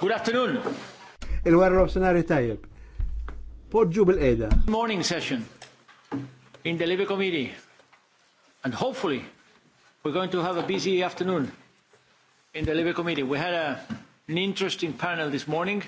Good afternoon. Il-warra nofsinari tajjeb. Podġu bil-qeda. Morning session in the Labour Committee. And hopefully we're going to have a busy afternoon in the Labour Committee. We had a, an interesting panel this morning.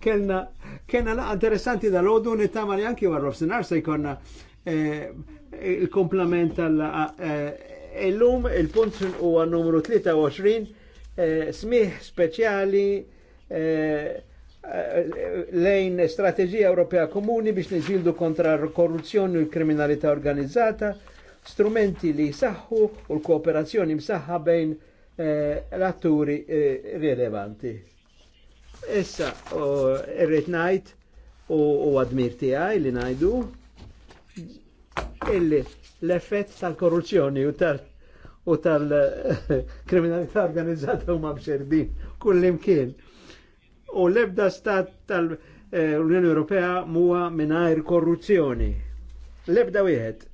Kenna, kenna la interessanti da lodu ne li anki warra nofsinar se jkonna eh, il-komplement tal eh, l'um il-punt huwa numru 23 eh, smih speciali Eh, lejn strategija Ewropea komuni biex niġildu kontra korruzzjoni u l-kriminalità organizzata, strumenti li saħħu u l-kooperazzjoni msaħħa bejn eh, l-atturi eh, rilevanti. Issa, irrit najt u għadmir tiegħi li najdu illi l-effett tal-korruzzjoni u tal-kriminalità organizzata huma mxerdin kullimkien u l-ebda stat tal-Unjoni Ewropea muwa mingħajr korruzzjoni. L-ebda wieħed.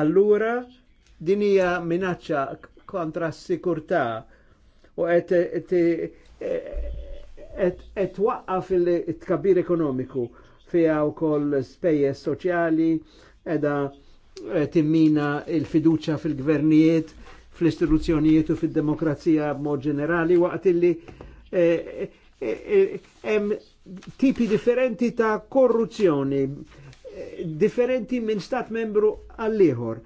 Allura din hija minaccia kontra s-sikurtà u qed waqqaf il-tkabbir ekonomiku fiha wkoll spejjeż soċjali edha timmina il-fiduċa fil-gvernijiet, fl-istituzzjonijiet u fil-demokrazija mod ġenerali waqt illi hemm tipi differenti ta' korruzzjoni differenti minn stat membru għall-ieħor.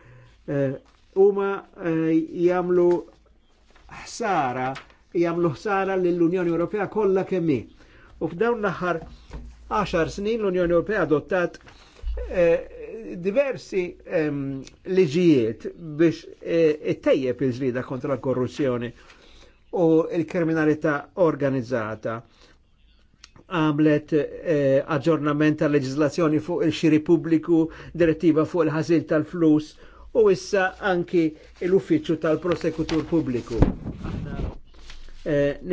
Eh, huma eh, jagħmlu ħsara jagħmlu ħsara lill-Unjoni Ewropea kollha kemm hi. U f'dawn l-aħħar 10 snin l-Unjoni Ewropea adottat eh, diversi ehm, liġijiet biex ittejjeb il-ġlida kontra l-korruzzjoni u il-kriminalità organizzata għamlet eh, aġġornament tal leġislazzjoni fuq il-xiri pubbliku, direttiva fuq il ħazil tal-flus u issa anki l-uffiċċju tal-prosekutur pubbliku. Eh, u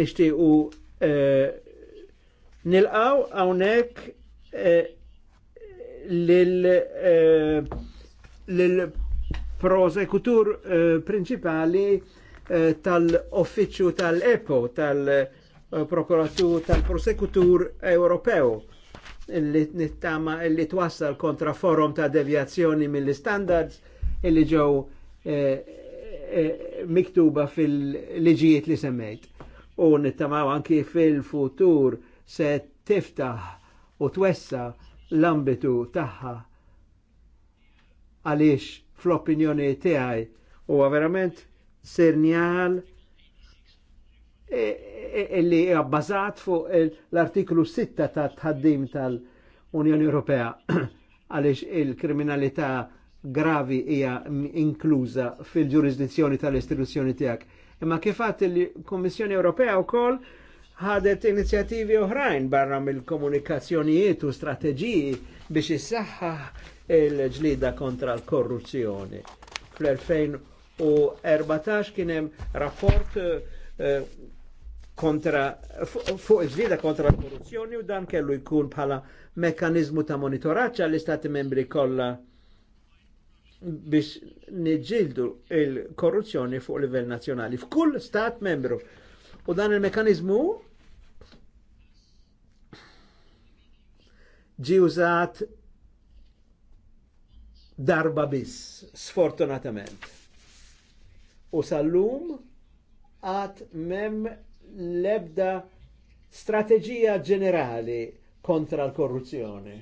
eh, nilqaw għawnek eh, lil eh, prosekutur eh, principali Eh, tal-Offiċċju tal-EPO, tal-Prokuratur, tal-Prosekutur Ewropew illi nittama illi twassal kontra forum ta' devjazzjoni mill-standards illi ġew eh, eh, miktuba fil-liġijiet li semmejt. U nittamaw anki fil-futur se tiftaħ u twessa l-ambitu taħħa għaliex fl-opinjoni tiegħi huwa verament sernjal illi e, e, e, għabbażat fuq l-artiklu 6 ta' tħaddim tal-Unjoni Ewropea għaliex il-kriminalità gravi hija inkluża fil-ġurisdizzjoni tal-istituzzjoni tiegħek. Imma kif kifat il-Kommissjoni Ewropea wkoll ħadet inizjattivi oħrajn barra mill-komunikazzjonijiet u strateġiji biex issaħħaħ il-ġlida kontra l-korruzzjoni. Fl-2000 u 14 kienem rapport eh, eh, kontra fuq iż-żieda kontra l-korruzzjoni u dan kellu jkun bħala mekkanizmu ta' monitoraġġ għall-istati membri kollha biex niġġieldu l korruzzjoni fuq livell nazzjonali f'kull stat membru. U dan il-mekkanizmu ġi użat darba biss, sfortunatament u sal-lum għat mem lebda strategija ġenerali kontra l-korruzzjoni.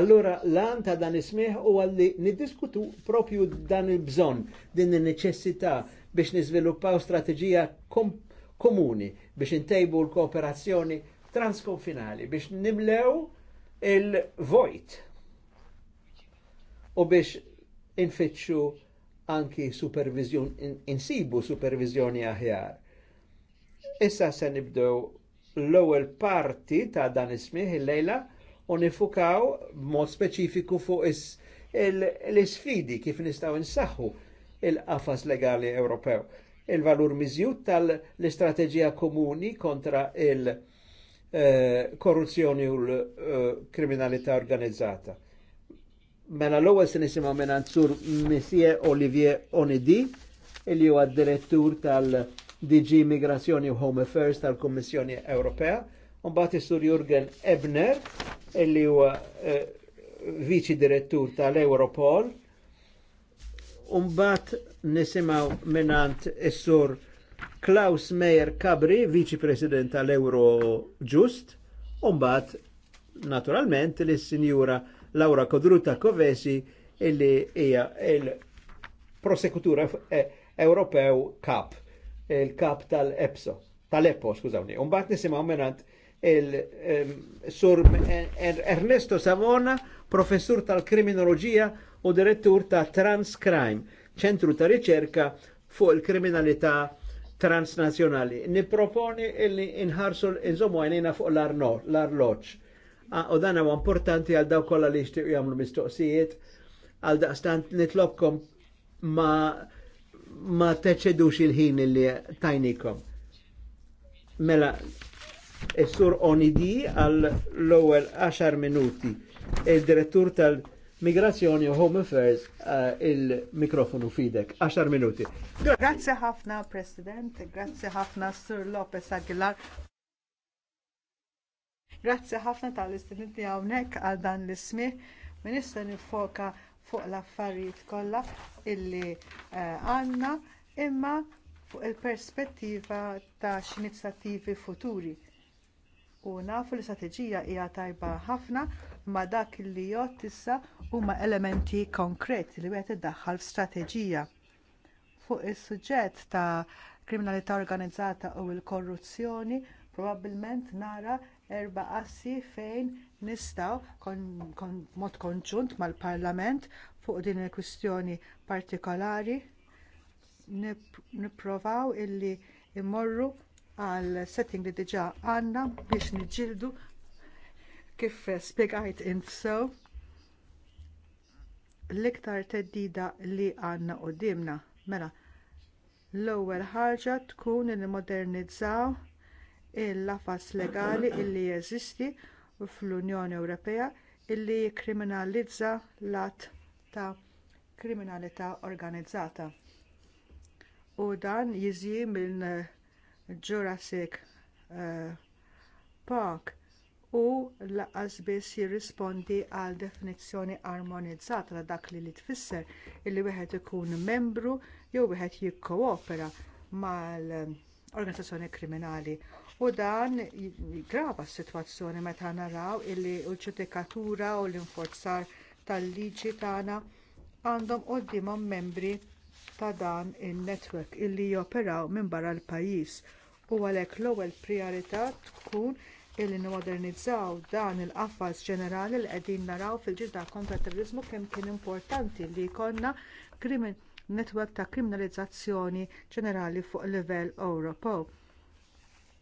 Allora, lan ta' dan ismiħ u għalli niddiskutu propju dan il-bżon, din il-neċessità biex nizviluppaw strategija kom komuni, biex intejbu l-kooperazzjoni transkonfinali, biex nimlew il-vojt u biex infittxu anki supervizjon, insibu supervizjoni aħjar. Issa se nibdew l-ewwel parti ta' dan ismiħ il-lejla u nifukaw mod speċifiku fuq l-isfidi kif nistaw insaħħu il-qafas legali Ewropew. Il-valur miżjut tal-istrateġija komuni kontra il-korruzzjoni eh, u l-kriminalità eh, organizzata Mela l-ewwel se nisimgħu minn Sur Monsieur Olivier Onidi, il huwa direttur tal-DG Migrazzjoni u Home Affairs tal-Kummissjoni Ewropea, u mbagħad sur Jurgen Ebner, illi huwa eh, viċi direttur tal-Europol, u mbagħad nisimgħu minn is-Sur Klaus Meyer Kabri, viċi president tal-Euro Just, u mbagħad naturalment lis-Sinjura Laura Kodruta Kovesi illi hija il-prosekutura e- Ewropew kap, il-kap tal-EPSO, tal-EPO, skużawni. Umbat nisimaw menant il-sur e- er- Ernesto Savona, professur tal-kriminologija u direttur ta' Transcrime, ċentru ta' riċerka fuq il-kriminalità transnazjonali. Niproponi illi inħarsu inżomu għajnina fuq l-arloċ. Ah, u dan huwa importanti għal daw kollha li jixtiequ jagħmlu mistoqsijiet għal daqstant nitlobkom ma ma teċedux il-ħin li tajnikom. Mela, Is-sur Onidi għal l-ewwel 10 minuti. Il-direttur tal-Migrazzjoni u Home Affairs eh, il-mikrofonu fidek. 10 minuti. Grazzi ħafna, President. grazie ħafna, Sur Lopez Aguilar. Grazzi ħafna tal-istinitni hawnhekk għal dan l-ismi. Minista nifoka fuq l-affarijiet kollha illi eh, għandna imma fuq il-perspettiva ta' x'inizjattivi futuri. U nafu l-istrateġija hija tajba ħafna ma dak li jgħod issa huma elementi konkreti li wieħed iddaħħal f'strateġija fuq is-suġġett ta' kriminalità organizzata u l-korruzzjoni probabbilment nara erba assi fejn nistgħu kon, kon, mod konġunt mal-Parlament fuq din il-kwistjoni partikolari nipprovaw illi immorru għal setting li diġà għandna biex niġġieldu kif spjegajt int sew l-iktar theddida li għandna quddiemna, mela l-ewwel ħaġa tkun li modernizzaw il-lafas legali illi jeżisti fl-Unjoni Ewropea illi jikkriminalizza l-att ta' kriminalità organizzata. U dan jiżjie minn Jurassic uh, Park u lanqas biss jirrispondi għal definizzjoni armonizzata ta' dak li, li tfisser illi wieħed ikun membru jew wieħed jikkoopera mal organizzazzjoni kriminali u dan grava s-sitwazzjoni meta naraw illi l-ġudikatura u l-inforzar tal-liġi tagħna għandhom qudiemhom membri ta' dan in netwerk illi joperaw minn barra l-pajjiż u għalhekk l-ewwel prijorità tkun illi nimodernizzaw dan il-qafas ġenerali li qegħdin naraw fil-ġidda kontra t terrorizmu kemm kien importanti li jkollna netwerk ta' kriminalizzazzjoni ġenerali fuq livell Ewropew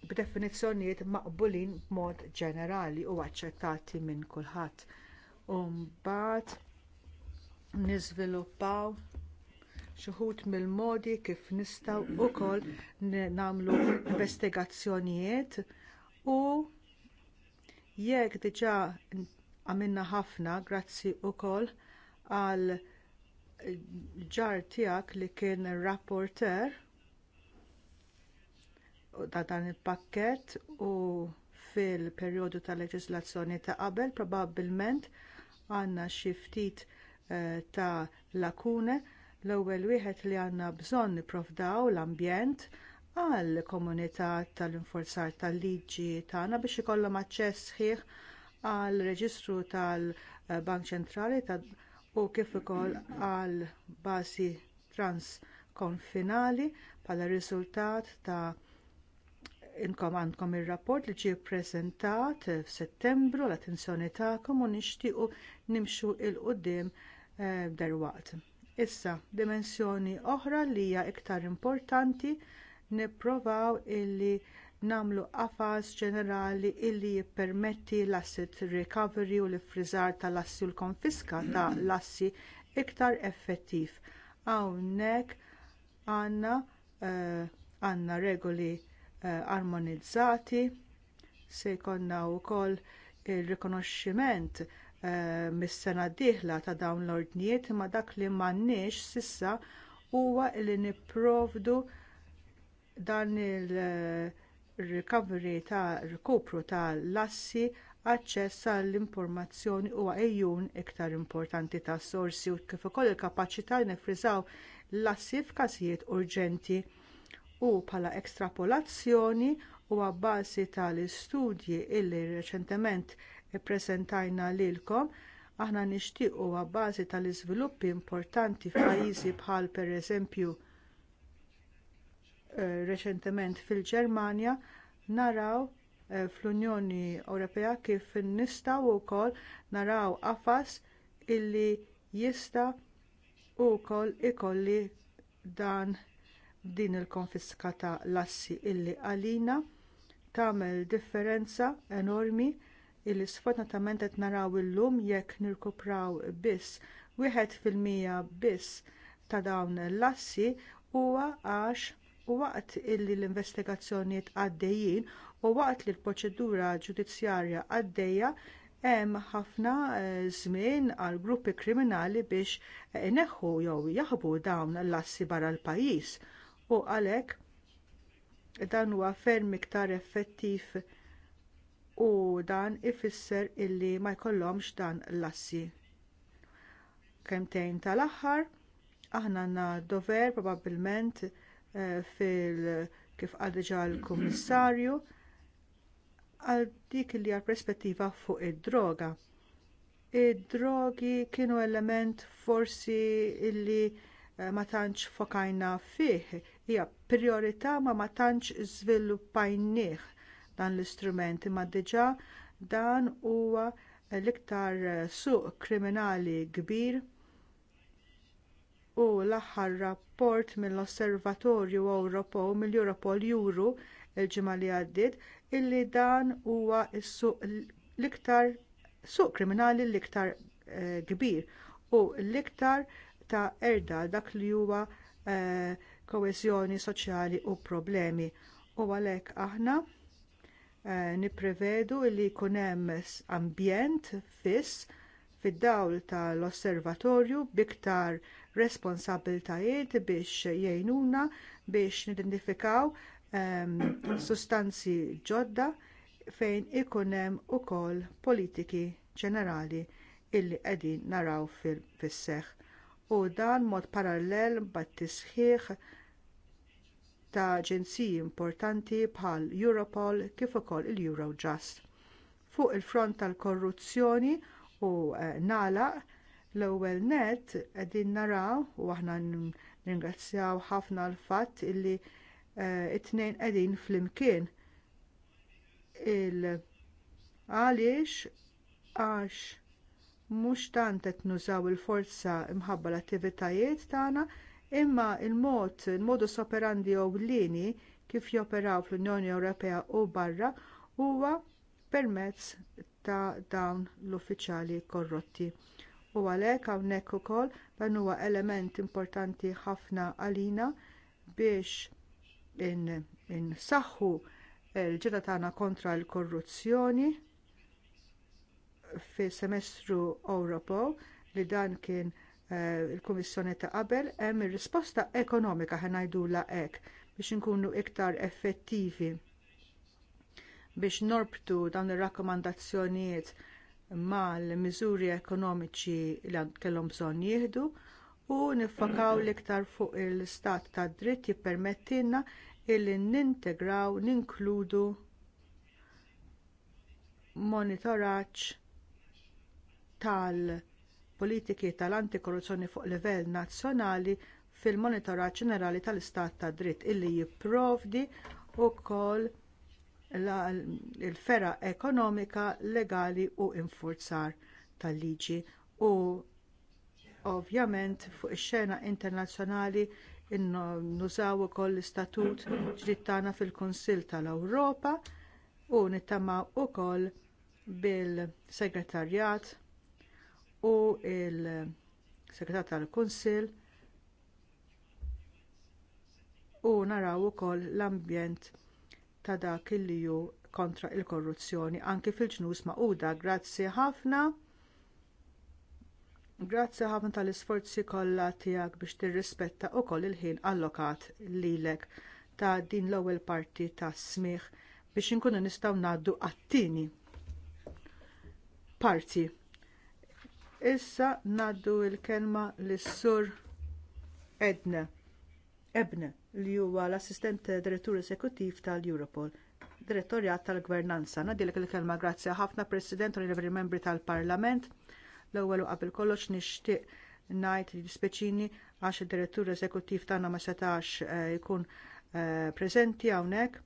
b'definizzjonijiet maqbulin b'mod ġenerali u aċċettati minn kulħadd. U mbagħad niżviluppaw xi mill-modi kif nistgħu wkoll nagħmlu investigazzjonijiet u jekk diġà għamilna ħafna grazzi wkoll għal ġar tiegħek li kien rapporter ta' dan il-pakket u fil perjodu ta' leġislazzjoni ta' qabel probabbilment għandna xi ftit eh, ta' lakune l-ewwel wieħed li għandna bżonn nipprovdaw l-ambjent għall komunità tal-infurzar tal-liġi tagħna biex ikollhom aċċess sħiħ għal reġistru tal-Bank Ċentrali u kif ukoll għall bażi transkonfinali bħala riżultat ta' inkom għandkom ir rapport li ġie ppreżentat f'Settembru l-attenzjoni tagħkom u nixtiequ nimxu il qudiem eh, darwaqt. Issa, dimensjoni oħra li hija iktar importanti nipprovaw illi nagħmlu qafas ġenerali illi jippermetti l-asset recovery u l-ifriżar tal-assi u l-konfiska ta' l-assi iktar effettiv. Hawnhekk għandna uh, regoli Eh, armonizzati, se jkollna wkoll ir rikonoxximent uh, eh, mis-sena d dieħla ta' dawn l-ordnijiet imma dak li m'għandniex sissa huwa li nipprovdu dan il-recovery ta' rikupru ta' lassi aċċess għall informazzjoni huwa għajjun iktar importanti tas sorsi u kif ukoll il-kapaċità nifrizaw l-assi f'każijiet urġenti u bħala ekstrapolazzjoni u għabbażi tal-istudji illi reċentement ippreżentajna lilkom aħna nixtiequ bażi tal-iżviluppi importanti f'pajjiżi bħal pereżempju eh, reċentement fil-Ġermanja naraw eh, fl-Unjoni Ewropea kif nistgħu wkoll naraw qafas illi jista' wkoll ikolli dan din il-konfiska ta' lassi illi għalina tagħmel differenza enormi illi sfortunatament qed naraw illum jekk nirkupraw biss wieħed fil-mija biss ta' dawn l-assi huwa għax waqt illi l-investigazzjonijiet għaddejjin u waqt li l-proċedura ġudizzjarja għaddejja hemm ħafna eh, żmien għal gruppi kriminali biex eh, ineħħu jew jaħbu dawn l-assi barra l-pajjiż u għalhekk dan huwa ferm iktar effettiv u dan ifisser illi ma jkollhomx dan l-assi. Kemtejn tal-aħħar aħna għandna dover probabbilment eh, fil kif qal diġà l-Kummissarju għal dik li għal perspettiva fuq id-droga id-drogi kienu element forsi illi eh, ma tantx fokajna fih hija priorità ma ma tantx żviluppajnieh dan l-istrument imma diġà dan huwa l-iktar suq kriminali kbir u l-aħħar rapport mill-Osservatorju Ewropew mill-Europol juru l-ġimgħa li għaddiet illi dan huwa s-suq l-iktar suq kriminali l-iktar eh, kbir u l-iktar ta' erda dak li huwa eh, koeżjoni soċjali u problemi. U għalhekk aħna eh, nipprevedu li jkun hemm ambjent fiss fid-dawl tal-osservatorju biktar responsabiltajiet biex jgħinuna biex nidentifikaw ehm, sustanzi ġodda fejn ikun hemm ukoll politiki ġenerali illi qegħdin naraw fis-seħħ u dan mod parallel bat-tisħiħ ta' aġenziji importanti bħal Europol kif ukoll il-Eurojust. Fuq il-front tal-korruzzjoni u eh, nagħlaq l-ewwel nett qegħdin naraw u aħna nirringrazzjaw ħafna l-fatt illi eh, it-tnejn qegħdin flimkien il għaliex għax mhux tant qed nużaw il-forza imħabba l-attivitajiet tagħna imma l mod il-modus operandi ewlieni kif joperaw fl-Unjoni Ewropea u barra huwa permezz ta' dawn l-uffiċjali korrotti. U għalhekk hawnhekk ukoll dan huwa element importanti ħafna għalina biex insaħħu l-ġeda tagħna kontra l-korruzzjoni fis semestru Ewropew li dan kien eh, il-Kummissjoni ta' qabel hemm ir-risposta ekonomika ħa ħanajdula hekk biex inkunu iktar effettivi biex norbtu dawn ir-rakkomandazzjonijiet mal-miżuri ekonomiċi li kellhom bżonn jieħdu u niffakaw l-iktar fuq il-stat tad dritt jippermettilna illi nintegraw, ninkludu monitoraġġ tal-politiki tal-antikorruzzjoni fuq livell nazzjonali fil monitorat ġenerali tal-istat tad dritt illi jipprovdi wkoll il-fera ekonomika legali u infurzar tal-liġi u ovvjament fuq ix-xena internazzjonali nużaw ukoll l-istatut ġdid tagħna fil-Kunsill tal-Ewropa u nittamaw ukoll bil-segretarjat u l segretar tal-Kunsill u naraw ukoll l-ambjent ta' dak li ju kontra l korruzzjoni anki fil-ġnus Magħquda. Grazzi ħafna. Grazzi ħafna tal-isforzi kollha tiegħek biex tirrispetta wkoll il-ħin allokat lilek ta' din l-ewwel parti tas smigħ biex inkunu nistgħu ngħaddu għat-tieni parti Issa ngħaddu l kelma lis sur Edne. Ebne li huwa l-assistent direttur eżekuttiv tal-Europol, direttorjat tal-gvernanza. Nadilek il-kelma grazzi ħafna President u membri tal-Parlament. L-ewwel u qabel kollox nixtieq ngħid li speċini għax id-direttur eżekuttiv tagħna ma setax eh, ikun eh, preżenti hawnhekk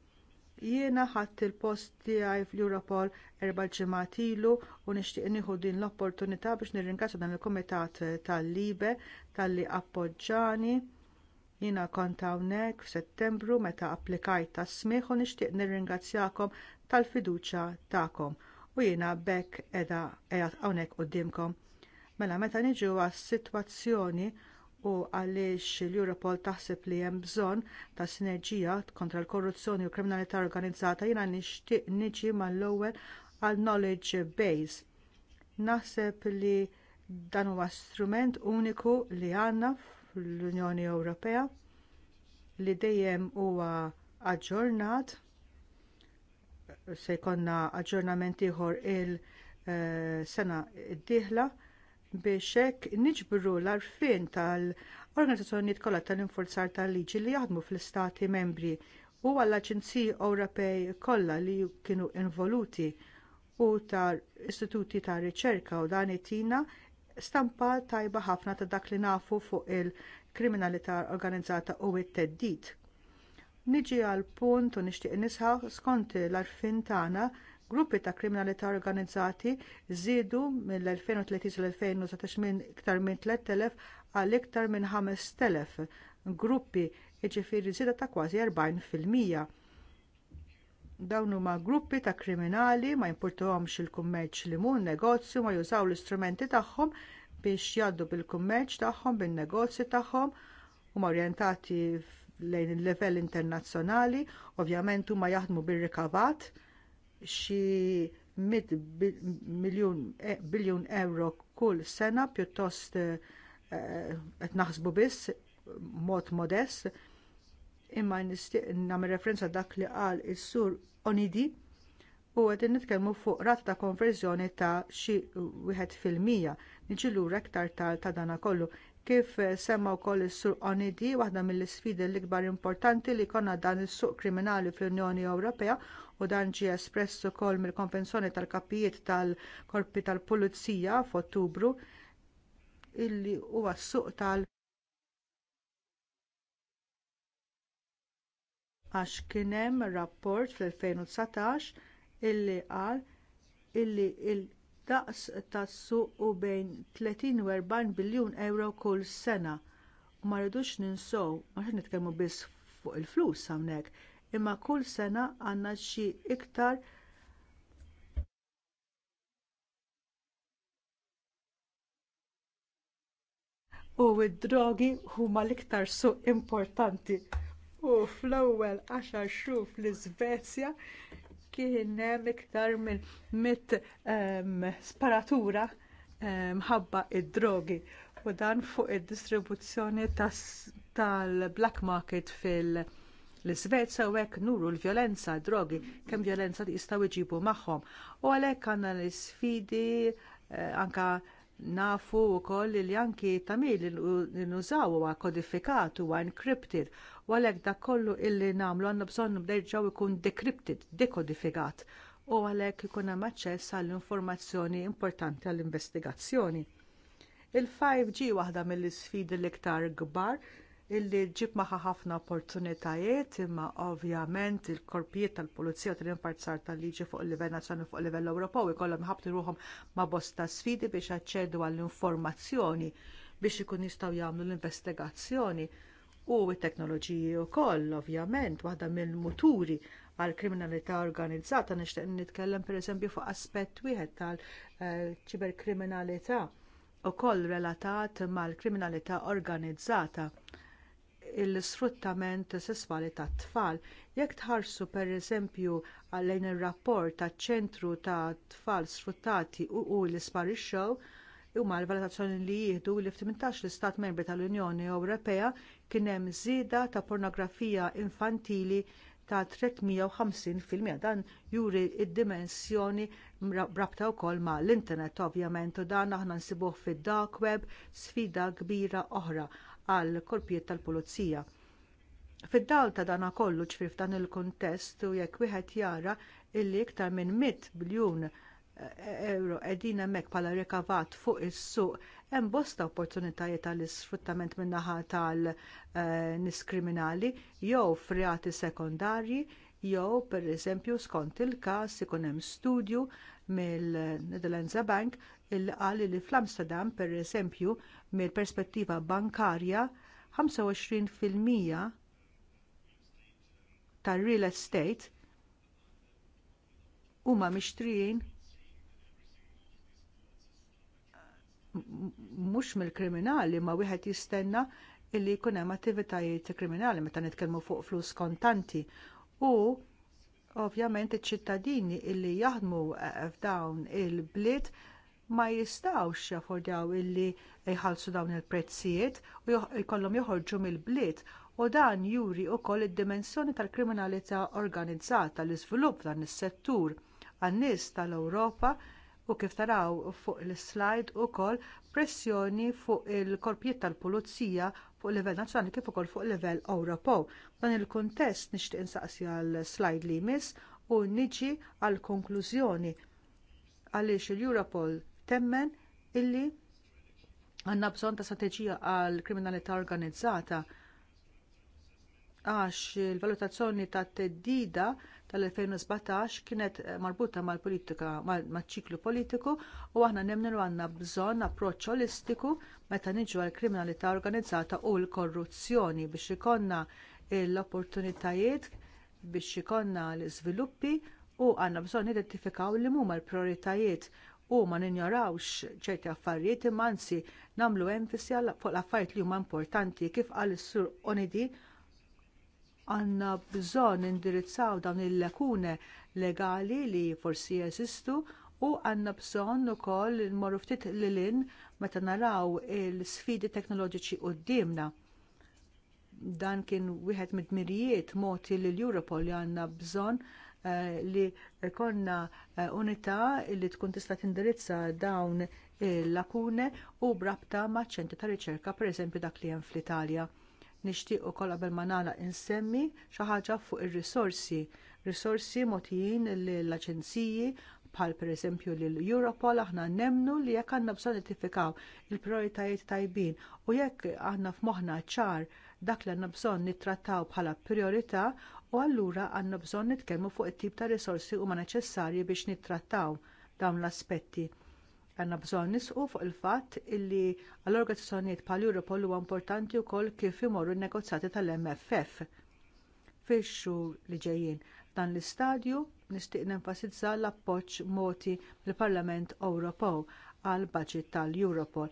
Jiena ħadd il-post tiegħi fl-Europol erba' ġimgħat ilu u nixtieq nieħu din l-opportunità biex nirringrazzja dan il-Kumitat tal-Libe talli appoġġjani. Jiena kont hawnhekk f'Settembru meta applikajt tas smigħ u nixtieq nirringrazzjakom tal-fiduċja tagħkom u jiena bekk qiegħda qiegħed hawnhekk quddiemkom. Mela meta niġu għas-sitwazzjoni u għaliex l-Europol taħseb li hemm bżonn ta' sinerġija kontra l-korruzzjoni u kriminalità organizzata jiena nixtieq niġi mal-ewwel għal knowledge base. Naħseb li dan huwa strument uniku li għandna fl-Unjoni Ewropea li dejjem huwa aġġornat se jkollna aġġornament ieħor il-sena eh, d-dieħla biex hekk niġbru l għarfien tal-organizzazzjonijiet kollha tal-infurzar tal-liġi li jaħdmu fl-istati membri u għall-Aġenziji Ewropej kollha li kienu involuti u tar istituti ta' riċerka u dan it-tina stampa tajba ħafna ta' dak li nafu fuq il-kriminalità organizzata u t teddit Niġi għal punt u nixtieq nisħaq skont l għarfien tagħna Gruppi ta' kriminalità organizzati żiedu mill-2030 sal-2019 minn iktar minn 3000 għal iktar minn 5000 gruppi jiġifieri żieda ta' kważi 40%. Dawn huma gruppi ta' kriminali ma jimpurtuhomx il-kummerċ li mhu negozju ma jużaw l-istrumenti tagħhom biex jaddu bil-kummerċ tagħhom, bin-negozji tagħhom, huma orjentati lejn il-level internazzjonali, ovvjament huma jaħdmu bir-rikavat xi 100 e- biljun euro kull sena pjuttost eh, qed naħsbu biss mod modest imma nixtieq nagħmel referenza dak li qal is-sur Onidi u qed nitkellmu fuq rata ta' konverżjoni ta' xi wieħed fil-mija niġi lura iktar tal ta' dana kollu. Kif eh, semma wkoll is-sur Onidi waħda mill-isfidi l-ikbar importanti li jkollna dan is-suq kriminali fl-Unjoni Ewropea u dan ġie espresso ukoll mill-konvenzjoni tal-kapijiet tal-korpi tal-pulizija f'Ottubru illi huwa s-suq tal- għax kien hemm rapport fl-2019 illi qal illi il-daqs tas-suq hu bejn 30 u 40 biljun euro kull sena. U ma rridux ninsow, ma rridux nitkellmu biss fuq il-flus hawnhekk, imma kull sena għandna xi iktar u d-drogi huma l-iktar suq importanti. U fl-ewwel għaxar xhur fl-Iżvezja kien hemm iktar minn mit um, sparatura ehm, mħabba um, id-drogi u dan fuq id-distribuzzjoni tal-black market fil- L-Svezja u hekk nuru l-vjolenza, drogi, kemm vjolenza li jistgħu jġibu magħhom. U għalhekk għandna l-isfidi eh, anke nafu wkoll li anki tamil li nużaw huwa kodifikat huwa encrypted u għalhekk dak kollu illi nagħmlu għandna bżonn bdejġaw ikun decrypted, dekodifikat u għalhekk ikun hemm aċċess għall-informazzjoni importanti għall-investigazzjoni. Il-5G waħda mill isfidi l-iktar kbar illi ġib maħa ħafna opportunitajiet imma ovvjament il-korpijiet tal-Pulizija u tal-infarzar tal-liġi fuq livell nazzjonali fuq il-livell Ewropew ikollhom ħabtu ruhom ma' bosta sfidi biex aċċedu għall-informazzjoni biex ikun jistgħu jagħmlu l-investigazzjoni u t-teknoloġiji wkoll ovvjament waħda mill-muturi għall kriminalità organizzata nixtieq nitkellem pereżempju fuq aspett wieħed tal-ċiberkriminalità ukoll relatat mal-kriminalità organizzata l-sfruttament sesswali tat tfal. Jekk tħarsu pereżempju lejn ir rapport taċ ċentru ta' tfal sfruttati u l-isparixxew, huma l-valutazzjoni li jieħdu li f'18 l-Istat Membri tal-Unjoni Ewropea kien hemm żieda ta' pornografija infantili ta' 350 fil-mija dan juri d dimensjoni rabta wkoll mal internet ovvjament u dan aħna nsibuh fid-dark web sfida kbira oħra għal kolpijiet tal-pulizija. Fid-dawl ta' dana kollu ċfir f'dan il-kontest u jekk wieħed jara illi iktar minn 100 biljun eh, euro qegħdin hemmhekk bħala rikavat fuq is-suq hemm bosta opportunitajiet għall isfruttament min-naħa tal-nies eh, kriminali jew f'reati sekondarji jew pereżempju skont il-każ ikun hemm studju mill-Netherlands Bank il qal li fl-Amsterdam, pereżempju, mill-perspettiva bankarja, 25% tar-real estate huma mixtrijin mhux mill-kriminali ma wieħed jistenna illi jkun hemm attivitajiet kriminali meta nitkellmu fuq flus kontanti u ovvjament iċ-ċittadini illi jaħdmu eh, f'dawn il-bliet ma jistawx jaffordjaw illi jħallsu dawn il-prezzijiet u jkollhom joħorġu mill-bliet u dan juri wkoll id-dimensjoni tal-kriminalità organizzata l iżvilupp dan is-settur għan-nies tal-Ewropa u kif taraw fuq l-slide ukoll pressjoni fuq il-korpijiet tal-pulizija fuq livell nazzjonali kif ukoll fuq livell Ewropew. Dan il-kuntest nixtieq insaqsi għall slide li jmiss u niġi għall konklużjoni għaliex il-Europol temmen illi għandna bżonn ta' strateġija għall kriminalità organizzata għax il-valutazzjoni ta' teddida tal-2017 kienet marbuta mal-politika, mal-ċiklu politiku u aħna nemnu għandna bżonn approċċ olistiku meta niġu għall kriminalità organizzata u l-korruzzjoni biex ikonna l-opportunitajiet biex ikonna l-iżviluppi u għandna bżonn identifikaw li huma l-prioritajiet u ma ninjorawx ċerti affarijiet imma anzi nagħmlu enfisi fuq l-affarijiet li huma importanti kif qal is-sur Onidi għandna bżonn indirizzaw dawn il-lakune legali li forsi jeżistu u għandna bżonn ukoll nmorru ftit lilin meta naraw l-sfidi teknoloġiċi quddiemna. Dan kien wieħed mid-dmirijiet moti l Europol li għandna bżonn Eh, li konna eh, unità li tkun tista' tindirizza dawn il-lakune u brabta maċ ċentri ta' riċerka pereżempju dak li hemm fl-Italja. Nixtieq ukoll qabel ma nagħlaq insemmi xi ħaġa fuq ir-risorsi, risorsi motijin lill-aġenziji bħal pereżempju l Europol aħna nemnu li jekk għandna bżonn nittifikaw il-prioritajiet tajbin u jekk aħna f'moħħna ċar dak li għandna bżonn nittrattaw bħala priorità U allura għandna bżonn nitkellmu fuq it-tip ta' risorsi huma neċessarji biex nittrattaw dawn l-aspetti. Għandna bżonn nisqu fuq il-fatt illi għall-organizzazzjonijiet bħal Europol huwa importanti wkoll kif imorru n-negozjati tal-MFF fix-xhur li ġejjin. Dan l-istadju nixtieq nenfasizza l-appoġġ mogħti mill-Parlament Ewropew għall budget tal-Europol.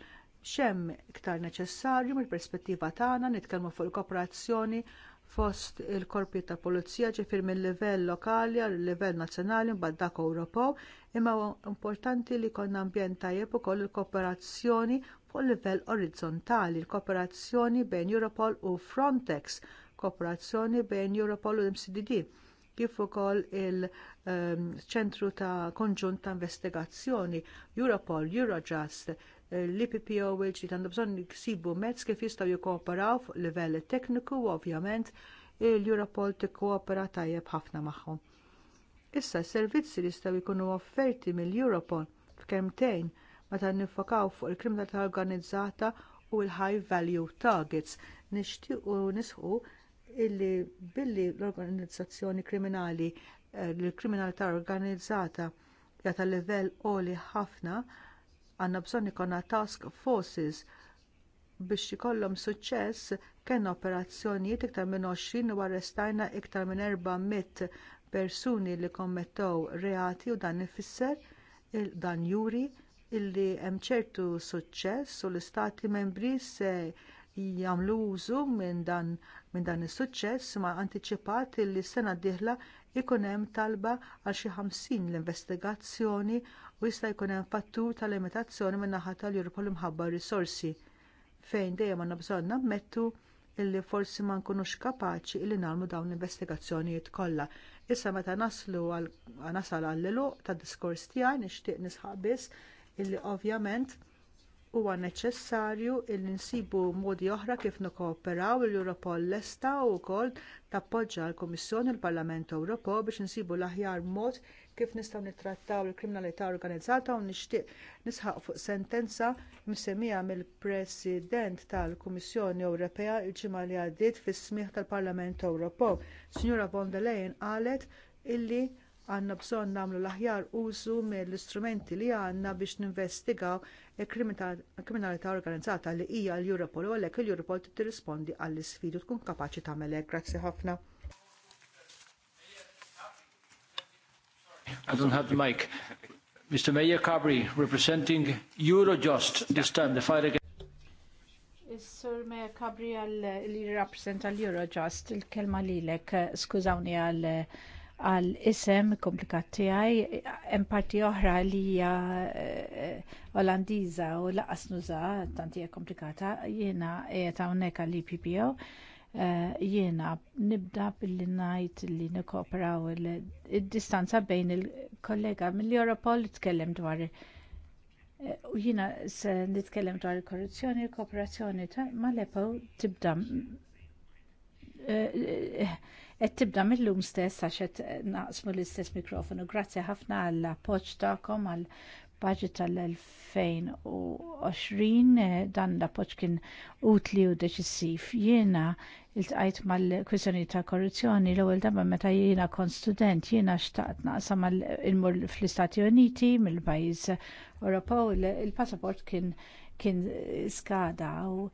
Xemm iktar neċessarju mill-perspettiva tagħna nitkellmu fuq il-kooperazzjoni fost il-korpi ta' pulizija ġifir mill livell lokali għal livell nazzjonali mbagħad dak Ewropew, imma importanti li jkollna ambjent tajjeb ukoll il-kooperazzjoni fuq livell orizzontali, il-kooperazzjoni bejn Europol u Frontex, kooperazzjoni bejn Europol u MCDD, kif ukoll il-ċentru ehm, ta' konġunt ta' investigazzjoni, Europol, Eurojust, l-IPPO l-ċit għandu bżonn jiksibu mezz kif jistgħu jikkooperaw fuq livell tekniku u ovvjament l-Europol tikkoopera tajjeb ħafna magħhom. Issa s servizzi li jistgħu jkunu offerti mill-Europol f'kemtejn meta nifokaw fuq il-kriminalità organizzata u l-high value targets nixtiequ nisħu illi billi l-organizzazzjoni kriminali eh, l-kriminalità organizzata jata livell għoli ħafna għanna bżonn ikonna task forces biex ikollhom suċċess kellna operazzjonijiet iktar minn 20 u arrestajna iktar minn 400 persuni li kommettew reati u dan ifisser il dan juri illi hemm ċertu suċċess u l-istati membri se jagħmlu użu minn dan, dan is-suċċess ma antiċipat illi sena d-dieħla ikun hemm talba għal xi ħamsin l-investigazzjoni u jista' jkun hemm fattur ta' limitazzjoni min-naħa tal-Europol imħabba risorsi fejn dejjem għandna bżonn nammettu illi forsi ma nkunux kapaċi illi nagħmlu dawn l-investigazzjonijiet kollha. Issa meta naslu għal nasal għall-luq tad diskors tiegħi nixtieq nisħaq biss illi ovvjament huwa neċessarju li nsibu modi oħra kif nikkooperaw l-Europol lesta wkoll tappoġġja l-Kummissjoni l-Parlament Ewropew biex insibu l-aħjar mod kif nistgħu nittrattaw il-kriminalità organizzata u nixtieq nisħaq fuq sentenza msemmija mill-President tal-Kummissjoni Ewropea il-ġimgħa li għaddiet fis-smieħ tal-Parlament Ewropew. Sinjura von der Leyen qalet illi Għandna bżonn nagħmlu l-aħjar użu mill-istrumenti li għandna biex ninvestigaw il-kriminalità organizzata li hija l-Europol u għalhekk il-Europol tirrispondi għall-isfidu tkun kapaċi tagħmel hekk. Grazzi ħafna. I don't have the mic. Mr. Mayor Cabri, representing Eurojust, this time the fight against... Is-sur Mayor Cabri li rappresenta l-Eurojust, il-kelma eh, skużawni għal eh, għal isem komplikat tiegħi hemm parti oħra li hija eh, Olandiża u laqas nuża tant hija komplikata jiena qiegħed hawnhekk għall IPPO eh, jiena nibda billi ngħid li nikkopraw id-distanza bejn il-kollega mill-Europol tkellem dwar eh, U jiena se nitkellem dwar il-korruzzjoni, l kooperazzjoni ma' lepo tibda Et tibda mill-lum stess għax qed eh, naqsmu l-istess mikrofonu. Grazzi ħafna għall appoġġ tagħkom għal budget tal-2020 eh, dan l-appoġġ kien utli u deċissiv. Jiena il-tqajt mal kwisjoni ta' korruzzjoni l-ewwel darba meta jiena kon student jiena xtaqt naqsam mal imur fl-Istati Uniti mill-pajjiż Ewropew il-passaport kien kien skada u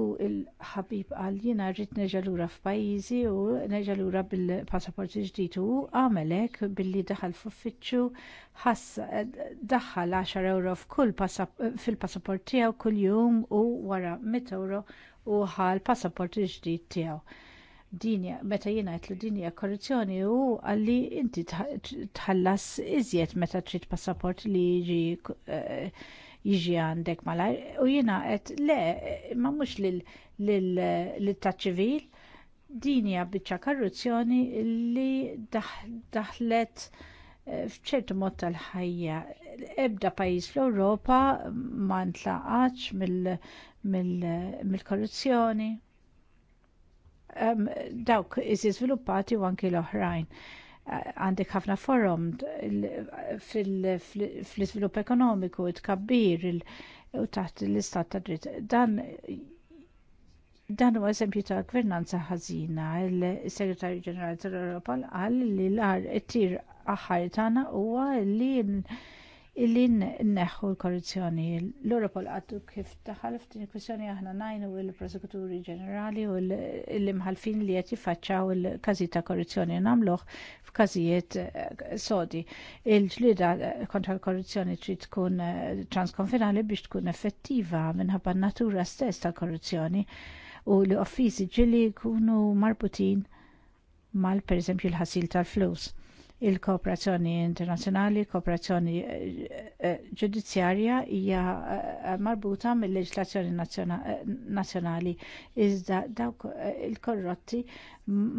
u il-ħabib għal jina rrit neġalura f'pajjiżi u neġalura bil-passaport ġdid u għamelek billi daħal f'uffiċċju ħass daħal 10 euro fil-passaport tiegħu kull jum u wara 100 euro u ħal passaport ġdid tiegħu. Dinja, meta jina għetlu dinja korruzzjoni u għalli inti tħallas iżjed meta trid passaport li jiġi eh, jiġi għandek malajr u jiena qed le ma mhux lit-taċ-ċivil din hija biċċa korruzzjoni li daħlet eh, f'ċertu mod tal-ħajja. Ebda pajjiż fl-Ewropa ma ntlaqax mill-korruzzjoni. Mil, mil um, dawk iżi sviluppati u anki l-oħrajn għandek ħafna forum fil-izvilupp ekonomiku, tkabbir u taħt l-istat ta' dritt. Dan dan huwa eżempju ta' gvernanza ħażina. Il-Segretarju Ġenerali tal-Europa qal li l għar it-tir aħħar tagħna huwa li illi neħu l-korruzzjoni. L-Europol għaddu kif taħal f'din il-kwestjoni aħna najnu il-prosekuturi ġenerali u l-imħalfin li qed jiffaċċaw il-każi ta' korruzzjoni nagħmluh f'każijiet eh, sodi. Il-ġlida eh, kontra l-korruzzjoni trid tkun eh, transkonfinali biex tkun effettiva minħabba natura stess tal-korruzzjoni u li offiżi ġili jkunu marbutin mal pereżempju l-ħasil tal-flus il-kooperazzjoni internazzjonali, kooperazzjoni eh, eh, ġudizzjarja hija eh, marbuta mill-leġislazzjoni nazzjonali. Iżda dawk il-korrotti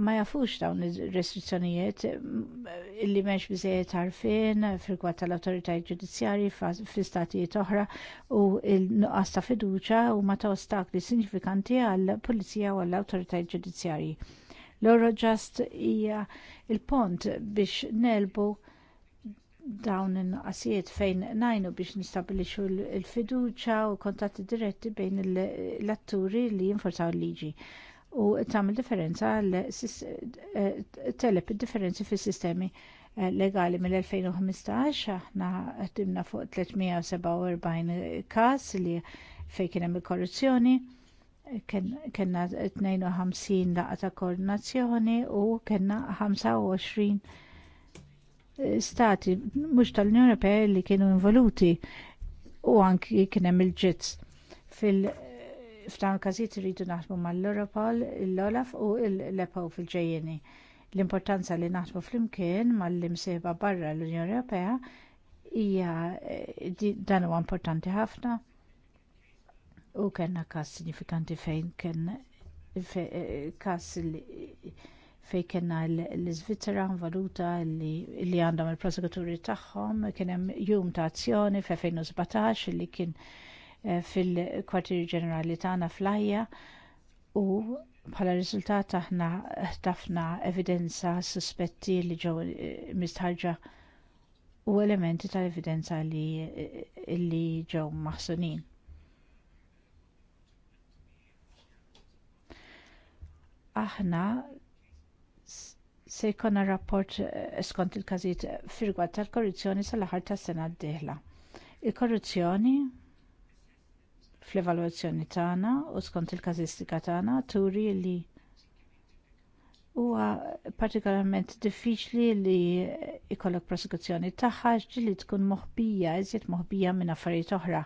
ma jafux dawn ir-restrizzjonijiet mm, li m'hemmx biżejjed għarfien fil tal-awtoritajiet ġudizzjarji fi statijiet oħra u l-nuqqas ta' fiduċja huma ta' ostakli sinifikanti għall-pulizija u għall-awtoritajiet ġudizzjarji L-Eurojust hija il-pont biex nelbu dawn in-nuqqasijiet fejn najnu biex nistabilixu l-fiduċa u kontatti diretti bejn l-atturi li jinforzaw l-liġi u tagħmel differenza eh, telep differenzi fis sistemi eh, legali mill-2015 aħna ħdimna fuq 347 każ li fejn kien hemm il-korruzzjoni kena 52 laqgħa ta' koordinazzjoni u kena 25 eh, stati mhux tal-Unjoni Ewropea li kienu involuti u anki kien hemm il-ġitz fil f'dan każijiet iridu naħdmu mal-Europol, l-Olaf u l-EPO fil-ġejjeni. L-importanza li naħdmu flimkien mal-imsejba barra l-Unjoni Ewropea hija eh, dan huwa importanti ħafna U kellna każ signifikanti fejn kien eh, każ fejn kena l-Svizzera valuta li għandhom il-prosekuturi tagħhom kien hemm jum ta' azzjoni f'2017 li kien eh, fil-kwartieri ġenerali tagħna fl u bħala riżultat aħna ħtafna evidenza suspetti li ġew eh, mistħarġa u elementi tal-evidenza li, li ġew maħsunin. aħna se jkollna rapport eh, skont il-każijiet firgwad tal-korruzzjoni sal-aħħar tas-sena d-dieħla. Il-korruzzjoni fl-evalwazzjoni tagħna u skont il-każistika tagħna turi li huwa partikolarment diffiċli li jkollok prosekuzzjoni tagħha li tkun moħbija, iżjed moħbija minn affarijiet oħra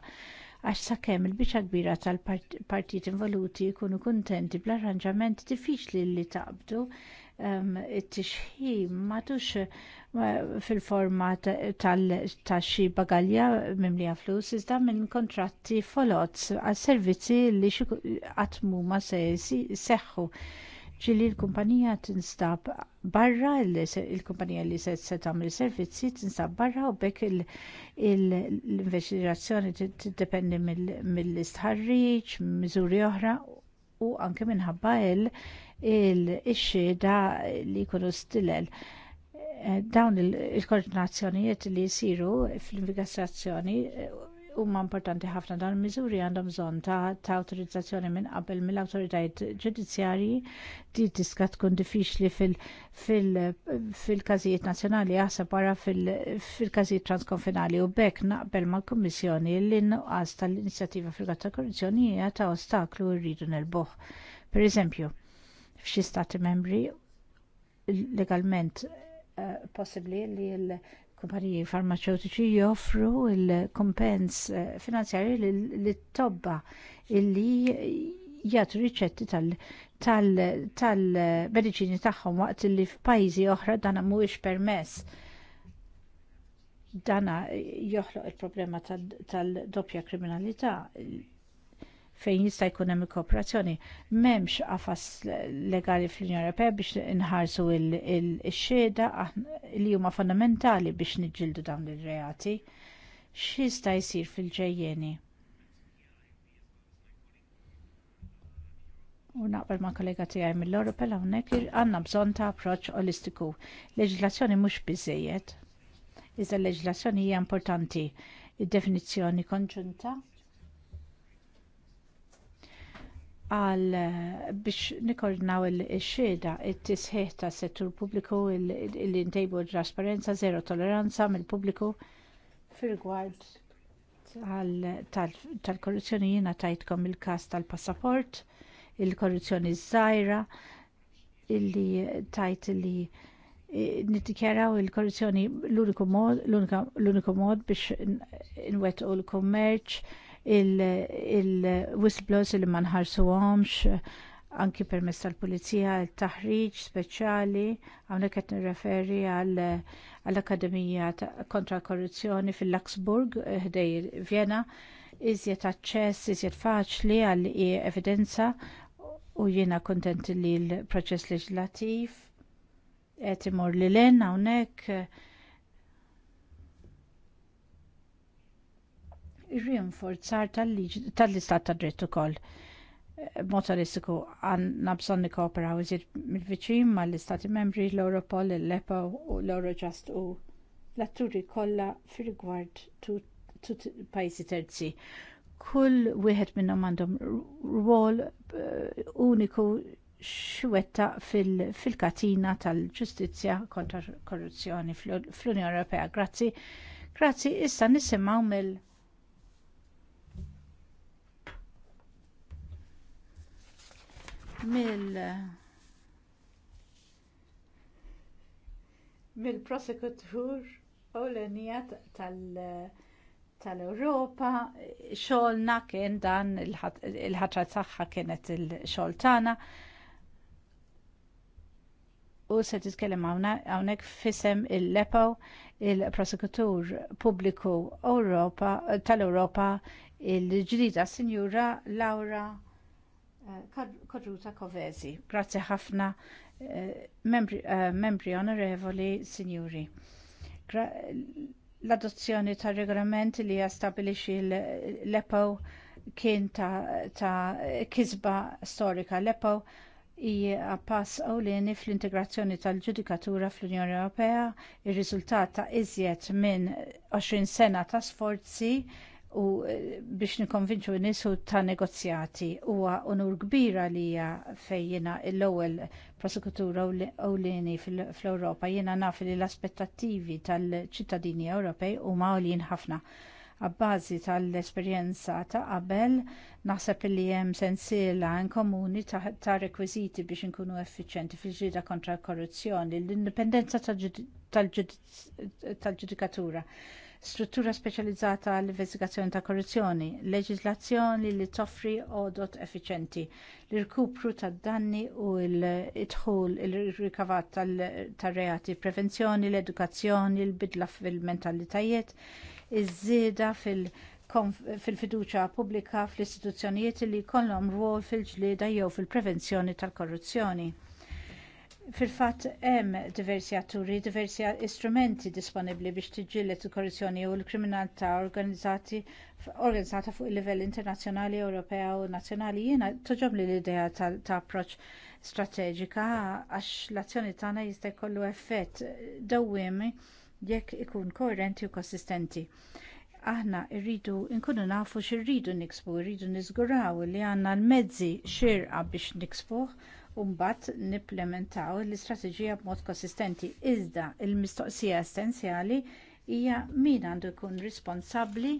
għax sakemm il-biċa kbira tal-partit involuti jkunu kuntenti bl-arranġament diffiċli li taqbdu um, it-tixħim m'għadux uh, fil-forma tal-xi bagalja mimlija flus iżda minn kontratti folots għas servizzi li qatt huma se seħħu ġili l-kumpanija tinstab barra il-kumpanija li se tagħmel servizzi tinsab barra u bekk l-investigazzjoni tiddependi mill-istħarriġ, miżuri oħra u anke minħabba il-xhieda li jkunu stilel eh, dawn il-koordinazzjonijiet li jsiru fl-investigazzjoni eh, huma importanti ħafna dan miżuri għandhom bżonn ta', ta awtorizzazzjoni minn qabel mill-awtoritajiet ġudizzjarji di tiska tkun diffiċli fil-każijiet nazzjonali jaħseb wara fil-każijiet transkonfinali u bekk naqbel mal-Kummissjoni l-inqas tal-inizjattiva fil ta' korruzzjoni hija ta' ostaklu rridu Per Pereżempju, f'xi stati membri legalment eh, possibbli li l- kumpaniji farmaceutiċi joffru il-kompens eh, finanzjarji lit-tobba illi jgħatu riċetti tal-medicini tagħhom waqt li f'pajjiżi oħra dana mhuwiex permess. Dana joħloq il-problema tal-doppja kriminalità fejn jista' jkun hemm kooperazzjoni. M'hemmx qafas legali fl-Unjoni Ewropea biex inħarsu l xhieda li huma fondamentali biex niġġieldu dawn ir-reati. X'jista' jsir fil-ġejjeni? U naqbel ma' kollega tiegħi mill-Europel hawnhekk għandna bżonn ta' approċċ olistiku. Leġislazzjoni mhux biżejjed. Iżda l-leġislazzjoni hija importanti. Id-definizzjoni konġunta għal biex nikordnaw il-xeda, it-tisħiħ tas settur pubbliku, l-intejbu trasparenza, zero tolleranza mill-pubbliku fil rigward tal-korruzzjoni jiena tajtkom il każ tal-passaport, il-korruzzjoni żgħira, illi tajt li nittikjaraw il-korruzzjoni l-uniku mod biex nwettqu l-kummerċ, il-whistleblowers il li ma nħarsuhomx anki permess tal-Pulizija il-taħriġ speċjali hawnhekk qed nirreferi għall-Akademija kontra korruzzjoni fil-Luxburg ħdej Vienna iżjed aċċess iżjed faċli għal evidenza u jiena kuntent li l-proċess leġislattiv qed imur lil hawnhekk rinforzar tal-istat ta' dritt ukoll. Eh, Motoristiku għanna u nikoperaw mil mill-viċin mal-istati membri l-Europol, l-EPO u l-Eurojust u l-atturi kollha fir-rigward tut pajjiżi terzi. Kull wieħed minnhom għandhom rwol eh, uniku xwetta fil-katina tal-ġustizzja kontra korruzzjoni fl-Unjoni Ewropea. Grazzi. Grazzi, issa nisimgħu mill- mill mill-prosekutur Olenija tal-Ewropa xogħolna kien dan il-ħatra tagħha kienet il-xogħol tagħna u se titkellem hawnhekk fisem il-lepo il-prosekutur pubbliku tal-Ewropa il-ġdida Sinjura Laura Eh, Kodruta Kovezi. Grazie ħafna eh, eh, membri, onorevoli, signori. L-adozzjoni ta' regolament li jastabilixi l-EPO kien ta', ta kisba storika. L-EPO hija pass ewlieni fl-integrazzjoni tal-ġudikatura fl-Unjoni Ewropea, ir-riżultat ta' iżjed minn 20 sena ta' sforzi u eh, biex nikonvinċu nisu ta' negozjati huwa unur kbira li hija fejjina l-ewwel prosekutur ewlieni fl-Ewropa jiena naf li l-aspettattivi tal-ċittadini Ewropej huma għolin ħafna. Abbażi tal-esperjenza ta' qabel naħseb li hemm sensiela in komuni ta', rekwiżiti biex inkunu effiċjenti fil-ġida kontra l-korruzzjoni, l-indipendenza tal-ġudikatura. tal ġudikatura struttura speċjalizzata għall investigazzjoni ta' korruzzjoni, leġiżlazzjoni li toffri odot effiċenti, l-irkupru tad danni u l-idħul il-rikavat tar reati prevenzjoni, l-edukazzjoni, l-bidla fil-mentalitajiet, iż-żieda fil-, fil fiduċja pubblika fl-istituzzjonijiet li jkollhom rwol fil-ġlieda jew fil-prevenzjoni tal-korruzzjoni. Fil-fatt hemm diversi atturi, diversi istrumenti disponibbli biex tiġġieled il-korruzzjoni u l-kriminalità organizzata fuq il-livell internazzjonali, Ewropea u nazzjonali jiena li l-idea ta' approċċ strateġika għax l-azzjoni tagħna jista' jkollu effett dawwiemi jekk ikun koerenti u konsistenti aħna rridu nkunu nafu xirridu niksbu, rridu niżguraw li għandna l-mezzi xirqa biex niksbuh u mbagħad nipplementaw l-istrateġija b'mod konsistenti. Iżda l mistoqsija essenzjali hija min għandu jkun responsabbli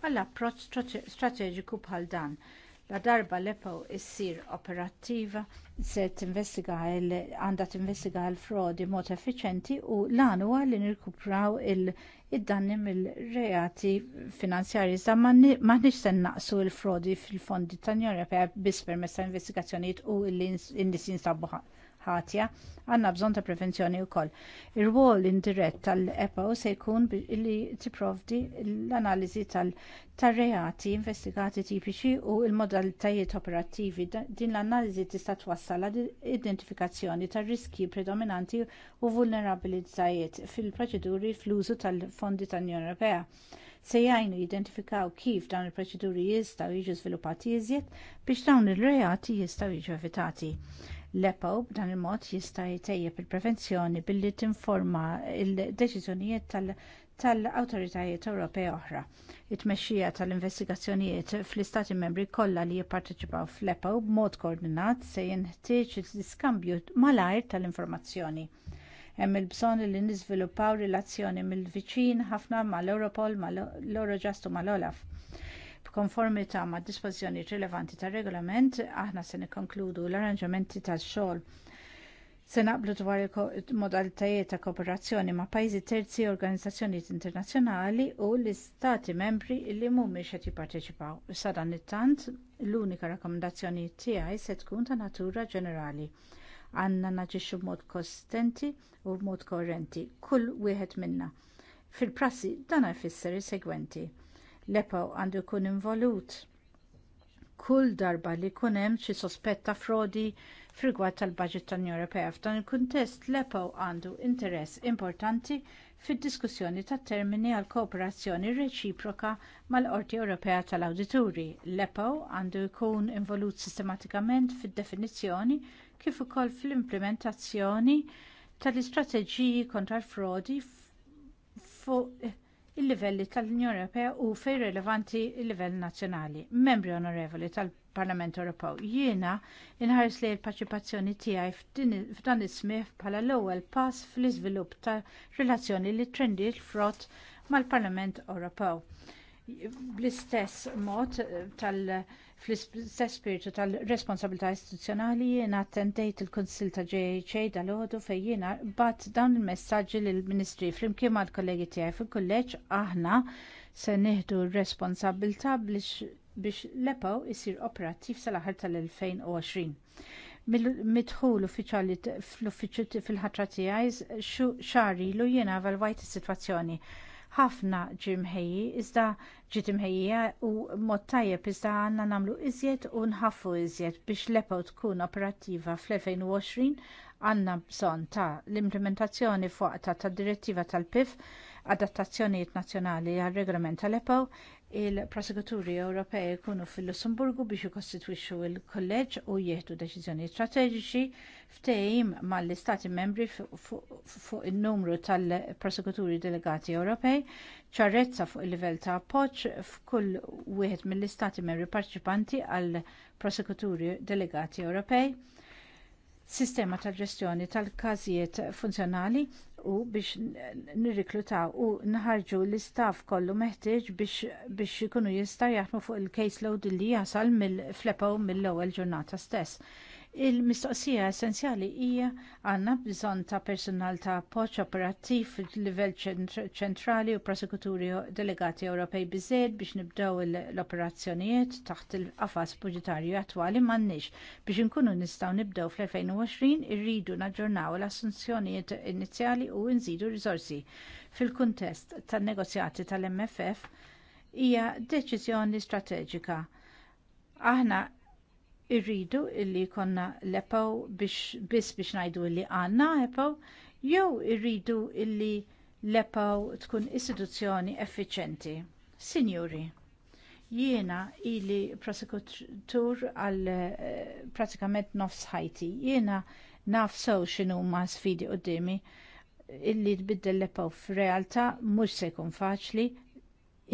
għall approċċ strateġiku bħal dan. La darba l-EPO issir operattiva se tinvestiga għandha tinvestiga l-frodi mod effiċenti u l-għanu li nirkupraw il- id-danni mill-reati finanzjarji sa m'aħniex se naqsu l-frodi fil-fondi tan unjoni Ewropea biss permezz ta' investigazzjonijiet u l-nies jinsabu ħatja, għandna bżonn ta' prevenzjoni wkoll. ir wol indirett tal epo se jkun li tipprovdi l-analiżi tal reati investigati tipiċi u l-modalitajiet operattivi. Din l-analiżi tista' twassal għad identifikazzjoni tal riski predominanti u vulnerabilizzajiet fil-proċeduri fl-użu tal-fondi tal-Unjoni Ewropea se jajnu identifikaw kif dawn il-proċeduri jistgħu jiġu sviluppati jizjet biex dawn ir reati jistgħu jiġu evitati l-EPO b'dan il-mod jista' jtejjeb il-prevenzjoni billi tinforma il-deċiżjonijiet tal-awtoritajiet Ewropej oħra. It-tmexxija tal-investigazzjonijiet fl-Istati membri kollha li jipparteċipaw fl-EPO b'mod koordinat se jinħtieġ l-iskambju malajr tal-informazzjoni. Hemm il-bżonn li niżviluppaw relazzjoni mill-viċin ħafna mal-Europol, mal-Eurojust u mal-Olaf b'konformità mad dispożjoni rilevanti tar regolament aħna se nikkonkludu l-arranġamenti tax-xogħol se naqblu dwar il-modalitajiet ta' kooperazzjoni ma' pajjiżi terzi u organizzazzjonijiet internazzjonali u l-istati membri li mhumiex qed jipparteċipaw. Sa dan it-tant, l-unika rakkomandazzjoni tiegħi se tkun ta' natura ġenerali. Għandna naġixxu b'mod kostenti u b'mod koerenti, kull wieħed minnha. Fil-prassi dan jfisser is-segwenti l-EPO għandu jkun involut kull darba li jkun hemm xi sospett ta' frodi frigwat tal-Baġit tal-Unjoni Ewropea f'dan il-kuntest l-EPO għandu interess importanti fid-diskussjoni tat termini għal kooperazzjoni reċiproka mal-Qorti Ewropea tal-Awdituri. L-EPO għandu jkun involut sistematikament fid-definizzjoni kif ukoll fl-implementazzjoni tal-istrateġiji kontra l-frodi fuq il-livelli tal-Unjoni Ewropea u fej rilevanti il-livell nazzjonali. Membri onorevoli tal-Parlament Ewropew, jiena inħares li l-parċipazzjoni tiegħi f'dan is-smih bħala l-ewwel pass fl-iżvilupp ta' relazzjoni li trendiet frott mal-Parlament Ewropew. Bl-istess mod tal- Fl-istess spiritu tal-responsabilità istituzzjonali jien attendejt il kunsill ta' JHA dal-ħodu fejn jiena bat dan il-messaġġi lill-Ministri flimkien mal-kollegi tiegħi fil-kulleġġ aħna se nieħdu r-responsabilità biex l epo isir operattiv sal-aħħar tal-2020 midħul uffiċjali fl-uffiċċju fil-ħatra tiegħi xahar ilu jiena evalwajt is-sitwazzjoni ħafna ġimħeji, iżda ġiet imħejja u mod tajjeb iżda għandna nagħmlu iżjed u nħaffu iżjed biex l-EPO tkun operattiva fl-2020 għandna bżonn ta' l-implementazzjoni fuqta tad direttiva tal-PIF adattazzjonijiet nazzjonali għal regolament tal-EPO, il-prosekuturi Ewropej jkunu fil-Lussemburgu biex jikostitwixxu l kolleġġ u jieħdu deċiżjoni strateġiċi ftehim mal-Istati membri fuq in numru tal-prosekuturi delegati Ewropej, ċarrezza fuq il-livell ta' appoġġ f'kull wieħed mill-Istati membri parċipanti għall prosekuturi delegati Ewropej sistema tal-ġestjoni tal-każijiet funzjonali u biex nirriklutaw u nħarġu l-istaff kollu meħtieġ biex ikunu jistgħu jaħdmu fuq il-caseload li jasal mill-flepa mill-ewwel ġurnata stess. Il-mistoqsija essenzjali hija għandna bżonn ta' personal ta' appoġġ operattiv fil-livell ċentrali u prosekuturi delegati Ewropej biżżejjed biex nibdew l-operazzjonijiet taħt il-qafas budġetarju attwali m'għandniex biex inkunu nistgħu nibdew fl-2020 irridu naġġornaw l-assunzjonijiet inizjali u nżidu riżorsi fil-kuntest tan-negozjati tal-MFF hija deċiżjoni strateġika. Aħna irridu illi jkollna lepaw biss biex ngħidu illi għandna lepaw, jew irridu illi lepaw tkun istituzzjoni effiċenti. Signori, jiena ili prosekutur għal eh, pratikament nofs ħajti, jiena naf sew ma sfidi qudiemi illi tbiddel lepaw f'realtà mhux se jkun faċli,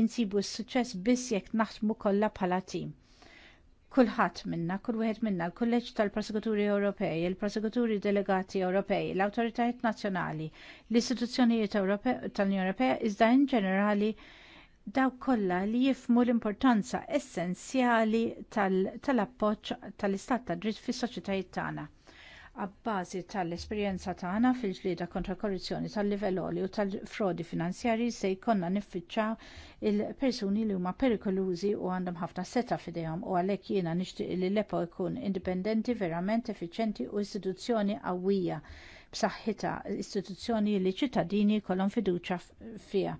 insibu s-suċċess biss jekk naħdmu kollha bħala tim kulħadd minna, kull wieħed minna, l-Kulleġġ tal-Prosekuturi Ewropej, il-Prosekuturi Delegati Ewropej, l-Awtoritajiet Nazzjonali, l-Istituzzjonijiet tal-Unjoni Ewropea iżda in ġenerali dawk kollha li jifmu l-importanza essenzjali tal-appoġġ tal-istat tad dritt fis-soċjetajiet tagħna għabbażi tal-esperjenza tagħna fil-ġlieda kontra korruzzjoni tal-livell u tal-frodi finanzjarji se jkollna niffiċċa il-persuni li huma perikolużi u għandhom ħafna seta' f'idejhom u għalhekk jiena nixtieq li l-EPO jkun indipendenti verament effiċjenti u istituzzjoni qawwija b'saħħitha istituzzjoni li ċittadini jkollhom fiduċja fiha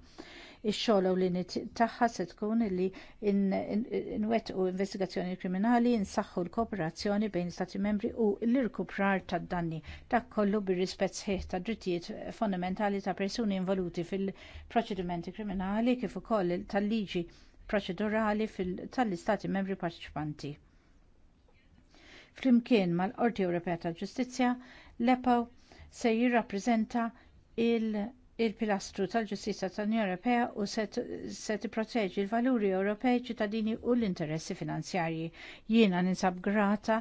Ix-xogħol lini tagħha se tkun li nwettqu investigazzjoni kriminali, nsaħħu l-kooperazzjoni bejn stati membri u l-irkuprar tad-danni. Dak kollu bir-rispett sħiħ tad drittijiet fondamentali ta' persuni involuti fil-proċedimenti kriminali kif ukoll tal-liġi proċedurali tal-istati membri parteċipanti. Flimkien mal-Qorti Ewropea tal Ġustizzja, l-EPO se jirrappreżenta il- il-pilastru tal-ġustizza tal-Unjoni Ewropea u se tipproteġi l-valuri Ewropej ċittadini u l-interessi finanzjarji. Jiena ninsab grata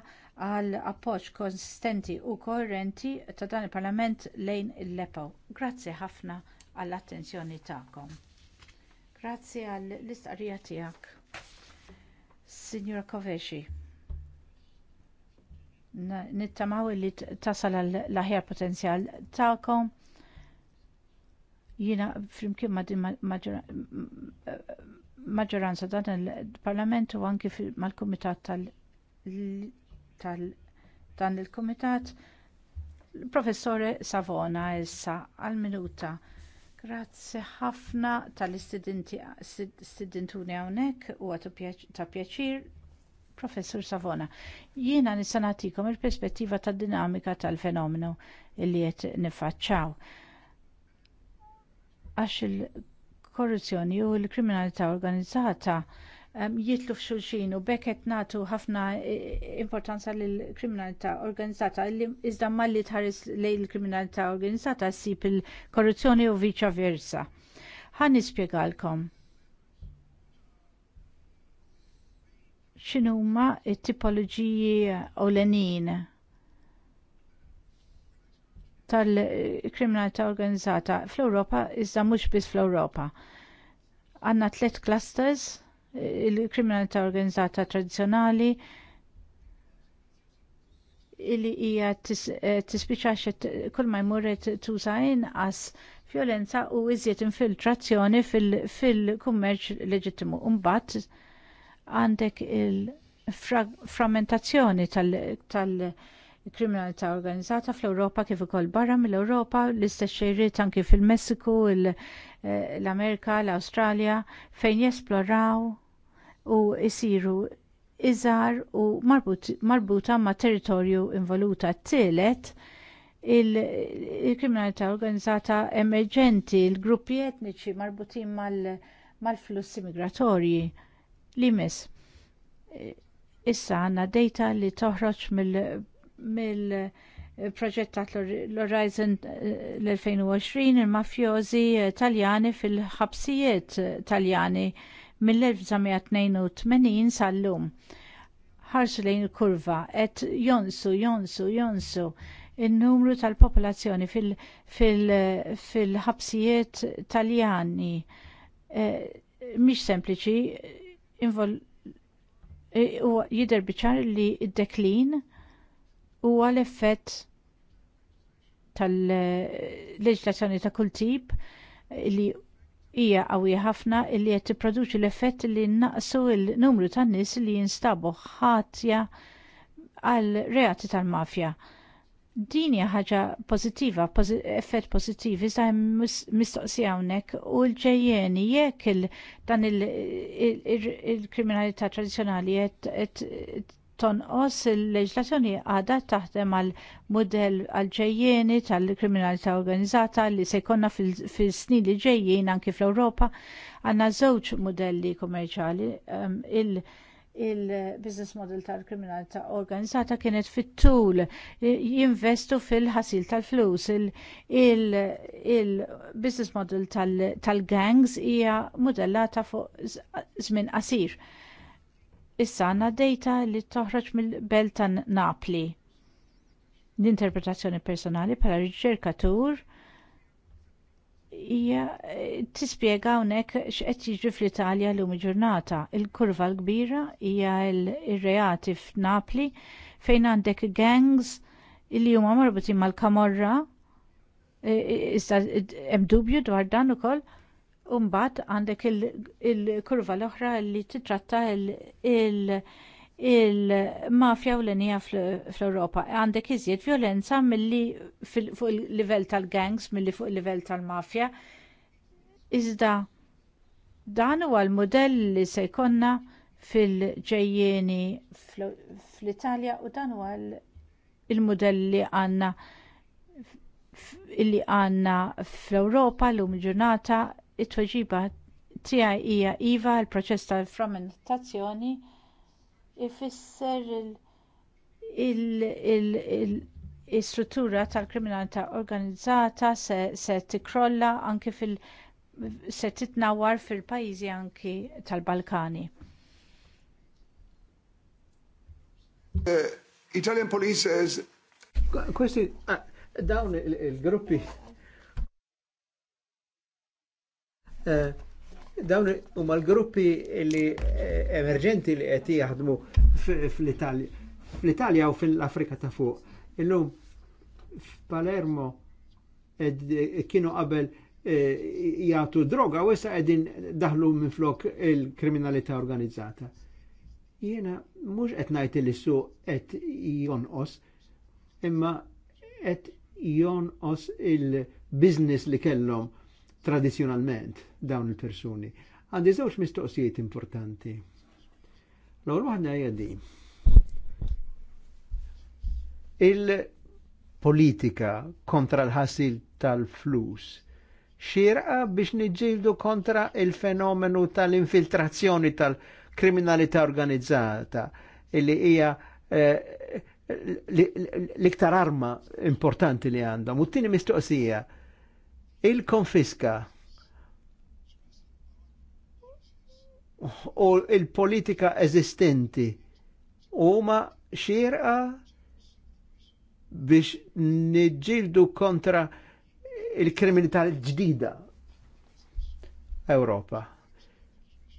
għal appoġġ konsistenti u koerenti ta' dan il-Parlament lejn il-Lepaw. Grazzi ħafna għall-attenzjoni tagħkom. Grazzi għall-istqarrija tiegħek. Signor Koveċi. Nittamaw li tasal għall aħjar potenzjal tagħkom Jiena flimkien maġġoranza dan il-Parlament u anki mal-Kumitat tal- dan il komitat professore Savona issa għal-minuta. Grazie ħafna tal-istudentuni hawnhekk u għatu ta' pjaċir Professur Savona. Jiena nisa nagħtikom il-perspettiva tad dinamika tal-fenomenu li qed niffaċċaw għax il-korruzzjoni u l-kriminalità organizzata jitlu f'xulxin u bekk qed nagħtu ħafna eh, importanza lill kriminalità organizzata li iżda malli tħares lejn il-kriminalità organizzata ssib il-korruzzjoni u viċa versa. Ħa nispjegalkom. X'inhuma t tipoloġiji ewlenin tal-kriminalità organizzata fl-Ewropa iżda mhux biss fl-Ewropa. Għandna tliet clusters il-kriminalità organizzata tradizzjonali illi hija eh, tispiċax kull ma jmur tuża inqas violenza u iżjed infiltrazzjoni fil-kummerċ leġittimu. Mbagħad għandek il-frammentazzjoni tal- il-kriminalità organizzata fl-Ewropa kif ukoll barra mill-Ewropa, l-istess xejriet anki fil-Messiku, eh, l-Amerika, l-Awstralja fejn jesploraw u jsiru iżgħar u marbuta ma' territorju involuta t-tielet il-kriminalità organizzata emerġenti, il-gruppi etniċi marbutin mal-flussi migratorji li mis eh, issa għandna dejta li toħroġ mill mill proġettat l-Horizon eh, l-2020 il-mafjożi eh, taljani fil-ħabsijiet taljani mill-1982 sal-lum. Ħarsu lejn kurva et jonsu, jonsu, jonsu il-numru tal-popolazzjoni fil-ħabsijiet fil, fil taljani. Eh, Mhix sempliċi, invol, eh, jider biċar li d deklin huwa l-effett tal leġislazzjoni ta' kull tip li hija qawwija ħafna li qed tipproduċi l-effett li naqsu l-numru tan nies li jinstabu ħatja għal reati tal-mafja. Din hija ħaġa pożittiva, effett pożittiv, iżda hemm mistoqsija hawnhekk u l-ġejjeni jekk dan il-kriminalità tradizzjonali qed tonqos il-leġlazzjoni għadha taħdem għal modell għal ġejjeni tal-kriminalità organizzata li se jkollna fil-snin li ġejjin anki fl-Ewropa għandna żewġ modelli kummerċjali um, il- il-business model tal-kriminalità organizzata kienet fit-tul jinvestu fil-ħasil tal-flus. Il-business model tal-gangs hija modellata fuq żmien qasir Issa għanna dejta li toħroġ mill-belt ta' Napli. L-interpretazzjoni personali bħala riċerkatur hija eh, tispjega hawnhekk x'qed jiġri fl-Italja llum ġurnata Il-kurva l-kbira hija l-reati f'Napli fejn għandek gangs li huma marbutin mal-Kamorra. Eh, eh, Issa hemm dubju dwar dan ukoll Umbat għandek il-kurva l-oħra li titratta il-mafja u l-enija fl-Europa. Għandek iżjed violenza mill-li fuq il-level tal-gangs, mill-li fuq il-level tal-mafja. Iżda dan huwa l-modell li se fil-ġejjeni fl-Italja u dan huwa għal modell li għanna illi għanna fl-Europa l-lum ġurnata it-tweġiba tiegħi hija iva l-proċess tal-frammentazzjoni ifisser il-struttura tal-kriminalità organizzata se tikkrolla anke fil- se titnawar fil-pajjiżi anki tal-Balkani. Eh, Italian police says. Questi, ah, dawn il-gruppi Eh, dawn huma l-gruppi li eh, emerġenti li qed jaħdmu fl-Italja fl-Italja u fl-Afrika ta' fuq. Illum f'Palermo kienu qabel eh, jgħatu droga u issa qegħdin daħlu minn flok il-kriminalità organizzata. Jiena mhux qed ngħid li su qed jonqos, imma qed jonqos il-business li kellhom tradizjonalment dawn il-persuni. Għandi żewġ mistoqsijiet importanti. L-għor wahna hija Il-politika kontra l ħasil tal-flus xirqa biex niġġieldu kontra il-fenomenu tal-infiltrazzjoni tal-kriminalità organizzata illi hija eh, l-iktar arma importanti li għandhom. U t-tini mistoqsija, Il-konfiska u il-politika eżistenti huma xirqa biex niġġieldu kontra il-kriminalità ġdida Ewropa.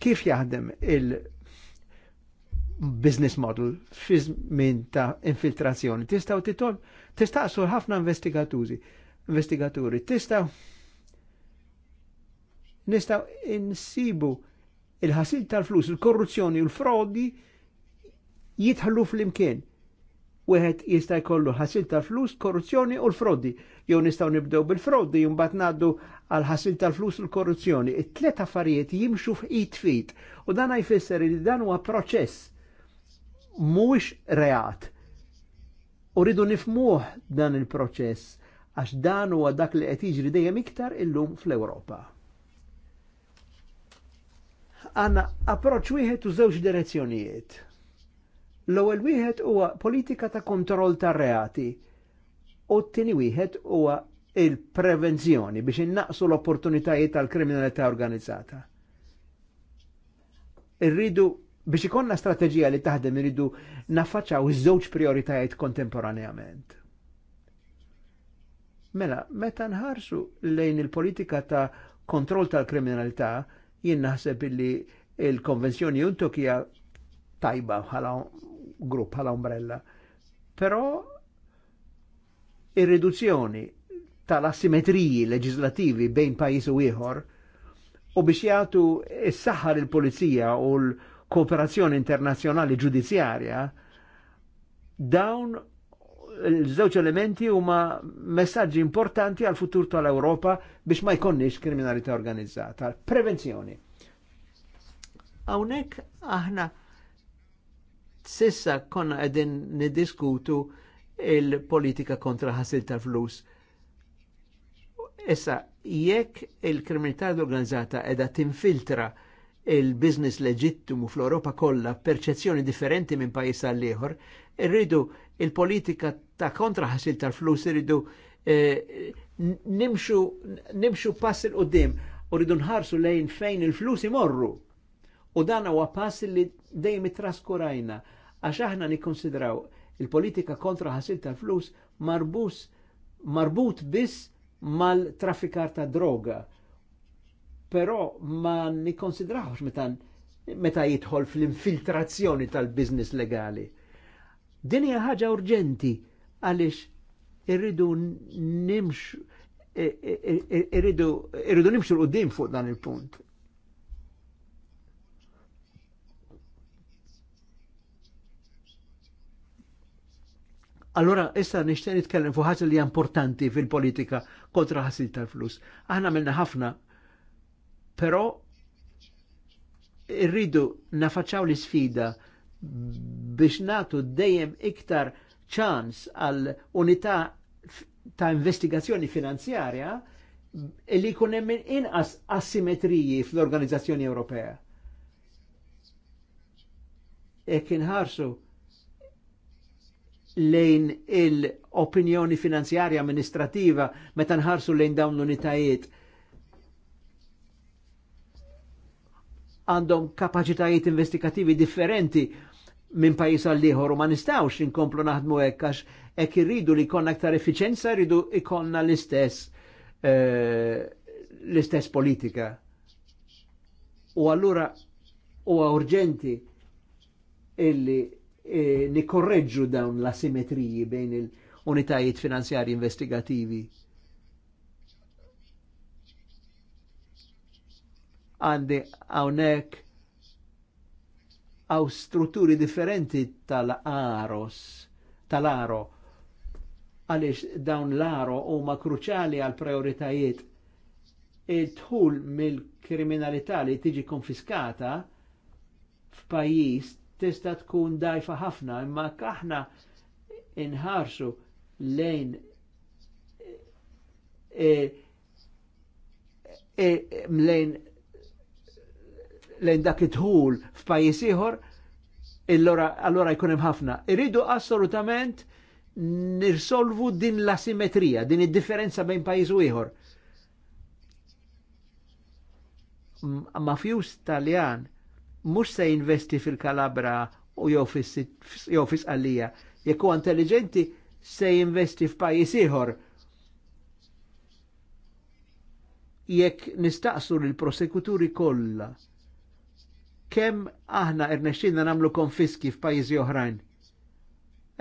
Kif jaħdem il- business model fiż żmien ta' infiltrazzjoni. Tistaw titol, tistaqsu ħafna investigaturi, investigaturi, tistaw nistaw insibu il-ħasil tal-flus, il-korruzzjoni u l-frodi jitħallu fl-imkien. Wieħed jista' jkollu ħasil tal-flus, korruzzjoni u l-frodi. Jew nistgħu nibdew bil-frodi jew mbagħad naddu għal ħasil tal-flus u l-korruzzjoni. It-tlet affarijiet jimxu f'it fit u dan jfisser li dan huwa proċess mhuwiex reat. U rridu dan il-proċess għax dan huwa dak li qed jiġri dejjem iktar illum fl-Ewropa għanna approċ wieħed u żewġ direzzjonijiet. L-ewwel wieħed huwa politika ta' kontroll ta' reati u t-tieni wieħed huwa il-prevenzjoni biex innaqsu l-opportunitajiet tal-kriminalità organizzata. Irridu biex ikonna strateġija li taħdem irridu naffaċċaw iż-żewġ prioritajiet kontemporanjament. Mela, meta nħarsu lejn il-politika ta' kontroll tal-kriminalità, jien naħseb illi il-konvenzjoni juntuk hija tajba bħala grupp bħala umbrella. Però ir-riduzzjoni tal-asimetriji leġislativi bejn pajis u ieħor u biex jagħtu s-saħħar il-pulizija u l-kooperazzjoni internazzjonali ġudizzjarja dawn l-żewġ elementi huma messaġġi importanti għal futur tal-Ewropa biex ma jkonniex kriminalità organizzata. Prevenzjoni. Hawnhekk aħna sissa konna qegħdin niddiskutu il-politika kontra ħasil tal-flus. Issa, jekk il-kriminalità organizzata edha tinfiltra il-biznis leġittimu fl-Europa kollha perċezzjoni differenti minn pajjiż għall ieħor, irridu il-politika ta' kontraħasil tal-flus iridu eh, nimxu, nimxu pass il-qoddim u rridu nħarsu lejn fejn il-flus imorru. U dan huwa pass li dejjem traskurajna għax aħna nikkonsidraw il-politika kontra ħasil tal-flus marbus marbut biss mal-traffikar ta' droga. Però ma nikkonsidrawx meta meta jidħol fl-infiltrazzjoni tal-biznis legali. Din hija ħaġa urġenti għaliex irridu nimx irridu nimxu l-qudiem fuq dan il-punt. Allora, issa nishtiq nitkellem fuq ħaġa li importanti fil-politika kontra ħasil tal-flus. Aħna minna ħafna, però irridu nafaċċaw l-isfida biex natu dejjem iktar ċans għal unità ta' investigazzjoni finanzjarja li kunem hemm inqas asimetriji fl-Organizzazzjoni Ewropea. E kien ħarsu lejn il-opinjoni finanzjarja amministrativa meta nħarsu lejn dawn l-unitajiet għandhom kapaċitajiet investigativi differenti minn pajis għal liħor u ma nistawx inkomplu naħdmu hekk għax irridu li jkollna aktar efficienza rridu ikonna l-istess eh, l-istess politika. U allura huwa urġenti illi eh, nikorreġġu dawn l-asimetriji bejn il-unitajiet finanzjari investigativi. Għandi hawnhekk għaw strutturi differenti tal-aros, tal-aro, għalix dawn l-aro huma kruċali għal prioritajiet il-tħul mill-kriminalità li tiġi konfiskata f'pajjiż tista tkun dajfa ħafna imma kaħna inħarsu lejn e, e, e, lejn lejn dak it-tħul f'pajjiż ieħor, allora jkun hemm ħafna. Irridu assolutament nirsolvu din l-asimetrija, din id-differenza bejn pajjiż u ieħor. fjus Taljan mhux se jinvesti fil-Kalabra u jew fis-qallija. Jekk huwa intelligenti se jinvesti f'pajjiż ieħor jekk nistaqsu l prosekuturi kollha kemm aħna irnexxinna nagħmlu konfiski f'pajjiżi oħrajn.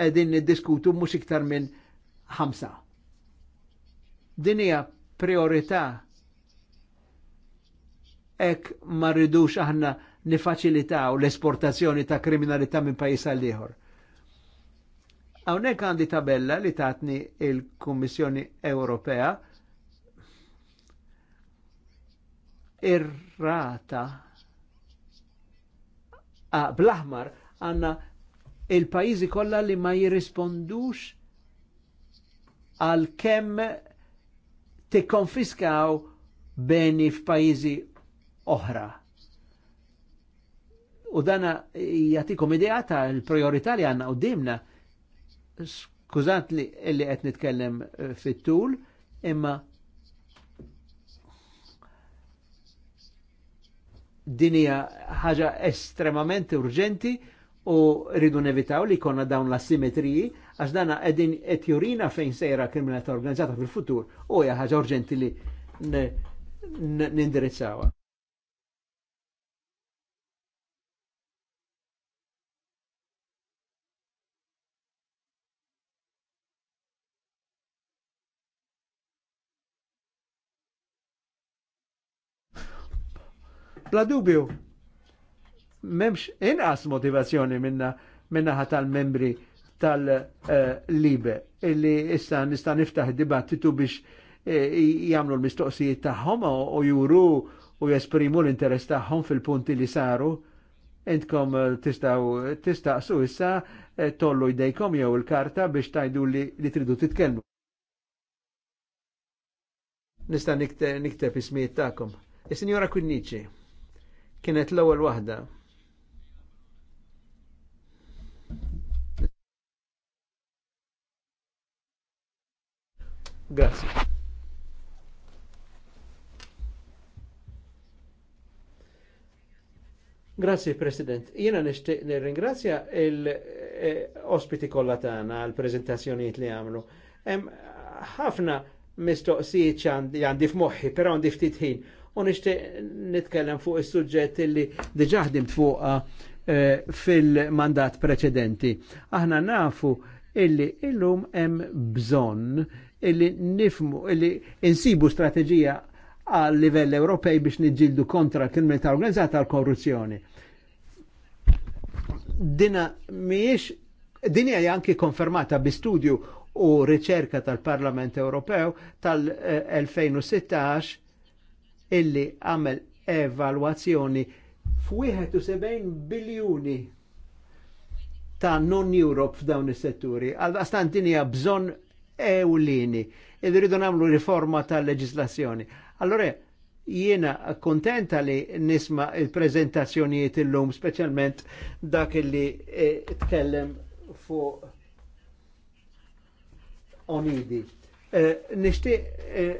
Qegħdin niddiskutu mhux iktar minn ħamsa. Din hija priorità ek ma rridux aħna nifaċilitaw l-esportazzjoni ta' kriminalità minn pajjiż għal ieħor. Hawnhekk għandi tabella li tatni il-Kummissjoni Ewropea ir-rata bl-aħmar għanna il-pajizi kolla li ma jirrispondux għal kem te konfiskaw beni f'pajjiżi oħra. U dana jatikom idea ta' il-priorità li għanna u dimna. Skużat li qed kellem eh, fit-tul, imma dinija ħaġa estremament urġenti u rridu nevitaw li konna dawn l-asimetriji għax dana edin et jurina fejn sejra kriminalità organizzata fil-futur u hija ħaġa urġenti li nindirizzawa. bla dubju. Memx inqas motivazzjoni minna minnaħa tal-membri tal-libe eh, illi issa nista' niftaħ dibattitu biex eh, jagħmlu l-mistoqsijiet tagħhom u juru u jesprimu l-interess tagħhom fil-punti li saru. Intkom eh, tistaw tistaqsu issa tollu jdejkom jew il-karta biex tajdu li, li tridu titkellmu. Nista' nikteb ismijiet tagħkom. Is-Sinjora e-, Quinnici kienet l-ewwel waħda. Grazie. Grazie President. Jiena nishtiq nirringrazzja l-ospiti kollha tagħna għall preżentazzjonijiet li għamlu. Hemm ħafna mistoqsijiet għandi f'moħħi, però għandi ftit ħin u nixtieq nitkellem fuq is-suġġett li diġà ħdimt fuq eh, fil-mandat preċedenti. Aħna nafu illi illum hemm bżonn illi nifmu illi insibu strateġija għal livell Ewropej biex niġġildu kontra kriminalità organizzata għal korruzzjoni. Dina miex din hija anki konfermata bi studju u riċerka tal-Parlament Ewropew tal-2016 eh, illi għamel evalwazzjoni f-71 biljuni ta' non-Europe f'dawn is-setturi. Għal-bastantin hija bżonn ewlini id rridu nagħmlu riforma tal-leġislazzjoni. Allora, jiena kontenta li nisma il-prezentazzjonijiet illum, specialment dak li eh, tkellem fuq Onidi. Eh, Nishtiq eh,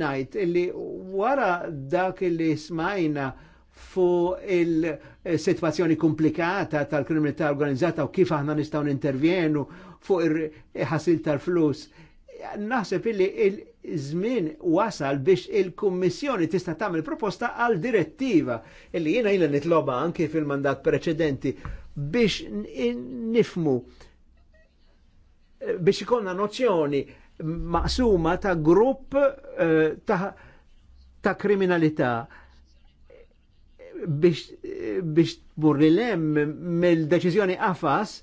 najt illi wara dak illi smajna fu il-situazzjoni komplikata tal-kriminalità organizzata u kif aħna nistgħu nintervjenu fuq il-ħasil tal-flus. Naħseb illi il-żmien wasal biex il-Kummissjoni tista' tagħmel proposta għal direttiva illi jiena ilha nitloba anke fil-mandat preċedenti biex nifmu biex ikonna nozzjoni maqsuma ta' grupp eh, ta', ta kriminalità biex, biex burri lem mill-deċizjoni qafas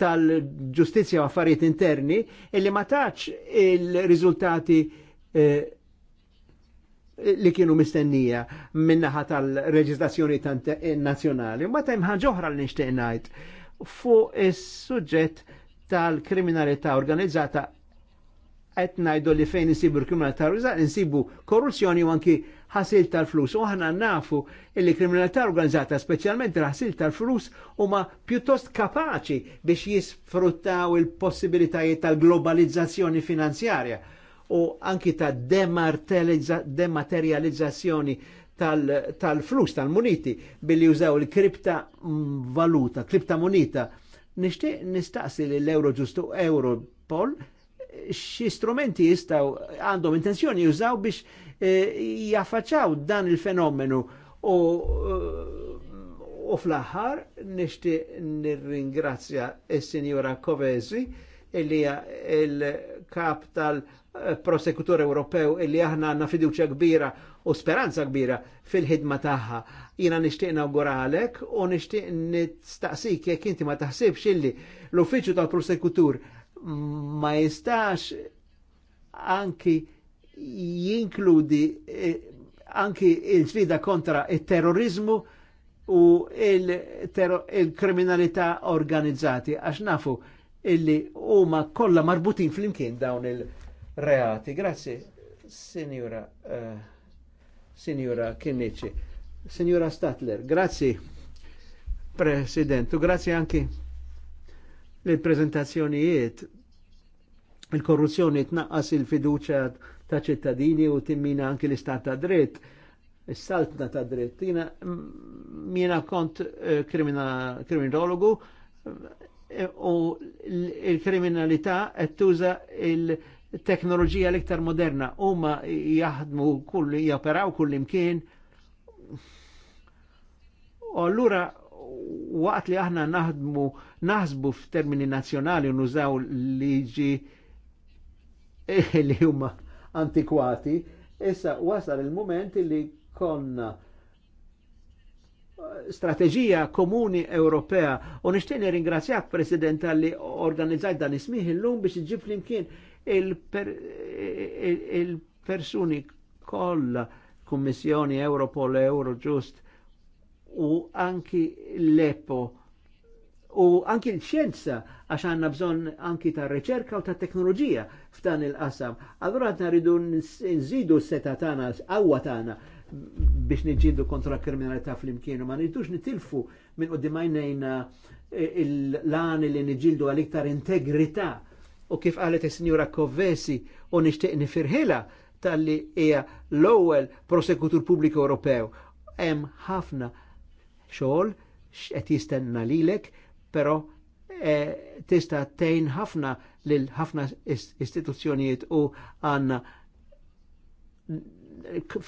tal-ġustizja u affarijiet interni illi ma taċ il-riżultati eh, li kienu mistennija minnaħa tal reġistrazzjoni eh, nazjonali. Ma ta' ħagħoħra li nishtiq fu fuq is-suġġett tal-kriminalità organizzata qed ngħidu li fejn insibu l-kriminalità organizzata insibu korruzzjoni u anki ħasil tal-flus. U aħna nafu li kriminalità organizzata, speċjalment ħasil tal-flus, huma pjuttost kapaċi biex jisfruttaw il-possibilitajiet tal-globalizzazzjoni finanzjarja u anki ta' dematerializzazzjoni tal-flus, tal tal-muniti, billi użaw il-kripta valuta, kripta munita. Nishtiq nistaqsi l-euro ġustu Europol xi strumenti jistaw għandhom intenzjoni jużaw biex eh, jaffaċċaw dan il-fenomenu u eh, u fl-aħħar nixti nirringrazzja is-Sinjura Kovesi illi hija il-kap tal-prosekutur Ewropew illi aħna għandna fiduċja kbira u speranza kbira fil-ħidma tagħha. Jiena nixtieq nawguralek u nixtieq nistaqsik jekk inti ma taħsibx illi l-uffiċċju tal-prosekutur ma jistax anki jinkludi eh, anki il sfida kontra il-terrorizmu u il-kriminalità il organizzati, għax nafu illi huma kollha marbutin fl-imkien dawn il-reati. Grazie Signora, uh, Signora Kinnici, Signora Statler, grazie Presidentu, grazie anche l-prezentazzjonijiet il-korruzzjoni tnaqqas il-fiduċa ta' ċittadini u timmina anki l-istat ta' dritt, il saltna ta' dritt. Jina, jina kont eh, kriminologu eh, u il-kriminalità qed tuża il-teknoloġija l-iktar moderna huma jaħdmu kull japeraw kull imkien. U allura waqt li aħna naħdmu naħsbu f'termini nazzjonali u nużaw liġi li huma antikwati, issa wasal il-moment li konna strategija komuni Ewropea u nixtieni ringrazzjak President li organizzajt dan ismih illum biex iġib flimkien il-persuni kollha Kummissjoni Europol -Euro u anki l-EPO u anki l-ċienza għax għanna bżon anki ta' reċerka u ta' teknoloġija f'dan il-qasam. Allora għadna rridu nżidu s-seta tana, għawa tana biex nġidu kontra kriminalità fl-imkienu, ma nridux nitilfu minn dimajnejna eh, l għani li nġildu għal-iktar integrità u kif għalet il-Sinjura Kovesi u nishtiq nifirħila tal-li hija l-ewwel prosekutur pubbliku Ewropew. Hemm ħafna xogħol qed jistenna lilek, però eh, tista' tgħin ħafna lil ħafna istituzzjonijiet u għandna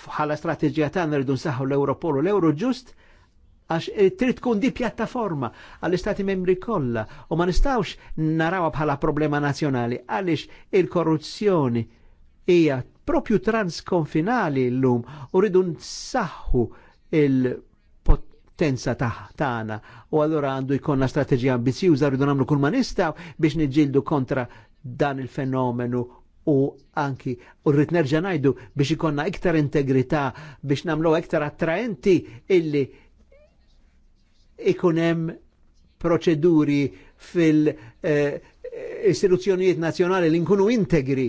bħala strateġija tagħna ridu nsaħħu l-Europol u l-Euro ġust għax eh, trid tkun di pjattaforma għall-istati membri kollha u ma nistgħux narawha bħala problema nazzjonali għaliex il-korruzzjoni hija propju transkonfinali l-lum u rridu nsaħħu il- potenza taħtana u allura għandu jkollna strateġija ambizjuża rridu nagħmlu kull manista biex niġġieldu kontra dan il-fenomenu u anki u rrit nerġa' ngħidu biex ikonna iktar integrità biex nagħmlu iktar attraenti illi ikun hemm proċeduri fil eh, istituzzjonijiet nazzjonali li nkunu integri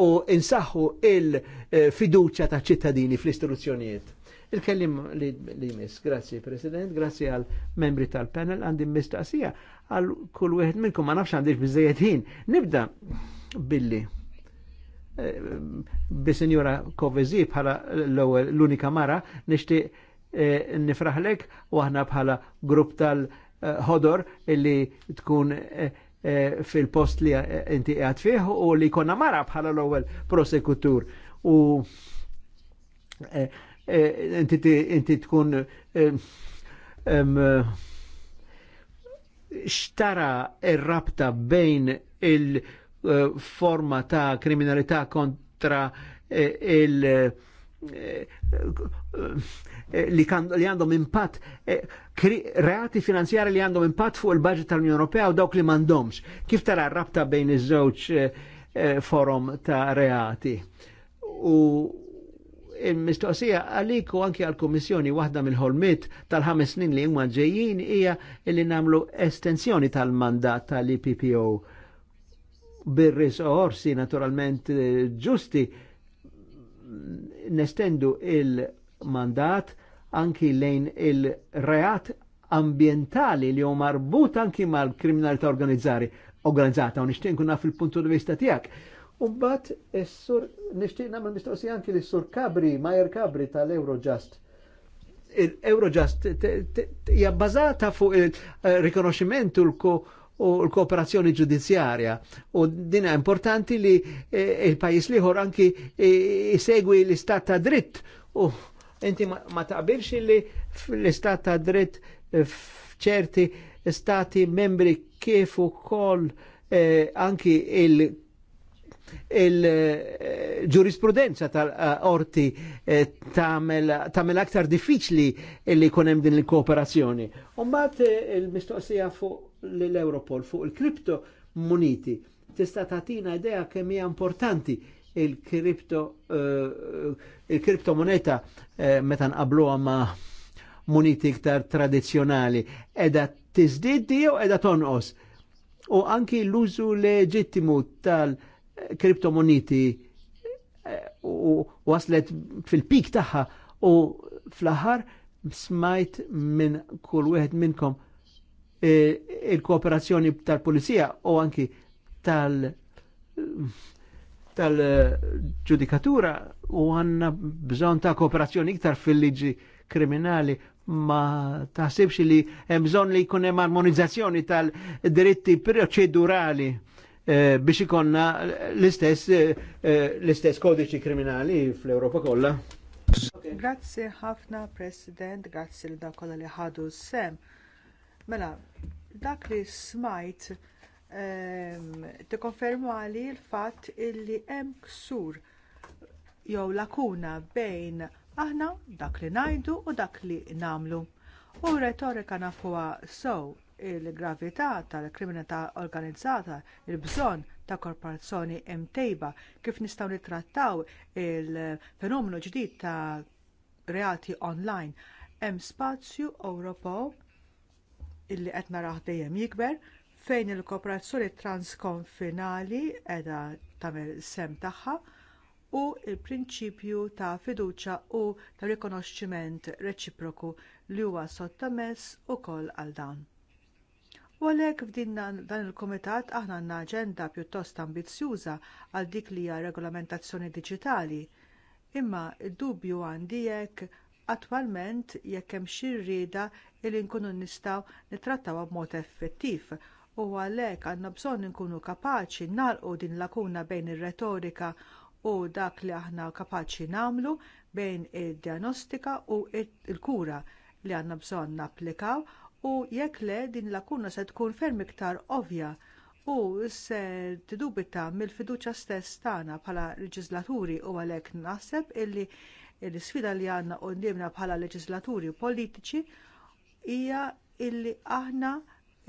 u insaħħu il-fiduċja eh, ta' ċittadini fl-istituzzjonijiet. Il-kellim li, li mis, grazzi President, grazie għal membri tal-panel għandim mistaqsija għal kull wieħed minnkom ma nafx għandix bizzejed ħin. Nibda billi eh, bisenjura Kovezi bħala l-unika mara nishti eh, nifraħlek u aħna bħala grupp tal-ħodor illi tkun eh, fil-post li inti għad fih u li konna mara bħala l-ewwel prosekutur. U Eh, inti tkun xtara il rabta eh, bejn il-forma ta' kriminalità kontra eh, il- li, għandhom impatt reati finanzjari li għandhom impatt fuq il-budget tal-Unjoni Ewropea u dawk li m'għandhomx. Kif tara rabta bejn iż-żewġ forum ta' reati? U il-mistoqsija għalik u anki għal-Komissjoni waħda mill-ħolmit tal-ħames snin li jimma ġejjin hija li namlu estensjoni tal-mandat tal-IPPO bir-risorsi naturalment eh, ġusti nestendu il-mandat anki lejn il-reat ambientali li huma marbut anki mal-kriminalità organizzata u nixtieq nkun naf puntu di vista tiegħek Umbat, s-sur, nishtiq namel mistoqsija anki li s-sur Kabri, Majer Kabri tal-Eurojust. eurojust hija bazata fuq il-rikonoxximent u l-kooperazzjoni ġudizzjarja u dina importanti li e, il-pajis liħor anki jisegwi e, l-istat ta' dritt u inti ma taqbilx li l-istat ta' dritt e, f'ċerti stati membri kif ukoll anki il- il-ġurisprudenza tal-orti eh, tamel aktar diffiċli li konem din il-kooperazzjoni. Umbat eh, il-mistoqsija fuq l-Europol, fuq il-kripto muniti, tista tatina idea kemm hija importanti il-kripto eh, il-kripto moneta meta nqabluha ma' muniti iktar tradizjonali edha tiżdied u edha tonqos. U anki l-użu leġittimu tal- kriptomoniti eh, u waslet fil-pik taħħa u fl-aħħar smajt minn kull wieħed minnkom eh, il-kooperazzjoni tal-pulizija u anki tal- tal-ġudikatura u għanna bżon ta' kooperazzjoni iktar fil-liġi kriminali ma taħsibx li hemm bżonn li jkun hemm armonizzazzjoni tal-diritti proċedurali Eh, biex ikonna l-istess eh, eh, l-istess kodiċi kriminali fl-Europa kollha. Grazzi ħafna President, grazzi l dak kollha li ħadu sem. Mela, dak li smajt ehm, li l-fatt illi hemm ksur jew lakuna bejn aħna dak li ngħidu u dak li nagħmlu. U retorika nafuha sow il-gravità tal-kriminalità organizzata, il-bżonn ta' korporazzjoni mtejba, kif nistgħu nittrattaw il-fenomenu ġdid ta' reati online, hemm spazju Ewropew illi qed naraħ dejjem jikber fejn il-kooperazzjoni transkonfinali qiegħda tagħmel sem tagħha u l prinċipju ta' fiduċja u ta' rikonoxximent reċiproku li huwa sottomess ukoll għal dan. U għalhekk f'din dan il-kumitat aħna għandna aġenda pjuttost ambizzjuża għal dik li hija regolamentazzjoni diġitali. Imma id-dubju għandi jekk attwalment jekk hemm xi rieda li nkunu nistgħu nittrattawha b'mod effettiv u għalhekk għandna bżonn inkunu kapaċi nagħlqu din lakuna bejn ir-retorika u dak li aħna kapaċi nagħmlu bejn id-diagnostika u l kura li għandna bżonn napplikaw u jekk le din lakuna se tkun ferm iktar ovvja u se tidubita mill fiduċja stess tagħna bħala leġislaturi u għalhekk naħseb illi l isfida li għandna quddiemna bħala leġislaturi politiċi hija illi aħna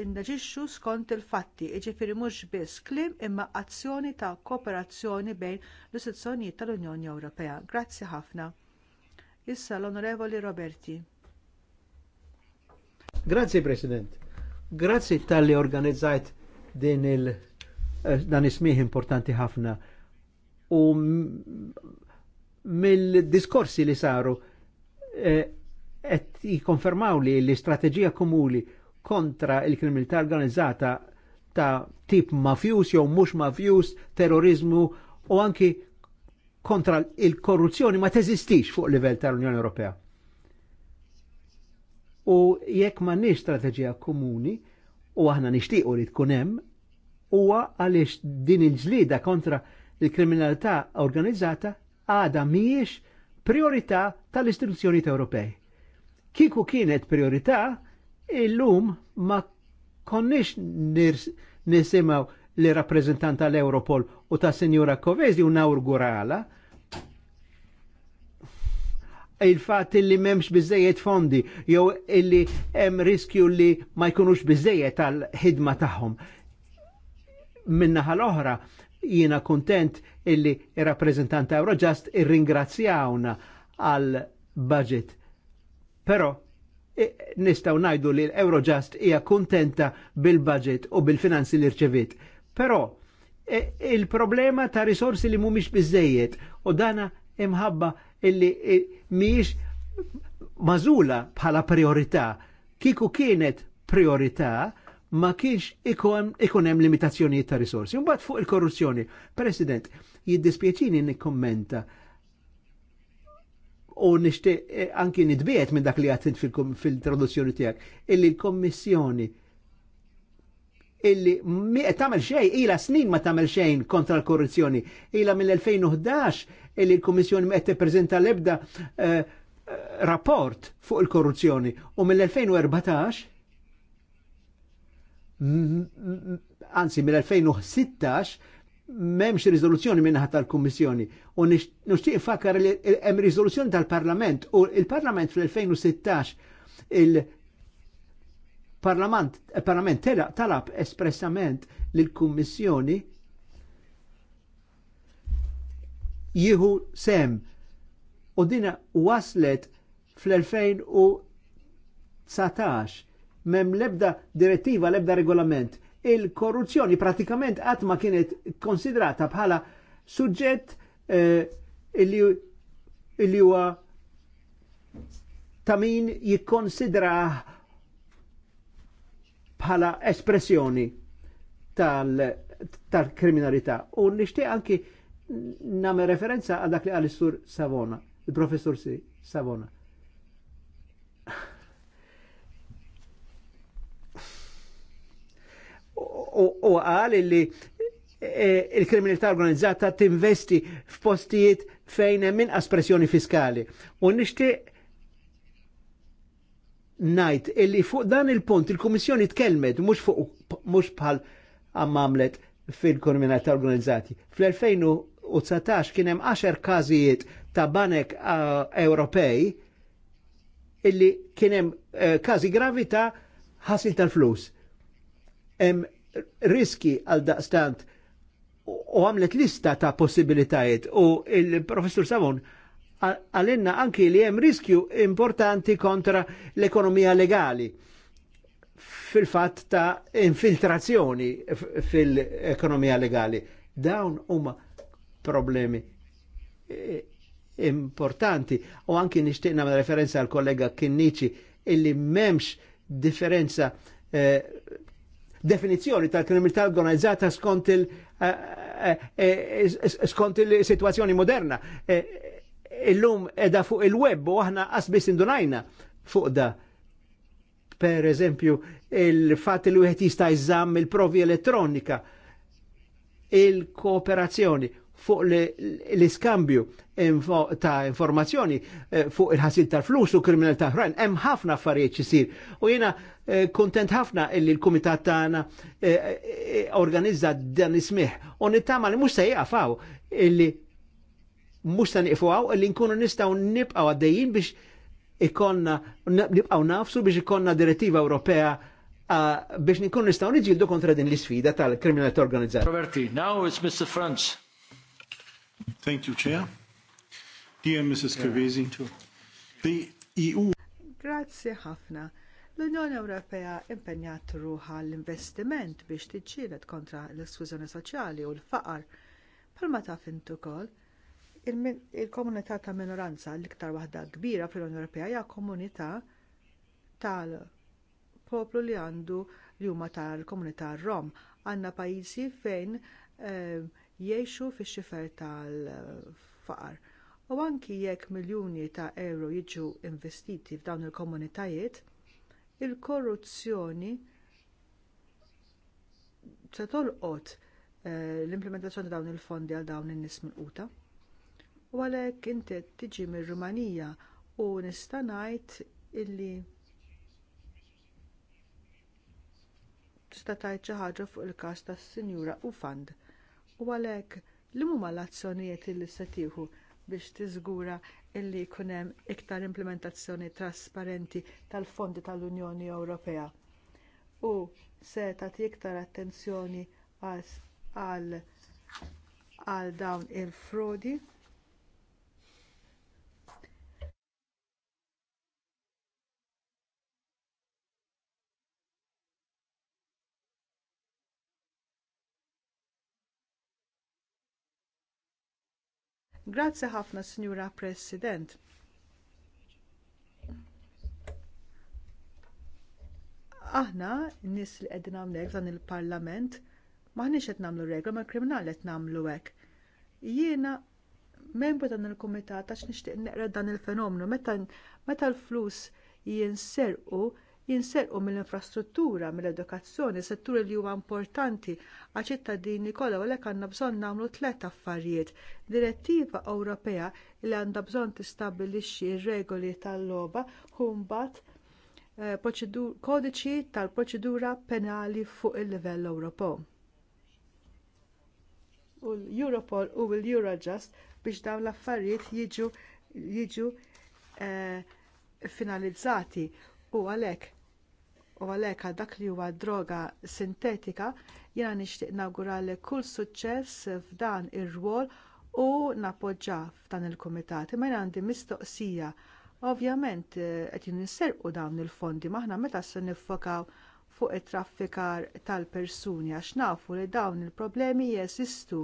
nnaġixxu skont il-fatti, jiġifieri mhux biss kliem imma azzjoni ta' kooperazzjoni bejn l-istituzzjonijiet tal-Unjoni Ewropea. Grazzi ħafna. Issa l-Onorevoli Roberti. Grazzi, President. Grazzi tal-li organizzajt din il eh, dan ismiħ importanti ħafna. U mill-diskorsi li saru qed eh, jikonfermaw li l-istrateġija komuli kontra il-kriminalità organizzata ta' tip mafjus jew mhux mafjus, terrorizmu u anki kontra il-korruzzjoni ma teżistix fuq livell tal-Unjoni Ewropea. U jekk m'għandniex strateġija komuni u aħna nixtiequ li tkun hemm, huwa għaliex din il-ġlida kontra il-kriminalità organizzata għada mhijiex priorità tal-istituzzjonijiet Ewropej. Kiku kienet priorità, illum ma konniex nisimaw li rappresentant tal-Europol u ta' Senjura Kovezi u nawrgurala il-fat illi memx bizzejiet fondi, jew illi hemm riskju li ma jkunux bizzejiet tal-ħidma tagħhom. Minnaħa l-oħra, jiena kontent illi il-rappresentant Eurojust irringrazzjawna għal budget. Pero, nistaw najdu li l-Eurojust hija kontenta bil-budget u bil-finanzi li rċevit. Pero, e- il-problema ta' risorsi li mumiex bizzejiet u dana imħabba illi miex mażula bħala priorità. Kiku kienet priorità ma kienx ikun hemm limitazzjonijiet ta' risorsi. Mbagħad fuq il-korruzzjoni, President, jiddispjaċini nikkommenta u nixtieq eh, anki nidbiet minn dak li għatint fil-traduzzjoni tiegħek illi l-Kommissjoni il illi tamel xejn, ila snin ma tamel xejn kontra l-korruzzjoni. Ila mill-2011 illi l komissjoni mette prezenta l-ebda eh, eh, rapport fuq il-korruzzjoni. U mill-2014, anzi mill-2016, memx rizoluzzjoni minnaħat tal komissjoni U nishtiq fakar li hemm rizoluzzjoni tal-Parlament. U il-Parlament fl-2016 il parlament, parlament talab espressament lill-Kummissjoni jihu sem u dina waslet fl-2019 mem lebda direttiva, lebda regolament. Il-korruzzjoni pratikament qatt ma kienet konsidrata bħala suġġett eh, il-li huwa ta' min jikkonsidrah bħala espressjoni tal-kriminalità. Tal U nixtieq anki nagħmel referenza għal dak li għal sur Savona, il-professur si Savona. U għal li e, il-kriminalità organizzata tinvesti f'postijiet fejn hemm espressjoni fiskali. U nixtieq najt illi fuq dan il-punt il-Kummissjoni tkellmet mhux fuq mhux bħal għamlet fil ta' organizzati. Fl-2019 kien hemm 10 każijiet ta' banek uh, Ewropej illi kien hemm uh, każi gravi ta' ħasil tal-flus. Hemm riski għal daqstant u għamlet lista ta' possibilitajiet u il-professur Savon għalinna anki li hemm riskju importanti kontra l-ekonomija legali fil-fatt ta' infiltrazzjoni fil-ekonomija legali. Dawn huma problemi e, importanti u anki nishtiqna ma' referenza għal kollega Kinnici illi memx differenza eh, definizjoni tal-kriminalità organizzata skont il situazzjoni eh, eh, eh, il-situazzjoni moderna. Eh, illum edha fuq il-web u aħna qasbis indunajna fuq da. Per eżempju, il-fat li wieħed jista' jżamm il-provi elettronika, il-kooperazzjoni fuq l-iskambju ta' informazzjoni eh, fuq il-ħasil tal-flus u kriminal ta' ħrajn. Hemm ħafna affarijiet xisir. U jiena eh, kontent ħafna illi l-kumitat tagħna eh, organizza dan ismiħ. U nittama li mhux se illi mux ta' nifu għaw, li nkunu nistaw nibqaw għaddejjin biex ikonna, nibqaw nafsu biex ikonna direttiva Ewropea biex nkunu nistaw nġildu kontra din l-sfida tal-kriminalità organizzata. Roberti, now it's Mr. Franz. Thank you, Chair. Dear Mrs. Cavezi, the EU. Grazie ħafna. L-Unjoni Ewropea impenjat ruħa l-investiment biex tiġġieled kontra l-esklużjoni soċjali u l-faqar. Palma taf fintu kol, il-komunità ta' minoranza l-iktar waħda kbira fl-Unjoni Ewropea hija komunità tal-poplu li għandu li huma tal-komunità Rom. Għandna pajjiżi fejn ehm, jgħixu fix-xifer tal-faqar. U anki jekk miljuni ta' euro jiġu investiti f'dawn il-komunitajiet, il-korruzzjoni se tolqot eh, l-implementazzjoni ta' dawn il-fondi għal dawn in-nies mill u għalhekk inti tiġi mir-Rumanija u nista' ngħid illi tista' tgħid xi ħaġa fuq il-każ tas-Sinjura Ufand. U għalhekk li huma l-azzjonijiet illi se tieħu biex tiżgura illi jkun hemm iktar implementazzjoni trasparenti tal-fondi tal-Unjoni Ewropea. U se tagħti iktar attenzjoni għal dawn il-frodi Grazzi ħafna, Signora President. Aħna, n-nies li qegħdin għamlek dan il-Parlament, maħniex qed nagħmlu regla, ma' kriminali qed nagħmlu hekk. Jiena membru dan il-kumitat għax nixtieq neqra dan il-fenomenu meta l-flus jinserqu jinserqu mill-infrastruttura, mill-edukazzjoni, setturi li huwa importanti għal ċittadini kollha għalhekk għandna bżonn nagħmlu tliet affarijiet. Direttiva Ewropea li għandha bżonn tistabbilixxi r-regoli tal-logħba u mbagħad eh, kodiċi tal-proċedura penali fuq il-livell Ewropew. U l-Europol u l-Eurojust biex dawn l-affarijiet jiġu eh, finalizzati u għalhekk u għalhekk għal dak li huwa droga sintetika jiena nixtieq nawgurali kull suċċess f'dan ir-rwol u nappoġġa f'dan il-kumitat. Imma għandi mistoqsija. Ovvjament eh, qed jinserqu dawn il-fondi maħna meta se niffokaw fuq it-traffikar tal-persuni għax nafu li dawn il-problemi jeżistu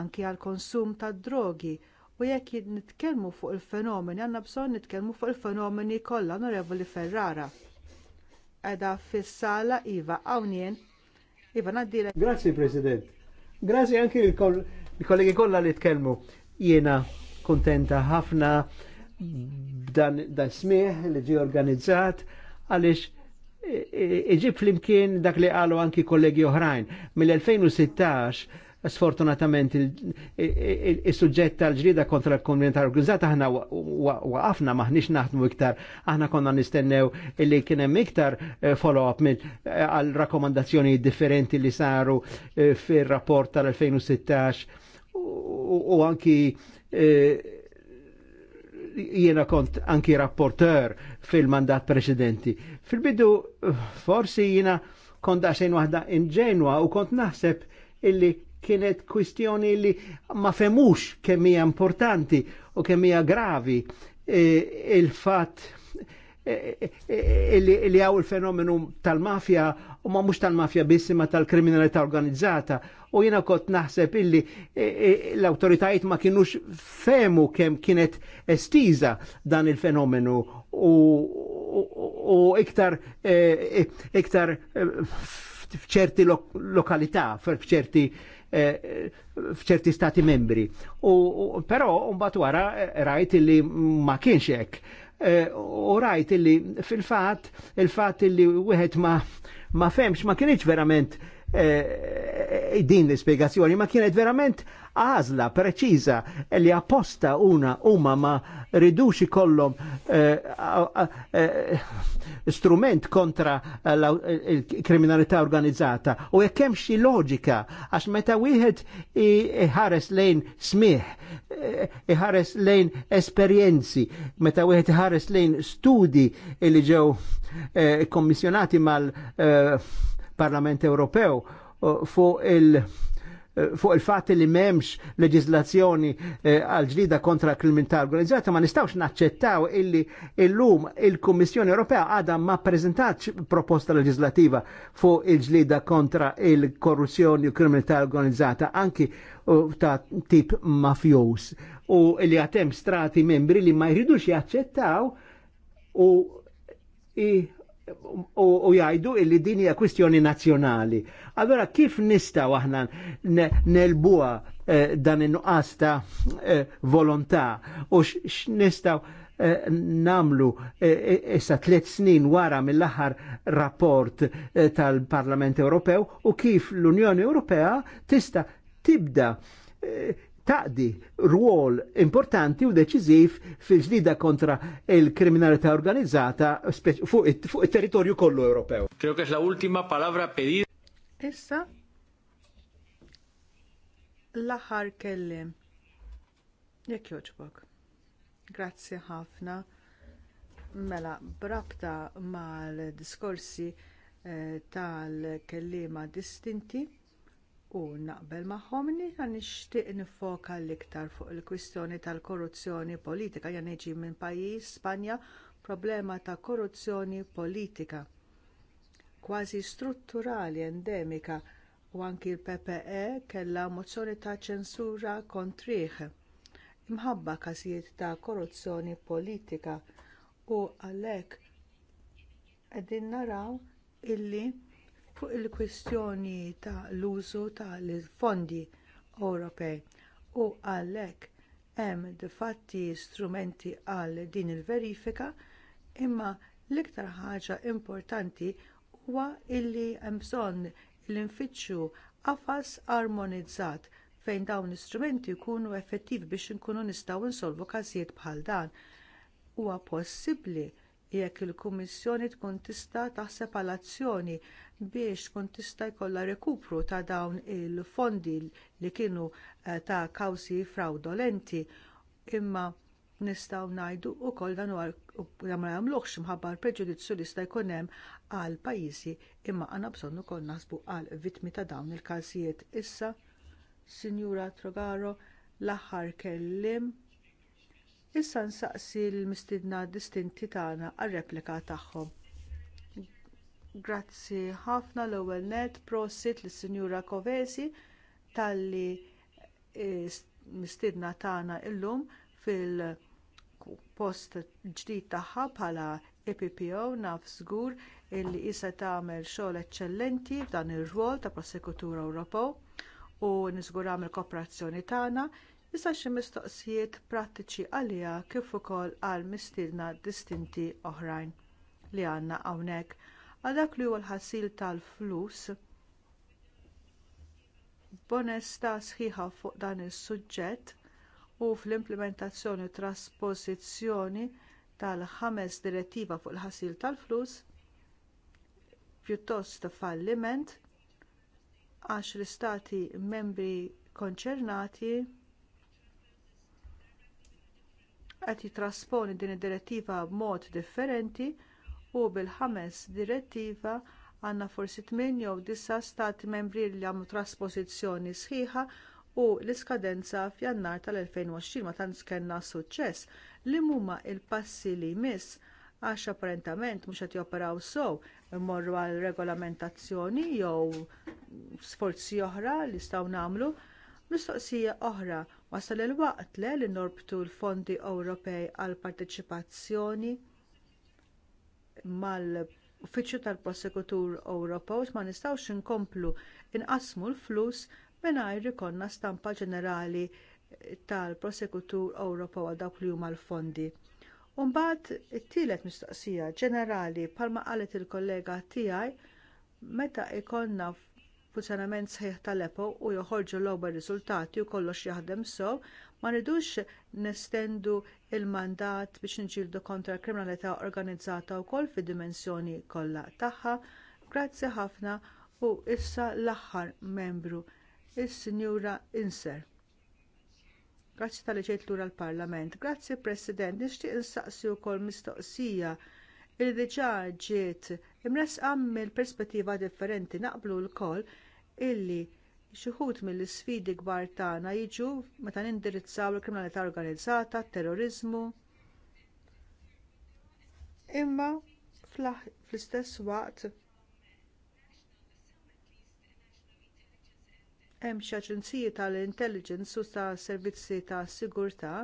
anki għall konsum tad drogi u jekk nitkellmu fuq il-fenomeni għandna bżonn nitkellmu fuq il-fenomeni kollha Onorevoli Ferrara edha fis-sala Iva Awnien. Iva naddile. Grazzi President. Grazzi anki il-kollegi kollha li tkellmu. Jena kontenta ħafna dan, dan smieħ li ġi organizzat għaliex iġib e-, e-, e-, flimkien dak li għalu anki kollegi oħrajn. Mill-2016 sfortunatament il-sujġett tal-ġrida kontra l-komunità organizzata aħna waqafna maħniex naħdmu iktar, aħna konna nistennew li kien hemm iktar eh, follow-up eh, għal rakkomandazzjoni differenti li saru eh, fir-rapport tal-2016 u anki jiena kont anki rapporteur fil-mandat preċedenti. Fil-bidu forsi jiena kont daċxajn wahda inġenwa u kont naħseb illi kienet kwistjoni li ma femux kemija importanti u kemija gravi e, il fat e, e, li għaw il-fenomenu tal-mafja u ma mux tal-mafja bissi ma tal-kriminalità organizzata u jina kot naħseb illi l-autoritajiet ma kienux femu kem kienet estiza dan il-fenomenu u, u, iktar iktar fċerti lokalità, fċerti Eh, f'ċerti stati membri. U però mbagħad wara eh, rajt li ma kienx hekk. Eh, u rajt li fil-fatt il-fatt li wieħed ma ma femx ma kienx verament Eh, eh, din l-ispiegazzjoni ma kienet verament għazla, preċiza, li apposta una huma ma riduxi ikollhom eh, strument kontra l-kriminalità organizzata u jekkem xi loġika għax meta wieħed iħares lejn smih, iħares lejn esperjenzi, meta wieħed iħares lejn studi li ġew kommissjonati mal- eh, parlament Ewropew fuq il- fuq il-fat li memx leġizlazzjoni eh, għal ġlida kontra kriminalità organizzata ma nistawx naċċettaw illi illum il-Kummissjoni Ewropea għadha ma preżentatx proposta leġizlativa fuq il-ġlida kontra il-korruzzjoni u kriminalità organizzata anki ta' tip mafjus u li għatem strati membri li ma jridux jaċċettaw u u jajdu illi din hija kwistjoni nazzjonali. Allora kif nistgħu aħna nelbuha eh, dan in-nuqqas ta' eh, volontà u x'nistgħu eh, namlu eh, eh, issa tliet snin wara mill-aħħar rapport tal-Parlament Ewropew u kif l-Unjoni Ewropea tista' tibda taqdi ruol importanti u deċiżiv fil-ġlida kontra il-kriminalità organizzata fuq it-territorju kollu Ewropew. Creo que es la ultima palabra pedida. Issa l kellim. Jekk joġbok. Grazzi ħafna. Mela, brabta mal-diskorsi eh, tal-kellima distinti u naqbel magħhom li ta' nixtieq nifoka l-iktar fuq il-kwistjoni tal-korruzzjoni politika jan iġi minn pajjiż Spanja problema ta' korruzzjoni politika kważi strutturali endemika u anki l-PPE kellha mozzjoni ta' ċensura kontrih imħabba każijiet ta' korruzzjoni politika u għalhekk qegħdin naraw illi fuq il-kwistjoni ta' l-użu tal-fondi Ewropej u għalhekk hemm difatti strumenti għal din il-verifika imma l-iktar ħaġa importanti huwa illi hemm bżonn li nfittxu qafas armonizzat fejn dawn l-istrumenti jkunu effettivi biex inkunu nistgħu nsolvu każijiet bħal dan. Huwa possibbli jekk il-Kummissjoni tkun tista' taħseb għal azzjoni biex kont tista' jkollha rekupru ta' dawn il-fondi li kienu eh, ta' kawżi fraudolenti imma nistgħu ngħidu wkoll dan huwa ma jagħmluhx imħabba l-preġudizzju li jista' jkun hemm għal pajjiżi imma għandna bżonn ukoll naħsbu għal vittmi ta' dawn il-każijiet. Issa, Sinjura Trogaro, l-aħħar kelliem issa nsaqsi l-mistidna distinti tagħna għar-replika tagħhom. Grazzi ħafna l-ewwel net prosit lis sinjura Kovesi talli eh, mistiedna tagħna llum fil-post ġdid tagħha bħala EPPO naf żgur illi isa tagħmel xogħol eċċellenti f'dan ir-rwol ta' prosekutur Ewropew u niżgur għamil kooperazzjoni tagħna issa xi mistoqsijiet prattiċi għaliha kif ukoll għal mistiedna distinti oħrajn li għandna hawnhekk għal dak li huwa l ħasil tal-flus b'onestà sħiħa fuq dan is-suġġett u fl-implementazzjoni u trasposizzjoni tal-ħames direttiva fuq il-ħasil tal-flus pjuttost falliment għax l-istati membri konċernati qed jitrasponi din id-direttiva b'mod differenti u bil-ħames direttiva għandna forsi tmien jew disa stati membri li jagħmlu trasposizzjoni sħiħa u l-iskadenza f'jannar tal-2020 ma tantx kellna suċċess li huma l passi li jmiss għax apparentament mhux qed joperaw sew immorru għal regolamentazzjoni jew sforzi oħra li staw nagħmlu. Mistoqsija oħra wasal il-waqt le li norbtu l-fondi Ewropej għall parteċipazzjoni mal-Uffiċċju tal-Prosekutur Ewropew ma nistgħux inkomplu inqasmu l-flus mingħajr ikollna stampa ġenerali tal-Prosekutur Ewropew għal dawk li huma l-fondi. U mbagħad it-tielet mistoqsija ġenerali bħalma qalet il-kollega tiegħi meta jkollna funzjonament sħiħ tal-EPO u joħorġu l-ewwel riżultati u kollox jaħdem sew, Ma rridux nestendu l mandat biex nġildu kontra kriminalità organizzata wkoll fid-dimensjoni kollha tagħha. Grazzi ħafna u issa l-aħħar membru, is-Sinjura Inser. Grazzi tal ġejt lura l-Parlament. Grazzi President, nixtieq insaqsi wkoll mistoqsija il diġà ġiet imresqa mill-perspettiva differenti naqblu wkoll illi Xi wħud mill isfidi kbar tagħna jiġu meta nindirizzaw il-kriminalità organizzata, t terrorizmu. Imma fl-istess waqt hemm xi aġenziji tal-intelligence u ta' servizzi ta' sigurtà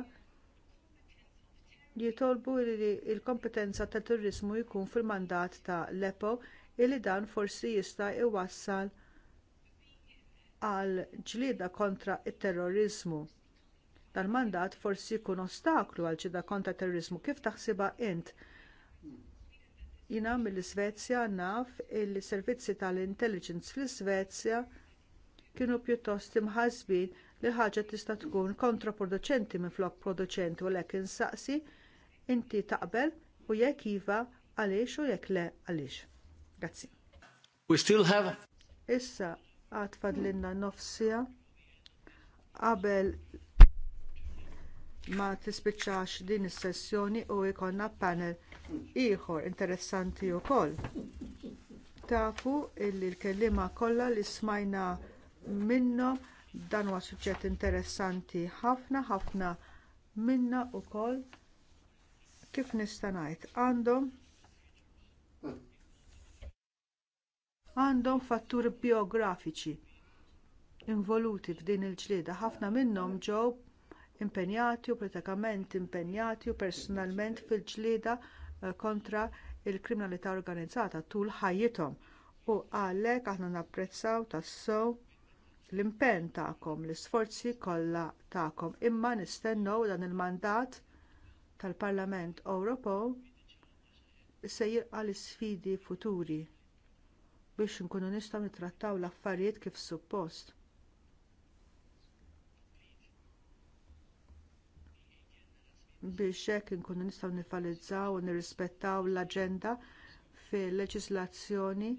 li jitolbu li l kompetenza tat terrorizmu jkun fil-mandat ta' l-EPO illi dan forsi jista' iwassal għal ġlieda kontra t terrorizmu Dan mandat forsi jkun ostaklu għal ġlieda kontra t terrorizmu. Kif taħsiba int? Jina mill-Svezja naf il-servizzi tal-intelligence fl-Svezja kienu pjuttost imħazbin li ħaġa tista' tkun kontraproduċenti minflok produċenti u lek insaqsi inti taqbel u jekk iva għaliex u jekk le għaliex. Grazzi. We still have Issa għad fadlinna nofsija qabel ma tispiċċax din is-sessjoni u jkollna panel ieħor interessanti wkoll. Tafu illi l-kelliema kollha li smajna minnhom dan huwa suġġett interessanti ħafna ħafna minna wkoll kif nista' ngħid għandhom għandhom fatturi biografiċi involuti f'din il ġlieda Ħafna minnhom ġew impenjati u pratikament impenjati u personalment fil ġlieda eh, kontra l kriminalità organizzata tul ħajjithom u għalhekk aħna napprezzaw tassew l-impenn tagħkom, l-isforzi kollha tagħkom, imma nistennew dan il-mandat tal-Parlament Ewropew se jirqa' l-isfidi futuri biex inkunu nistgħu nittrattaw l-affarijiet kif suppost. biex hekk inkunu nistgħu nifalizzaw u nirrispettaw l-aġenda fil-leġislazzjoni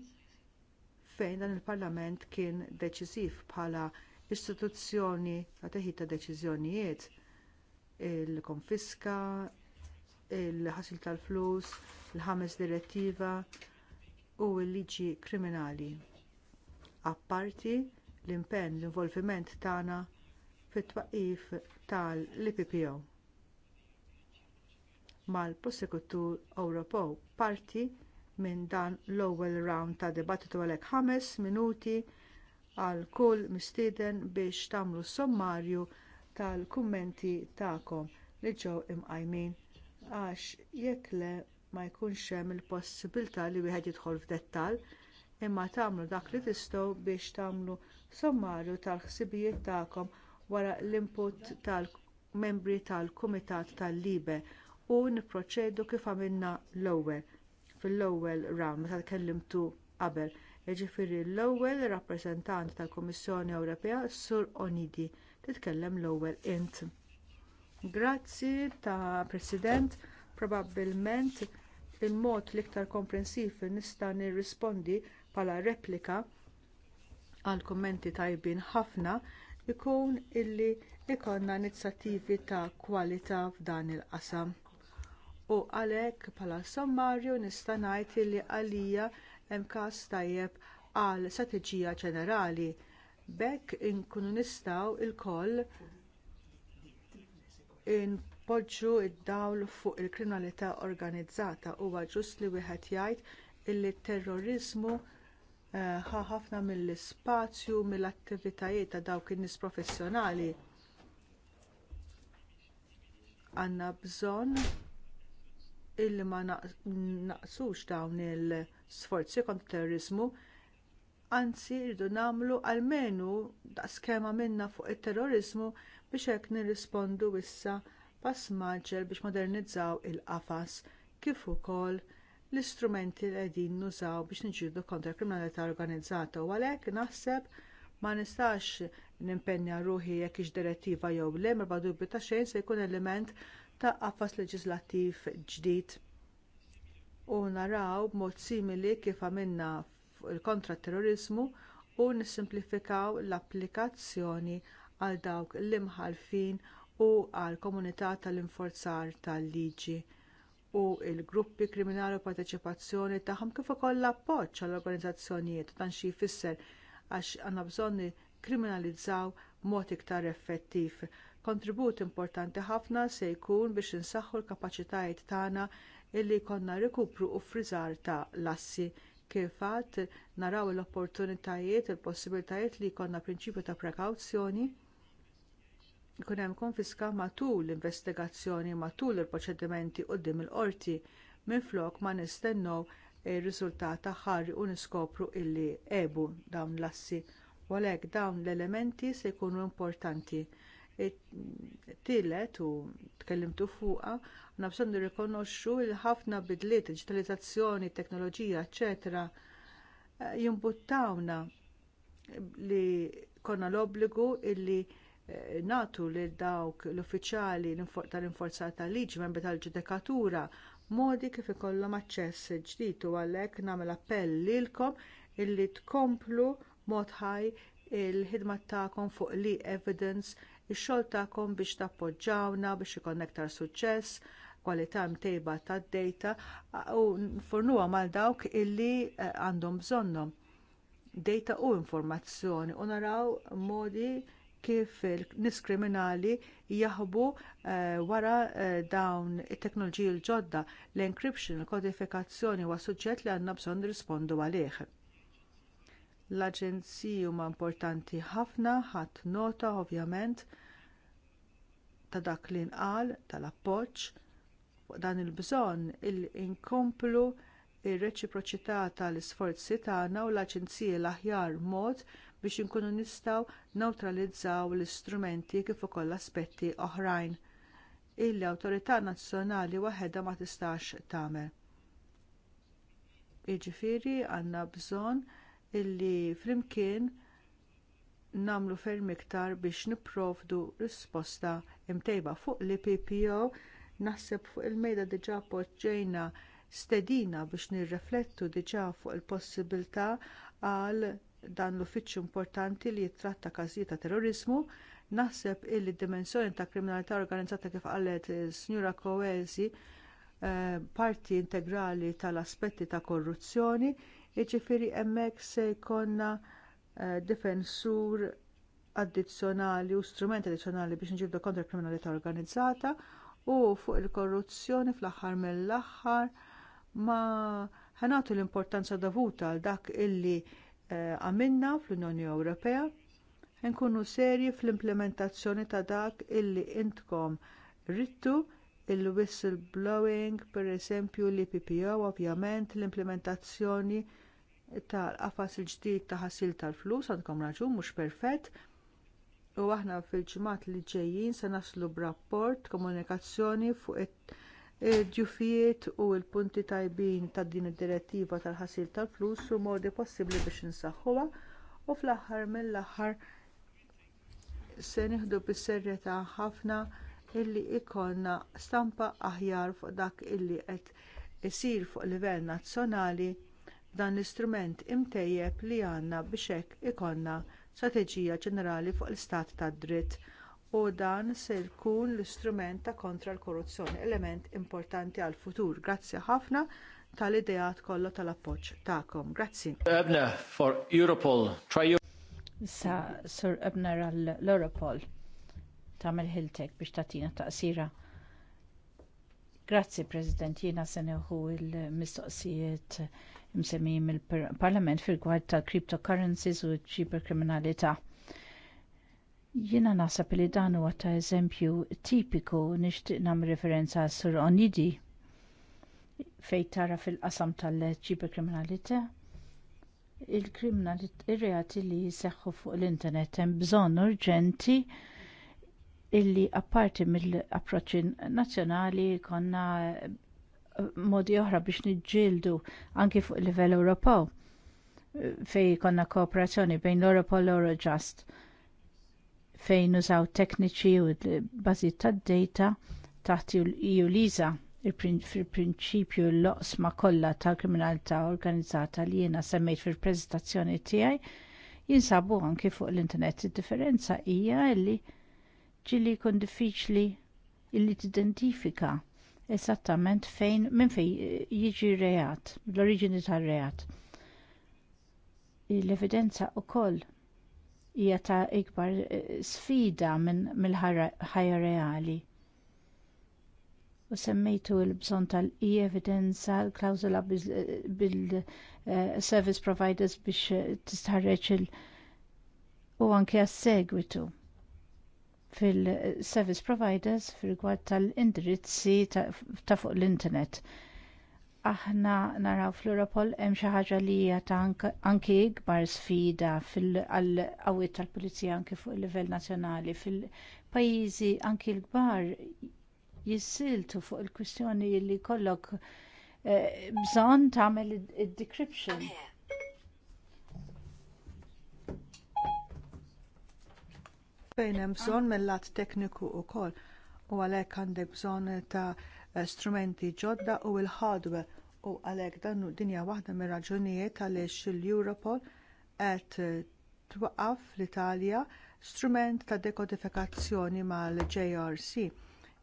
fejn dan il-Parlament kien deċiżiv bħala istituzzjoni ta' teħid ta' deċiżjonijiet il-konfiska, il-ħasil tal-flus, il-ħames direttiva, u l-liġi kriminali. Apparti l-impenn l-involviment tagħna fit-twaqqif tal-IPPO mal-prosekutur Ewropew parti minn dan l-ewwel round ta' dibattitu għalhekk ħames minuti għal kull mistieden biex tagħmlu sommarju tal-kummenti tagħkom li ġew imqajmin għax jekk le ma jkunx hemm il-possibilità li wieħed jidħol f'dettall imma tagħmlu dak li tistgħu biex tagħmlu sommarju tal-ħsibijiet tagħkom wara l-input tal-membri tal-Kumitat tal-Libe u nipproċedu kif għamilna l-ewwel fil-ewwel round meta tkellimtu qabel. Jiġifieri l-ewwel rappreżentant tal-Kummissjoni Ewropea Sur Onidi titkellem l-ewwel int. Grazzi ta' President, probabbilment il-mod l-iktar komprensiv nista' nirrispondi bħala replika għal kummenti tajbin ħafna ikun illi ikonna inizjattivi ta' kwalità f'dan il-qasam. U għalhekk bħala sommarju nista' ngħid li għalija hemm każ tajjeb għal strateġija ġenerali. B'hekk inkunu nistgħu lkoll poġġu id-dawl fuq il-kriminalità organizzata huwa ġust li wieħed jgħid illi t terrorizmu eh, ħa ħafna mill-ispazju mill-attivitajiet ta' dawk in-nies professjonali. Għandna bżonn illi ma naqsux dawn il-sforzi kont terrorizmu, anzi rridu nagħmlu għalmenu da' skema minna fuq it terrorizmu biex hekk nirrispondu issa pass maġġel biex modernizzaw il-qafas kif ukoll l-istrumenti li qegħdin nużaw biex niġġieldu kontra kriminalità organizzata u għalhekk naħseb ma nistax nimpenja ruħi jekk ix direttiva jew le merba dubju ta' xejn se jkun element ta' qafas leġislattiv ġdid u naraw b'mod simili kif għamilna kontra t terrorizmu u nissimplifikaw l-applikazzjoni għal dawk l-imħalfin u għall komunità tal-inforzar tal-liġi u l gruppi kriminali u parteċipazzjoni tagħhom kif ukoll l-appoġġ għall-organizzazzjonijiet dan xi jfisser għax għandna bżonn kriminalizzaw b'mod iktar effettiv. Kontribut importanti ħafna se jkun biex insaħħu l-kapaċitajiet tagħna illi jkollna rikupru u friżar ta' lassi kif għad naraw l-opportunitajiet, il-possibilitajiet li jkollna prinċipju ta' prekawzjoni ikun hemm konfiska matul l-investigazzjoni matul il-proċedimenti quddiem il-qorti minflok ma nistennew ir-riżultat ħarri u niskopru illi ebu dawn l-assi u għalhekk dawn l-elementi se jkunu importanti. Tielet u tkellimtu fuqha nabson nirrikonoxxu li ħafna bidliet digitalizzazzjoni, teknoloġija, eċetera, eh, jimbuttawna li konna l-obbligu illi Eh, natu li dawk l-uffiċjali tal-inforzar tal-liġi membri tal-ġudikatura modi kif ikollhom aċċess ġdid u għalhekk nagħmel appell lilkom illi tkomplu mod ħaj il-ħidma tagħkom fuq li evidence ix-xogħol tagħkom biex tappoġġawna biex ikun aktar suċċess kwalità mtejba tad-dejta u nfurnuha mal dawk illi eh, għandhom bżonnhom data u informazzjoni u naraw modi kif nis kriminali jaħbu uh, wara uh, dawn it-teknoloġiji l-ġodda l-encryption, il-kodifikazzjoni huwa suġġett li għandna bżonn nirrispondu għalih. L-aġenziji huma importanti ħafna, ħadd nota ovvjament ta' dak li nqal tal-appoġġ dan il-bżonn il-inkomplu ir-reċiproċità tal-isforzi tagħna u l-aġenziji l-aħjar mod biex inkunu nistgħu newtralizzaw l-istrumenti kif ukoll aspetti oħrajn illi awtorità nazzjonali waħedha ma tistax tagħmel. Jiġifieri għandna bżonn illi flimkien nagħmlu ferm iktar biex nipprovdu risposta imtejba fuq li PPO naħseb fuq il-mejda diġà poġġejna stedina biex nirreflettu diġà fuq il-possibilità għal dan l-uffiċċju importanti li jitratta każijiet ta' terrorizmu, naħseb illi d dimensjoni ta' kriminalità organizzata kif qalet eh, Snura Koezi eh, parti integrali tal-aspetti ta' korruzzjoni, jiġifieri hemmhekk se jkollna eh, difensur addizzjonali u strumenti addizzjonali biex nġibdu kontra kriminalità organizzata u fuq il-korruzzjoni fl-aħħar mill-aħħar ma ħanatu l-importanza dovuta għal dak illi Eh, għamilna fl-Unjoni Ewropea nkunu serji fl-implementazzjoni ta' dak illi intkom rittu il-whistleblowing, pereżempju l-PPO, ovvjament l-implementazzjoni tal-qafas il-ġdid ta' ħasil tal-flus, għandkom raġun mhux perfett, u aħna fil-ġimgħat li ġejjin se naslu b'rapport komunikazzjoni fuq it ġufijiet u l-punti tajbin ta' din id-direttiva tal-ħasil tal-flus u modi possibbli biex insaħħuha u fl-aħħar mill-aħħar se nieħdu bis-serjetà ħafna illi jkollna stampa aħjar fuq dak illi qed isir fuq livell nazzjonali dan l-istrument imtejjeb li għandna biex hekk ikollna strateġija ġenerali fuq l-istat tad dritt u dan se jkun l-istrument ta' kontra l-korruzzjoni, element importanti għall futur Grazzi ħafna tal-idejat kollha tal-appoġġ tagħkom. Grazzi. Ebna for Europol. Sa Sir Ebner l-Europol tagħmel ħiltek biex tagħtina taqsira. Grazzi President, jiena se neħu l mistoqsijiet msemmijin mill-Parlament fil-gwad tal-cryptocurrencies u ċiberkriminalità. kriminalità Jiena naħseb li dan huwa ta' eżempju tipiku nixtieq nagħmel referenza għas Sur Onidi fejn tara fil-qasam tal kriminalità, il-reati ir li jseħħu fuq l-internet hemm bżonn urġenti illi apparti mill-approċċi nazzjonali konna eh, modi oħra biex niġġieldu anki fuq livell Ewropew eh, fejn konna kooperazzjoni bejn l-Europol u l-Eurojust fejn użaw tekniċi u bażi tad-data taħt ju liża fil-prinċipju l-loqsma kollha tal kriminalità organizzata li jiena semmejt fil-preżentazzjoni tiegħi jinsabu anki fuq l-internet. Id-differenza hija li ġili jkun diffiċli illi tidentifika esattament fejn minn fejn jiġi reat, l-oriġini tar-reat. L-evidenza wkoll hija ta' ikbar eh, sfida mill-ħajja reali. U semmejtu l-bżonn tal-e-evidenza, l-klawzula bil-service eh, providers biex eh, tistħarreċ il- u anke għas-segwitu fil-service providers fil-gwad tal-indirizzi ta' fuq l-internet aħna naraw fl-Europol hemm xi ħaġa li hija anke ikbar sfida għall-qawwiet tal-Pulizija anki fuq il-livell nazzjonali fil-pajjiżi anki l-kbar jissiltu fuq il-kwistjoni li jkollok eh, bżonn tagħmel id-decryption. Fejn hemm bżonn mill-lat tekniku wkoll u għalhekk għandek bżonn ta' strumenti ġodda u l-hardware u għalhekk dan dinja waħda mir raġunijiet għaliex l-Europol qed twaqqaf l-Italja strument ta' dekodifikazzjoni mal-JRC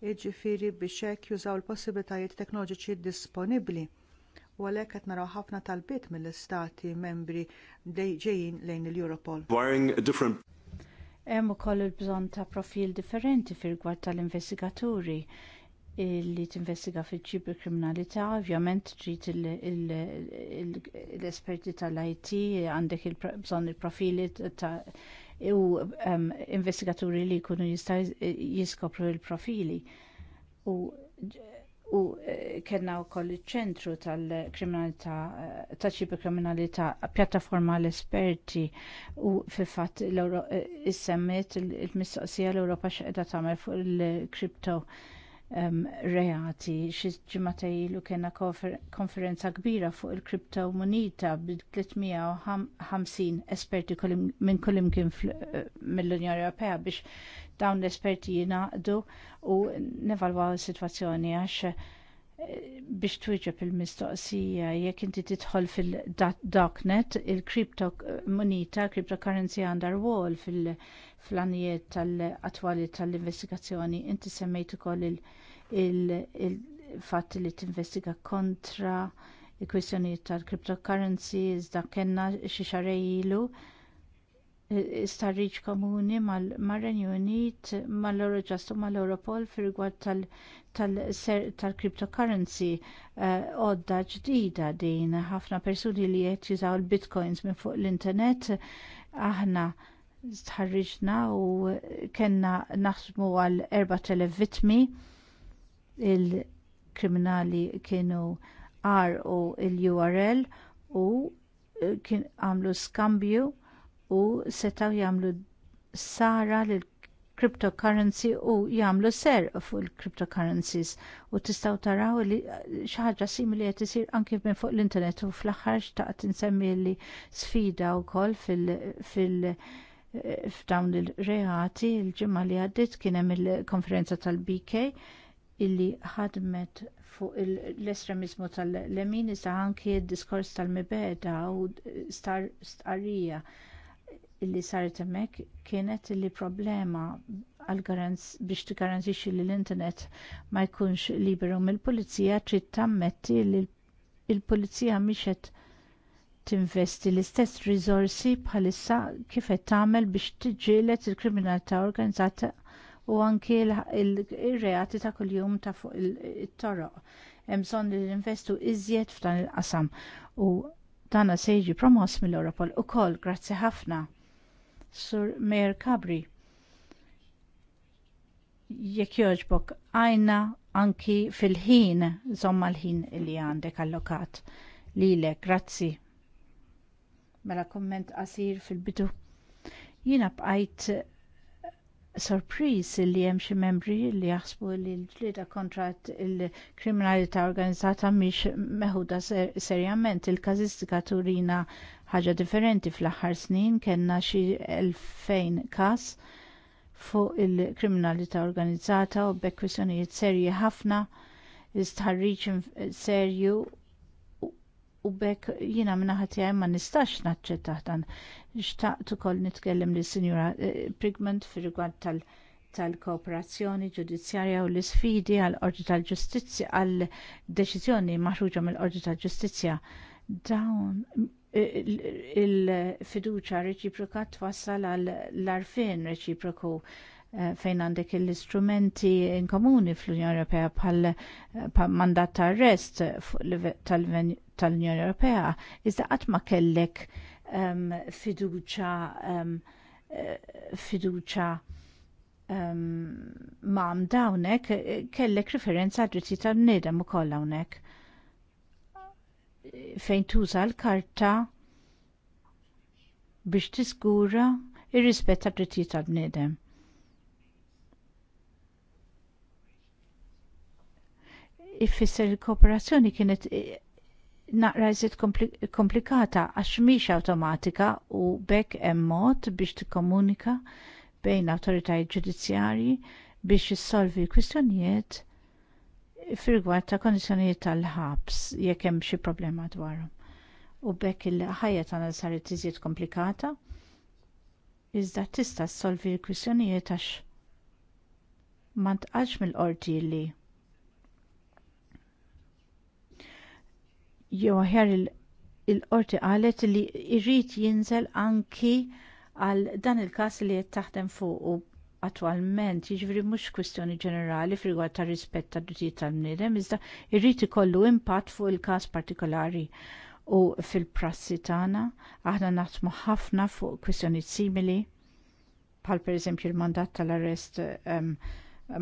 jiġifieri biex hekk jużaw il-possibilitajiet teknoloġiċi disponibbli. U għalhekk qed naraw ħafna talbiet mill-istati membri ġejjin lejn il-Europol. Hemm ukoll il-bżonn ta' profil differenti fir-rigward tal-investigaturi li tinvestiga fil-ċibri kriminalità, ovvjament trid l-esperti tal-IT, għandek il bżonn il-profili ta' u investigaturi li jkunu jista' jiskopru l profili U e, kellna wkoll iċ ċentru tal-kriminalità, ta' ċibri kriminalità, pjattaforma l-esperti u fil-fatt e, is-semmet il-mistoqsija l-Europa xeqda tagħmel fuq il-kripto. il il kripto um, reati. Xi ġimgħa ilu kena konfer konferenza kbira fuq il-kriptomunita bi 350 esperti minn kullimkien eh, mill-Unjoni Ewropea biex dawn l-esperti jingħaqdu u nevalwaw is-sitwazzjoni għax eh, biex twieġeb il-mistoqsija jekk inti tidħol fil-darknet, il-kriptomunita, kriptokarenzi underwall fil- flanijiet tal-attwali tal-investigazzjoni. Inti semmejt ukoll il-fatt li tinvestiga kontra il-kwistjonijiet tal-cryptocurrency iżda kellna xi xarej ilu istarriċ komuni mar-Renju Unit mal-Eurojust u mal-Europol fir rigward tal-cryptocurrency għodda eh, ġdida din ħafna persuni li qed jużaw il-bitcoins minn fuq l-internet aħna tħarriġna u kellna naħsmu għal 4,000 vittmi il-kriminali kienu R u il-URL eh, u kien għamlu skambju u setaw jagħmlu sara l cryptocurrency u jagħmlu ser fuq il-cryptocurrencies u tistgħu taraw li eh, xi ħaġa simili qed isir anki minn fuq l-internet u fl-aħħar xtaqt insemmi li sfida wkoll fil-, fil f'dawn il-reati il-ġimma li għaddit kien hemm il-konferenza tal-BK illi ħadmet fuq l estremiżmu tal-lemin iżda anki d-diskors tal-mibeda u starija illi saret hemmhekk kienet illi problema biex tigarantixxi li l-internet ma jkunx liberu mill-pulizija trid tammetti li l-pulizija mhix qed tinvesti l-istess riżorsi bħalissa kif qed tagħmel biex tiġġieled il-kriminalità organizzata u anki il-reati ta' kuljum ta' fuq it-toroq. Hemm bżonn li ninvestu iżjed f'dan il-qasam u dana se jiġi promoss mill-Europol ukoll grazzi ħafna. Sur Mayor Kabri jekk jogħġbok għajna anki fil-ħin, żomma l-ħin li għandek allokat. Lilek, grazzi. Mela komment qasir fil-bidu. Jiena bqajt eh, sorpriz li hemm xi membri li jaħsbu li l-ġlieda kontra il-kriminalità organizzata mhix meħuda serjament il-każistika turina ħaġa differenti fl-aħħar snin kellna xi elfejn każ fuq il-kriminalità organizzata u b'ekwissjonijiet serji ħafna istħarriċ serju u bekk jina minnaħat jgħaj ma nistax naċċetta dan. Xtaqt ukoll nitkellem li sinjura Pigment eh, fi rigward tal- tal-kooperazzjoni ġudizzjarja u l isfidi għall qorti tal-ġustizzja għal deċiżjoni maħruġa mill-qorti tal-ġustizzja dawn eh, il-fiduċa reċiproka twassal għal l-arfin reċiproku eh, fejn għandek l-istrumenti inkomuni fl-Unjoni Ewropea pal mandat ta' arrest tal-Unjoni Ewropea, iżda qatt ma kellek um, fiduċa um, fiduċa um, ma'am dawnek kellek referenza għadriti tal-nidem u koll hawnhekk. Fejn tuża l-karta biex tiskura ir-rispett tad-dritti tal-bniedem. Ifisser il-kooperazzjoni kienet naqra jżid komplikata għax mhix awtomatika u bekk hemm mod biex tikkomunika bejn awtoritajiet ġudizzjarji biex issolvi kwistjonijiet fir ta' kondizjonijiet tal-ħabs jekk hemm xi problema dwarhom. U bekk il-ħajja tagħna saret iżjed komplikata iżda tista' ssolvi l-kwistjonijiet għax ma tqax mill-qorti li jew aħjar il-qorti qalet li jrid jinżel anki għal dan il-każ li qed taħdem fuq u attwalment jiġifieri mhux kwistjoni ġenerali f'rigward tar rispett tad drittijiet tal-bniedem iżda jrid ikollu impatt fuq il-każ partikolari u fil-prassi tagħna aħna naħdmu ħafna fuq kwistjonijiet simili bħal pereżempju l-mandat tal-arrest um,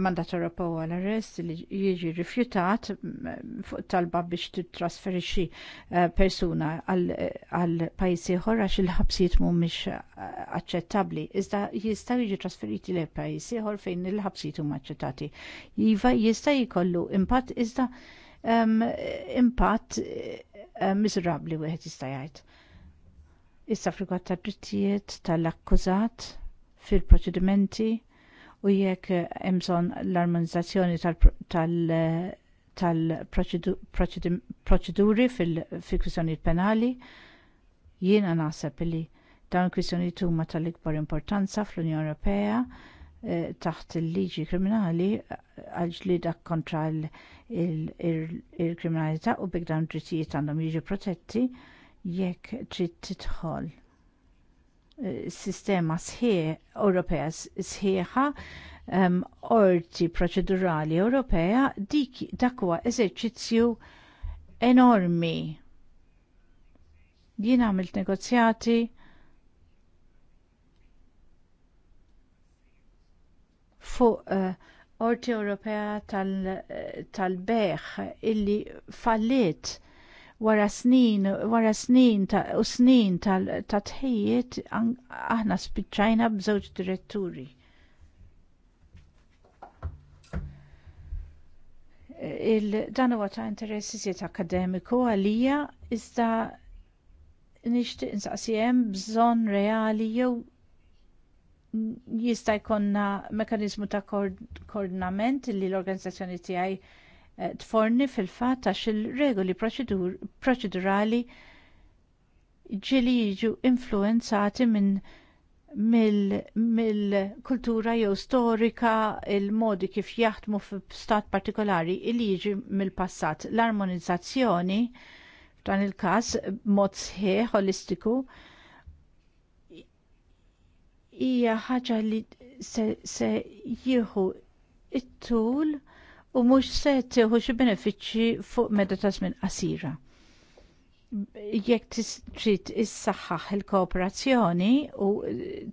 mandat Ewropew għal arrest li jiġi rifjutat mm, fuq talba biex titrasferixxi eh, persuna għal pajjiż ieħor għax il-ħabsijiet mhumiex eh, aċċettabbli. Iżda jista' jiġi trasferiti l pajjiż ieħor fejn il-ħabsijiet huma aċċettati. Iva jista' jkollu impatt iżda impatt eh, miżrabbli wieħed jista' jgħid. Issa frigwat tad-drittijiet tal-akkużat fil-proċedimenti u jekk eh, hemm bżonn l-armonizzazzjoni tal-proċeduri fil-kwistjonijiet penali, jiena naħseb li dawn kwistjonijiet huma tal-ikbar importanza fl-Unjoni Ewropea eh, taħt il-liġi kriminali eh, għal ġlida kontra il-kriminalità u bik dawn drittijiet għandhom jiġu protetti jekk trid tidħol sistema sħiħ Ewropea sħiħa um, orti proċedurali Ewropea dik dakwa eżerċizzju enormi. Jien għamilt negozjati fuq uh, Orti Ewropea eh, tal-beħ tal illi fallit wara snin, wara snin ta, u snin ta' tħejjiet aħna spiċċajna b'żewġ diretturi. dan huwa ta' interessijiet akademiku għalija iżda nixtieq insaqsi hemm bżonn reali jew jista' jkollna mekanizmu ta' koordinament li l-organizzazzjoni tiegħi Eh, tforni fil-fat għax il-regoli proċedurali ġili jiġu influenzati minn mill-kultura jew storika il-modi kif jaħdmu f'stat partikolari li jiġi mill-passat. L-armonizzazzjoni f'dan il-każ mod sħiħ holistiku hija ħaġa li se, se jieħu it-tul u mhux se tieħu xi benefiċċji fuq meta ta' żmien qasira. Jekk trid issaħħaħ il-kooperazzjoni u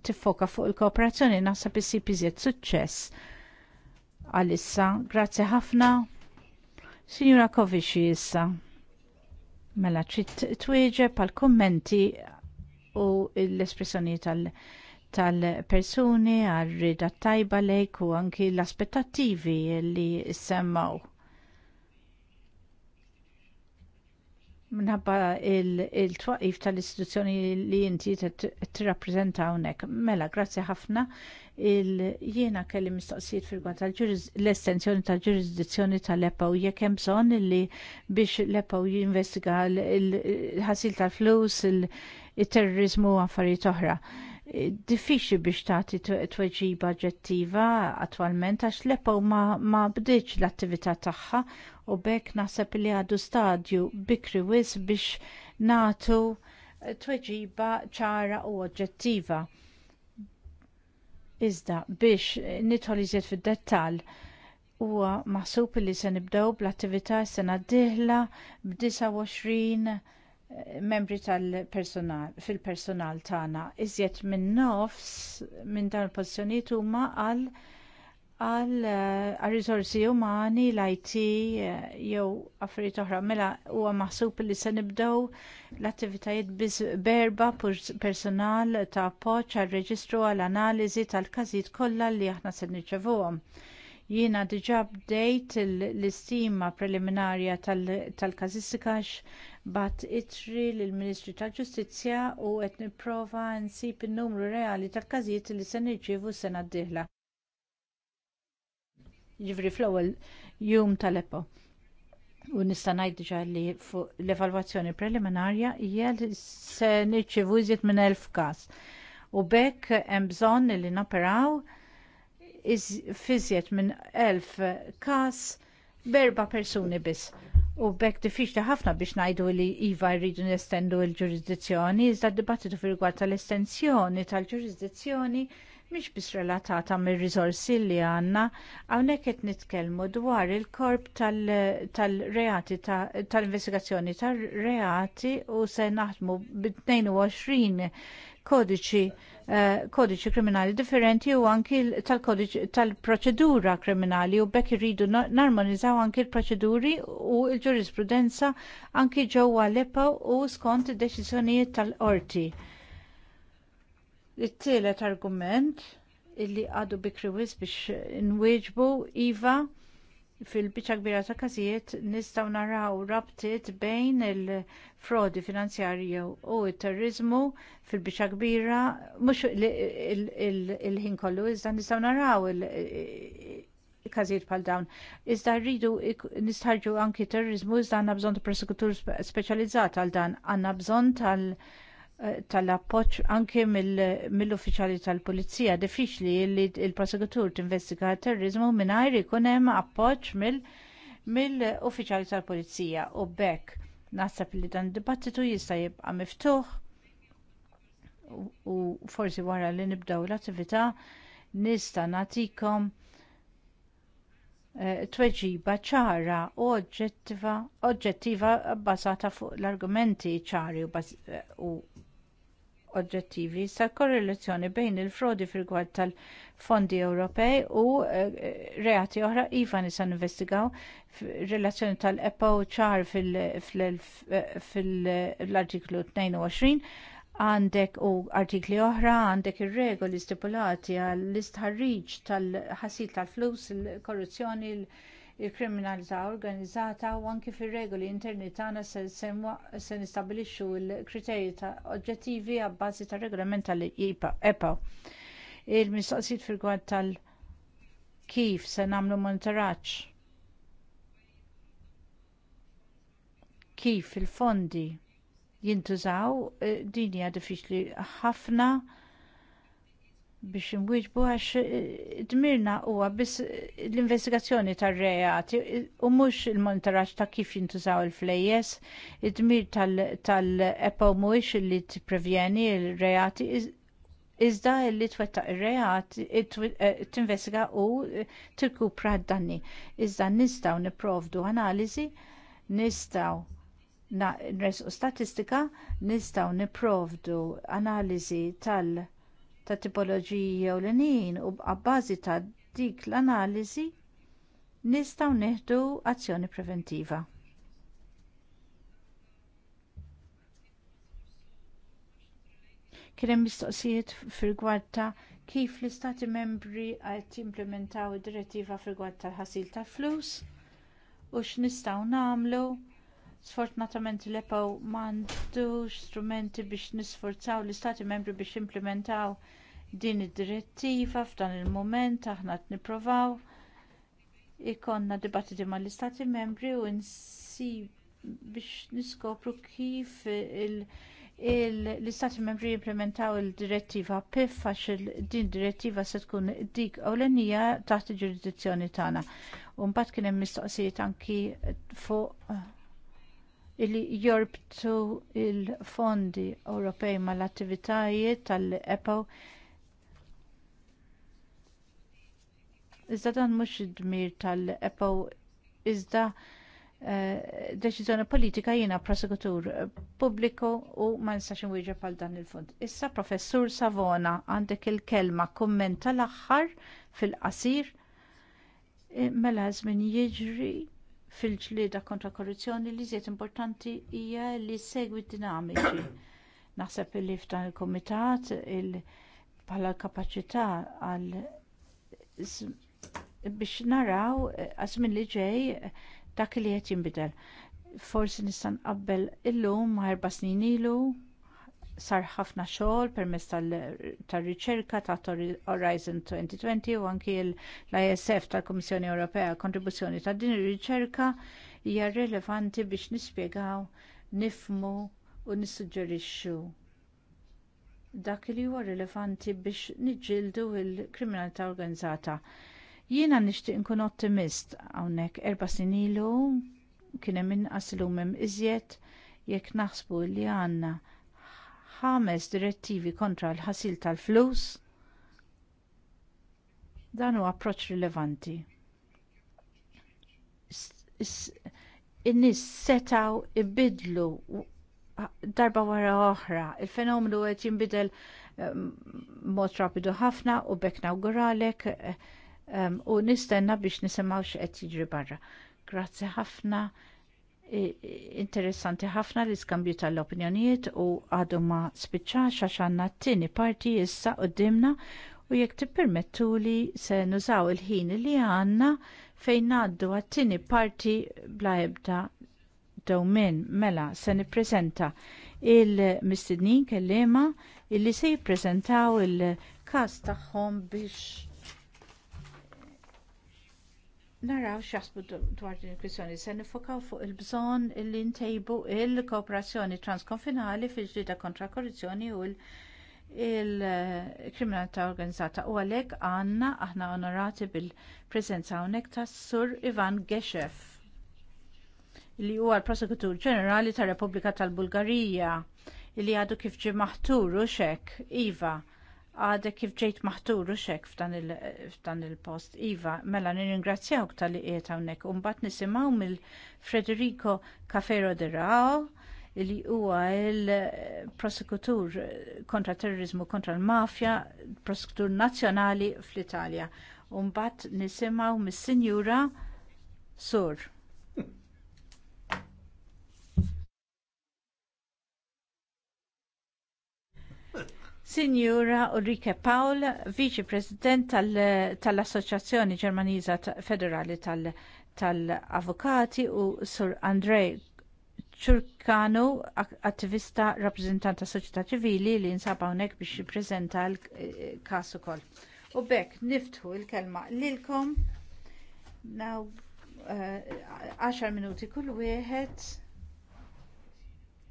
tiffoka fuq il-kooperazzjoni naħseb isib iżjed suċċess. Għalissa, grazzi ħafna. Signora Kovici issa. Mela trid twieġeb għal kummenti u l-espressjoni tal- tal-persuni għal-rida tajba lejk u anki l-aspettattivi li semmaw. Minħabba il-twaqif tal-istituzzjoni li inti t-rapprezenta hawnhekk. Mela, grazzi ħafna jiena kelli mistoqsijiet fil-gwad l-estensjoni tal-ġurisdizzjoni tal-EPA u jekk hemm bżonn li biex l-EPA jinvestiga l-ħasil tal-flus, il-terrorizmu u affarijiet oħra diffiċi biex tagħti tweġiba ġettiva attwalment għax l-epo ma bdiċ l-attività tagħha u bekk naħseb li għadu stadju bikri wis biex nagħtu eh, tweġiba ċara u oġġettiva. Iżda biex eh, nidħol iżjed fid-dettall huwa maħsub li se nibdew bl-attività s-sena d-dieħla b'29 membri tal-personal, fil-personal tagħna iżjed minn nofs minn dan il-pozzjoniet huma għal għal eh, risorsi umani, l-IT eh, jew affarijiet oħra. Mela huwa maħsub li se nibdew l-attivitajiet biss berba personal ta' appoġġ għal reġistru għal analiżi tal-każijiet kollha li aħna se nirċevuhom jiena diġà bdejt l-istima preliminarja tal-kazistikax bat itri lill ministri tal-Ġustizzja u qed nipprova nsib in-numru reali ta' każijiet li se nirċievu sena d-dieħla. Ġifri fl-ewwel jum tal-epo. U nista' ngħid diġà li fuq l-evalwazzjoni preliminarja hija li se nirċievu iżjed minn elf każ. U bekk hemm bżonn li naperaw fiżjed minn elf każ berba persuni biss. U bekk diffiċli ħafna biex ngħidu li iva jridu nestendu l-ġurisdizzjoni, iżda d-dibattitu fil rigward tal-estensjoni tal-ġurisdizzjoni mhix biss relatata mir risorsi li għandna, hawnhekk qed nitkellmu dwar il-korp tal-reati tal-investigazzjoni tal-reati u se naħdmu b-22 kodiċi Eh, kodiċi kriminali differenti u anki tal-kodiċi tal-proċedura kriminali u bekk irridu narmonizzaw anki l-proċeduri u l-ġurisprudenza anki ġewwa l-EPA u skont id-deċiżjonijiet tal-qorti. It-tielet argument illi għadu bikri wis biex nwieġbu iva fil-biċa kbira ta' każijiet nistgħu naraw rabtiet bejn il-frodi finanzjarju u t terriżmu fil-biċa kbira mhux il-ħin kollu iżda nistgħu naraw każijiet bħal dawn. Iżda rridu nistħarġu anki t-terriżmu iżda għandna bżonn ta' prosekutur speċjalizzat għal dan, għandna bżonn tal- Eh, tal-appoċ anke mill-uffiċjali tal-Pulizija. Diffiċli li il-prosekutur tinvestiga terrorizmu mingħajr ikun hemm appoġġ mill-uffiċjali tal-Pulizija u bekk naħseb li dan dibattitu jista' jibqa' miftuħ u forsi wara li nibdew l-attività nista' nagħtikom eh, tweġiba ċara u oġġettiva bbażata fuq l-argumenti ċari u eh, oġġettivi sa korrelazzjoni bejn il-frodi fil-gwad tal-fondi Ewropej u eh, reati oħra iva nisa investigaw relazzjoni tal epo ċar fil-artiklu 22 għandek u artikli oħra għandek ir-regoli stipulati għall-istħarriġ tal-ħasil tal-flus, il-korruzzjoni, il korruzzjoni il-kriminalità organizzata u anki fir-regoli interni tagħna se nistabilixxu l-kriterji ta' oġġettivi għabbażi tar regolament tal-EPA. Il-mistoqsijiet fil-gwad tal- kif se nagħmlu monitoraġġ kif il-fondi jintużaw eh, din hija diffiċli ħafna biex imwiġbu għax eh, dmirna huwa biss eh, l-investigazzjoni tar-reati eh, u mhux il-monitoraġġ ta' kif jintużaw il-flejjes, id-dmir tal-EPO mhuwiex li tipprevjeni l reati iżda li twettaq ir-reati tinvestiga u tirkupra d-danni. Iżda nistgħu nipprovdu analiżi, nistgħu nresqu statistika, nistgħu nipprovdu analiżi tal- ta' tipoloġija u l u għabbażi ta' dik l-analiżi nistgħu neħdu azzjoni preventiva. Kien hemm mistoqsijiet fil-gwad ta' kif l-istati membri qed jimplementaw id-direttiva fil-gwad tal-ħasil tal-flus u x'nistgħu nagħmlu Sfortunatament l-EPAW m'għandux strumenti biex nisforzaw l-Istati membri biex implementaw din id-direttiva f'dan il mument aħna qed nippruvaw ikonna dibattiti mal istati membri u nsib biex niskopru kif l-istati membri jimplementaw il-direttiva PIF għax din direttiva se tkun dik ewlenija taħt il-ġurisdizzjoni tagħna. U mbagħad kien hemm mistoqsijiet anki fuq illi jorbtu il-fondi Ewropej mal-attivitajiet tal-EPO Iżda dan mhux id-dmir tal-EPO iżda eh, deċiżjoni politika jiena prosekutur pubbliku u ma nistax inwieġa għal dan il-fond. Issa professur Savona għandek il-kelma kummenta l-aħħar fil-qasir eh, mela żmien jiġri fil ġlieda kontra korruzzjoni li żied importanti hija li segwi dinamiċi. Naħseb li f'dan il kumitat bħala kapaċità għal biex naraw għazmin li ġej dak li qed jinbidel. Forsi nista' nqabbel illum ma' erba' snin ilu sar ħafna xogħol permezz tar-riċerka ta' Horizon 2020 u anki l-ISF tal-Kummissjoni Ewropea kontribuzzjoni ta' din ir-riċerka hija rilevanti biex nispjegaw, nifmu u nissuġġerixxu dak li huwa rilevanti biex niġġieldu l kriminalità organizzata. Jiena nixtieq nkun ottimist hawnhekk erba' snin ilu kien hemm inqas illum hemm iżjed jekk naħsbu li għandna ħames direttivi kontra l-ħasil tal-flus. Dan huwa approċċ rilevanti. In-nies setaw ibidlu darba wara oħra. Il-fenomenu qed jinbidel ehm, mod rapidu ħafna u bekk nawguralek ehm, u nistenna biex nisimgħu x'qed jiġri barra. Grazzi ħafna interessanti ħafna li skambju tal-opinjonijiet u għadu ma spiċċax għax għandna t-tieni parti issa dimna u jekk tippermettu li se nużaw il-ħin li għandna fejn għaddu għat-tieni parti bla ebda dowmin mela se nippreżenta il-mistednin kelliema illi se jippreżentaw il-każ tagħhom biex naraw xasbu dwar din il-kwissjoni se nifokaw fuq il-bżonn li ntejbu il kooperazzjoni transkonfinali fil-ġdida kontra korruzzjoni u il-kriminalità organizzata u għalhekk għandna aħna onorati bil-preżenza hawnhekk tas Sur Ivan Geshev li huwa l-Prosekutur Ġenerali tar Repubblika tal-Bulgarija li għadu kif ġie maħtur u xek Iva għadek kif ġejt maħtur u xek f'dan il-post. Il iva, mela nirringrazzjawk tal-li qiegħed hawnhekk u mbagħad nisimgħu mill-Federico Cafero de Rao li huwa il-prosekutur kontra terrorizmu kontra l-mafja, prosekutur nazzjonali fl-Italja. U mbagħad nisimgħu mis-Sinjura Sur. Signora Ulrike Paul, Vice President tal-Assoċjazzjoni tal Ġermaniża Federali tal-Avukati u Sur Andrej Ċurkanu, attivista rappresentant ta' soċjetà ċivili li nsab hawnhekk biex jippreżenta l-każ eh, ukoll. U bekk niftħu l-kelma lilkom Now 10 uh, minuti kull wieħed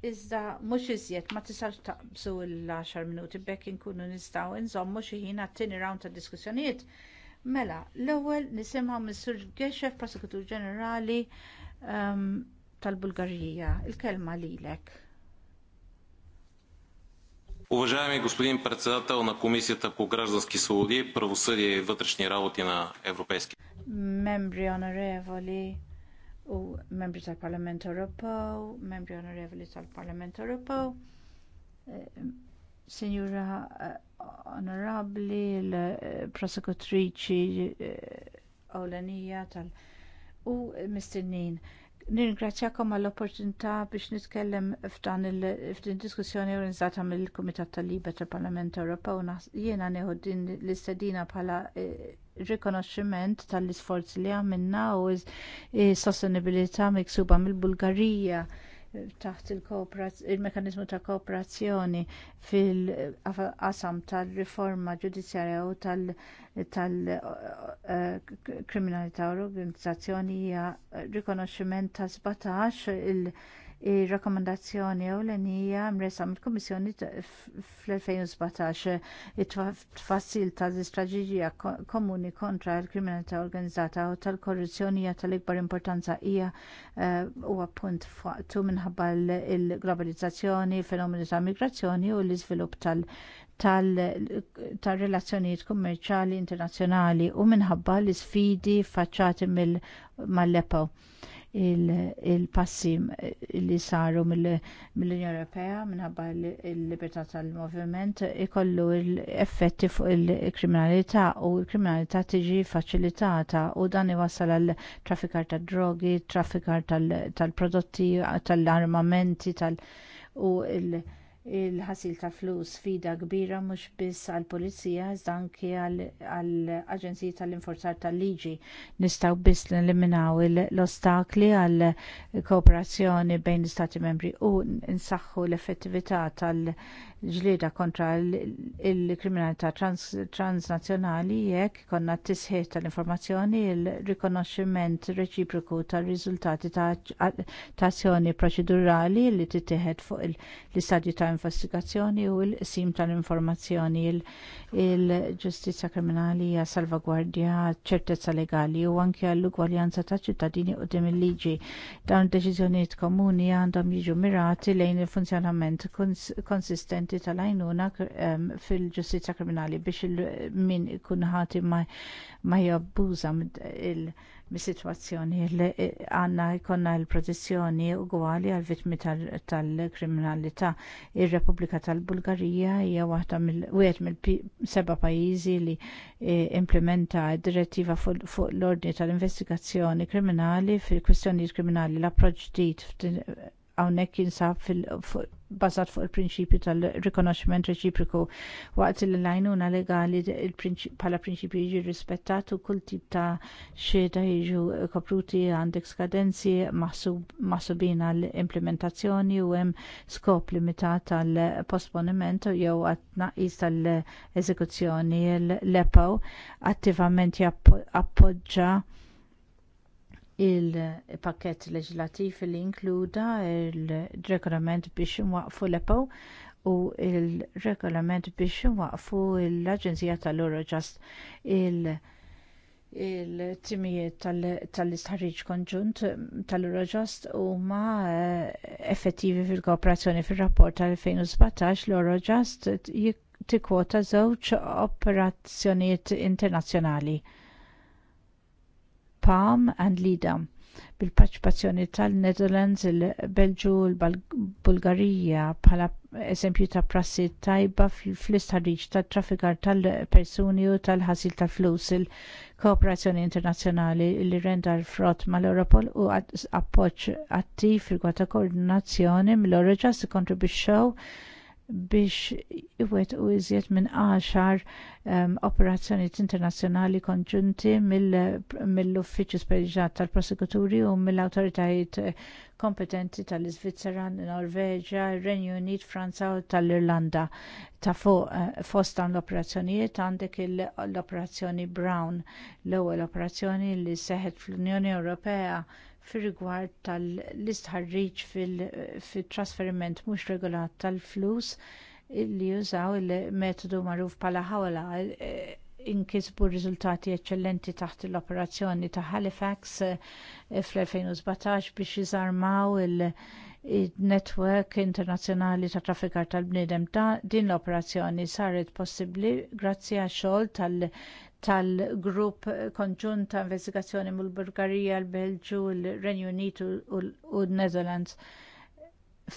Iżda mhux iżjed ma tisax taqbsu l-10 minuti bekk inkunu nistgħu nżommu xi ħin għat-tieni round ta' diskussjonijiet. Mela, l-ewwel nisimgħu mis-Sur Geshev, Prosekutur Ġenerali um, tal-Bulgarija. Il-kelma lilek. Уважаеми господин председател на Комисията по граждански свободи, правосъдие и вътрешни работи на Европейския. Мембри, honorevoli u membri tal-Parlament Ewropew, membri onorevoli tal-Parlament Ewropew, eh, Signora eh, Onorabli, l-prosekutriċi eh, Awlenija tal- u mistinnin. Nirringrazzjakom għall-opportunità biex nitkellem f'dan il-f'din diskussjoni organizzata mill-Kumitat tal libet tal-Parlament Ewropew. Jiena neħu din l-istedina bħala rikonoxximent tal-isforzi li għamilna u s-sostenibilità miksuba mill-Bulgarija eh, taħt il-mekanizmu ta' kooperazzjoni fil-qasam tal-riforma ġudizzjarja u tal-kriminalità eh, u organizzazzjoni hija rikonoxximent ta' 17 il rakkomandazzjoni ewlenija mresa mill-Kummissjoni fl-2017 it-tfassil tal-istraġiġija komuni kontra l-kriminalità organizzata u tal-korruzzjoni hija tal-ikbar importanza hija eh, huwa punt fatu minħabba l-globalizzazzjoni, fenomeni ta' migrazzjoni u l-iżvilupp tal- tal-relazzjonijiet kummerċali internazzjonali u minħabba l isfidi faċċati mill lepow il-passi eh, li saru mill-Unjoni Ewropea minħabba l-libertà tal-moviment ikollu l-effetti fuq il-kriminalità u l-kriminalità tiġi faċilitata u dan iwassal għal traffikar tad drogi, traffikar tal-prodotti, tal-armamenti, tal- u l- il-ħasil ta' flus fida kbira mhux biss għall pulizija iżda anke għall aġenziji tal-Inforzar tal-Liġi. Nistgħu biss neliminaw l-ostakli għal kooperazzjoni bejn l istati membri u nsaħħu l-effettività tal- ġlieda kontra il-kriminalità transnazzjonali jekk konna t-tisħiet tal-informazzjoni il-rikonoxximent reċiproku tar-riżultati ta' azzjoni proċedurali li tittieħed fuq l-istadju ta' investigazzjoni u l-qsim tal-informazzjoni il-ġustizzja kriminali hija salvagwardja ċertezza legali u anke għall ugwaljanza ta' ċittadini quddiem il-liġi. Dawn id deċiżjonijiet komuni għandhom jiġu mirati lejn il-funzjonament konsistenti reati tal-għajnuna fil-ġustizja kriminali biex min ikun ħati ma jabbuża mis-situazzjoni li għanna jkollna l-protezzjoni ugwali għal vittmi tal-kriminalità. Ir-Repubblika tal-Bulgarija hija waħda wieħed mill-seba' pajjiżi li e, implementa d-direttiva fuq l-ordni tal-investigazzjoni kriminali fil-kwistjonijiet kriminali l-approċċ ġdid hawnhekk jinsab fil bażat fuq il-prinċipju tal-rikonoxximent reċipriku waqt li l-għajnuna legali bħala prinċipju jiġi rispettat u kull tip ta' xhieda jiġu kopruti għandek skadenzi maħsubin għall implementazzjoni u hemm skop limitat tal posponiment jew għat tnaqqis tal-eżekuzzjoni l-EPO attivament jappoġġa il-pakket leġislattiv li inkluda il-regolament biex nwaqfu l-EPO u l regolament biex nwaqfu l-Aġenzija tal-Eurojust il- il-timijiet tal-istħarriġ konġunt tal-Eurojust huma eh, effettivi fil-kooperazzjoni fir rapport tal-2017 l-Eurojust tikkwota żewġ operazzjonijiet internazzjonali Palm and Lida bil-parċipazzjoni tal-Netherlands, il-Belġu, il-Bulgarija bħala eżempju ta' prassi tajba fl-istħarriġ tat traffikar tal-persuni u tal-ħasil tal-flus il-kooperazzjoni internazzjonali li renda l-frott mal-Europol u appoġġ attiv fil gwata koordinazzjoni mill-Euroġas kontribwixxew biex iwet u iżjed minn 10 um, ehm, operazzjonijiet internazzjonali konġunti mill-Uffiċċju mill Speċjat tal-Prosekuturi u mill-awtoritajiet kompetenti tal-Iżvizzera, Norveġa, Renju Unit, Franza u tal-Irlanda. Ta' fuq eh, fost dawn l-operazzjonijiet għandek l-operazzjoni Brown, l-ewwel operazzjoni li seħet fl-Unjoni Ewropea fir-rigward tal-istħarriġ fil-trasferiment mhux regolat tal-flus li jużaw il-metodu magħruf bħala ħawla eh, inkisbu riżultati eċċellenti taħt l-operazzjoni ta' Halifax eh, fl-2017 biex iżarmaw il- network internazzjonali ta' traffikar tal-bniedem din l-operazzjoni saret possibbli grazzi għax xogħol tal- tal-grupp konġunt ta' investigazzjoni mill bulgarija l-Belġu, l-Renju Unitu u n-Netherlands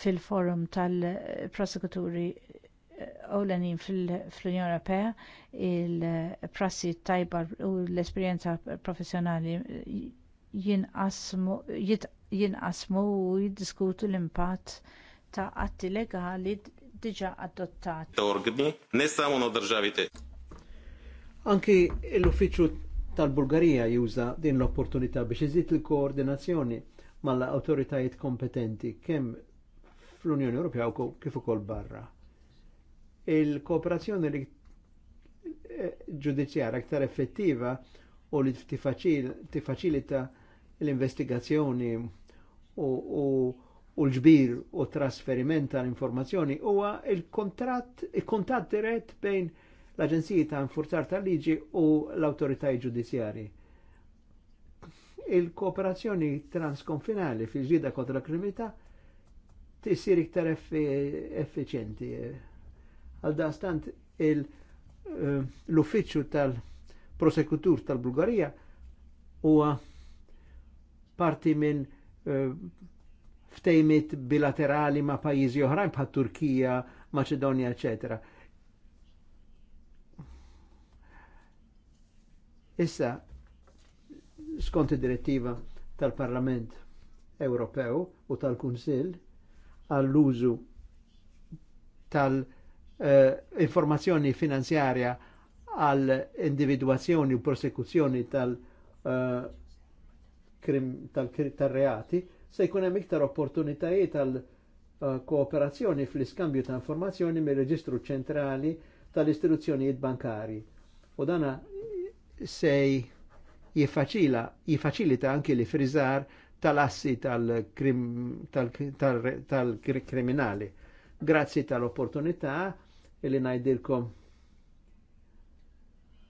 fil-forum tal-prosekuturi eh, ewlenin fl-Unjoni Ewropea il-prassi tajba u l-esperjenza professjonali eh, jinqasmu u jiddiskutu l-impatt ta' atti legali diġa adottati. Anki l-uffiċċju tal-Bulgarija juża din l-opportunità biex iżid il-koordinazzjoni mal-autoritajiet kompetenti kemm fl-Unjoni Ewropea u kif ukoll barra. Il-kooperazzjoni li eh, ġudizzjara aktar effettiva u li tifaċilita l-investigazzjoni u l-ġbir u trasferiment tal-informazzjoni huwa il-kontratt, il-kontatt dirett bejn l-Aġenziji ta' Nfurtar tal-Liġi u l autorità Ġudizjarji Il-kooperazzjoni transkonfinali fil-ġida kontra kriminalità tisir iktar effiċenti. Għal dastant eh, l-uffiċċju tal-prosekutur tal-Bulgarija huwa parti minn eh, ftejmit bilaterali ma' pajjiżi oħrajn bħat Turkija, Maċedonja, eccetera Issa, skont id-direttiva tal-Parlament Ewropew u tal-Kunsill għall-użu tal-informazzjoni eh, uh, finanzjarja għall individuazzjoni u prosekuzzjoni tal-reati, uh, tal eh, se jkun hemm iktar opportunitajiet tal eh, kooperazzjoni fl-iskambju ta' informazzjoni mir reġistru ċentrali tal-istituzzjonijiet bankari. U dana sej jifaċila, jifaċilita anki li frizar tal-assi tal-kriminali. Grazzi tal-opportunità li najdilkom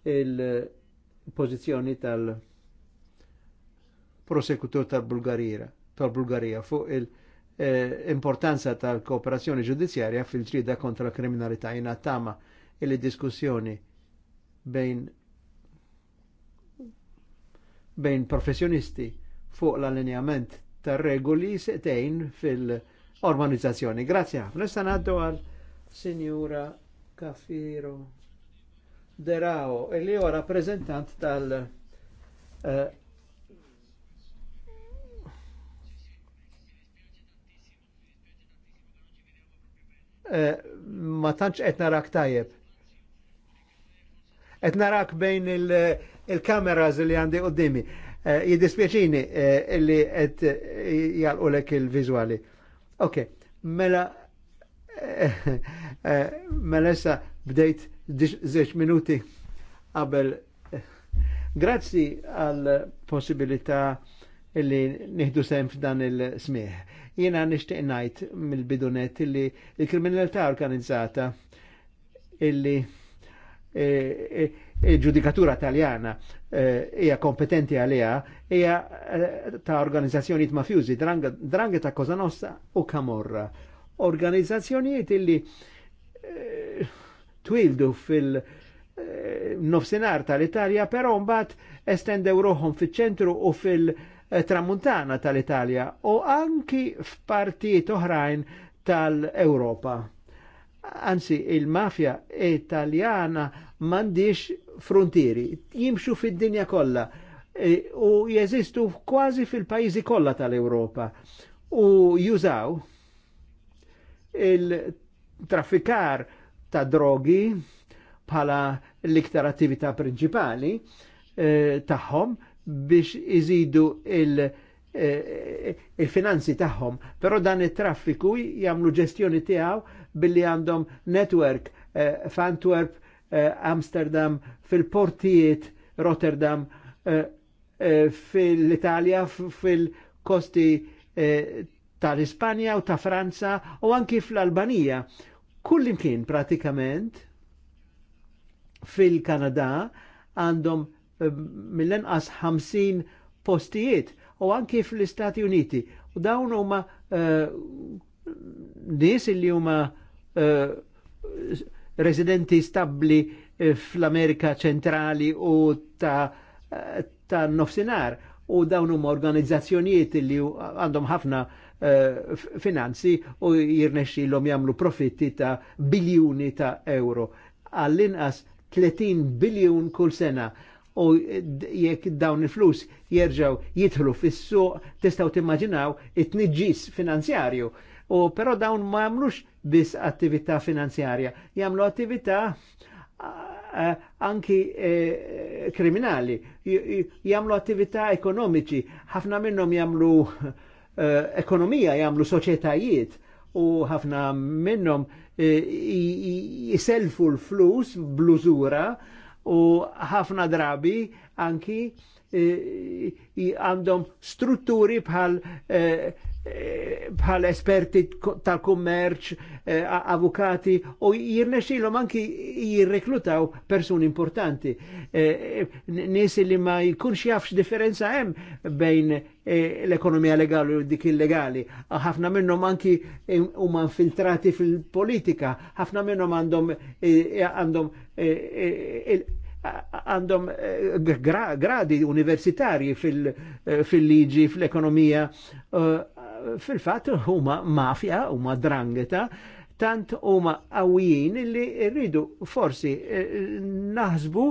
il-pozizjoni tal-prosekutur tal-Bulgarija tal-Bulgarija fuq il-importanza eh, tal-kooperazzjoni ġudizzjarja fil-ġrida kontra l kriminalità jina tama il-diskussjoni bejn bejn professjonisti fuq l-allineament tar regoli setejn fil-organizzazzjoni. Grazie ħafna. Issa għal Sinjura Cafiro Derao, li huwa rappreżentant tal eh, eh, ma tantx qed narak tajjeb. Qed narak bejn il- il-kameras li għandi qoddimi. Eh, Jidispieċini eh, li għed qed eh, jalqulek il vizuali Ok, mela mela issa bdejt zeċ minuti għabel. Grazzi għal possibilità li nieħdu sem f'dan il-smieħ. Jena nishtiq najt mill-bidunet illi il kriminalità organizzata illi il-ġudikatura taljana eh, hija kompetenti għalija hija e, ta' organizzazzjonijiet mafjużi, drangi ta' Koza Nostra u Kamorra. Organizzazzjonijiet illi eh, twildu fil- nofsinar tal-Italja, però mbagħad estendew ruħhom fiċ-ċentru u fil-tramuntana tal-Italja u anki f'partijiet oħrajn tal europa anzi il-mafja italjana mandiċ frontieri, jimxu fid-dinja kollha e, u jeżistu kważi fil-pajjiżi kollha tal europa u jużaw il-traffikar ta' drogi bħala l-iktar attività prinċipali e, tagħhom biex iżidu il- Eh, eh, il-finanzi tagħhom, però dan it-traffiku jagħmlu ġestjoni tiegħu billi għandhom network eh, f'Antwerp, Amsterdam, fil-portijiet Rotterdam, fil-Italja, fil-kosti tal-Ispanja u ta' Franza u anki fl-Albanija. Kullimkien pratikament fil-Kanada għandhom mill-inqas 50 postijiet u anki fl-Istati Uniti. U dawn huma uh, nies li huma uh, residenti stabli eh, fl-Amerika ċentrali u ta', ta nofsinar u dawn huma organizzazzjonijiet li għandhom ħafna uh, finanzi u l jagħmlu profitti ta' biljuni ta' euro. Għall-inqas 30 biljun kull sena u jekk dawn il-flus jerġaw jidħlu fis-suq tistgħu timmaġinaw it-tniġġis finanzjarju. U però dawn ma jagħmlux biss attività finanzjarja, jagħmlu attività anki e, kriminali, jagħmlu attività ekonomiċi, ħafna minnhom jagħmlu e, ekonomija, jagħmlu soċjetajiet u ħafna minnhom e, jiselfu l-flus blużura u ħafna drabi anki eh, għandhom strutturi bħal eh, bħal esperti tal-kummerċ, eh, avukati, u jirnexilom anki jirreklutaw persuni importanti. Eh, li ma jkunx jafx differenza hemm bejn l-ekonomija legali u dik illegali. Ħafna minnhom anki huma infiltrati fil-politika, ħafna minnhom għandhom għandhom eh, gradi universitarji eh, fil-liġi, fil-ekonomija, eh, fil-fat huma mafja, huma drangeta, tant huma għawijin illi rridu forsi naħsbu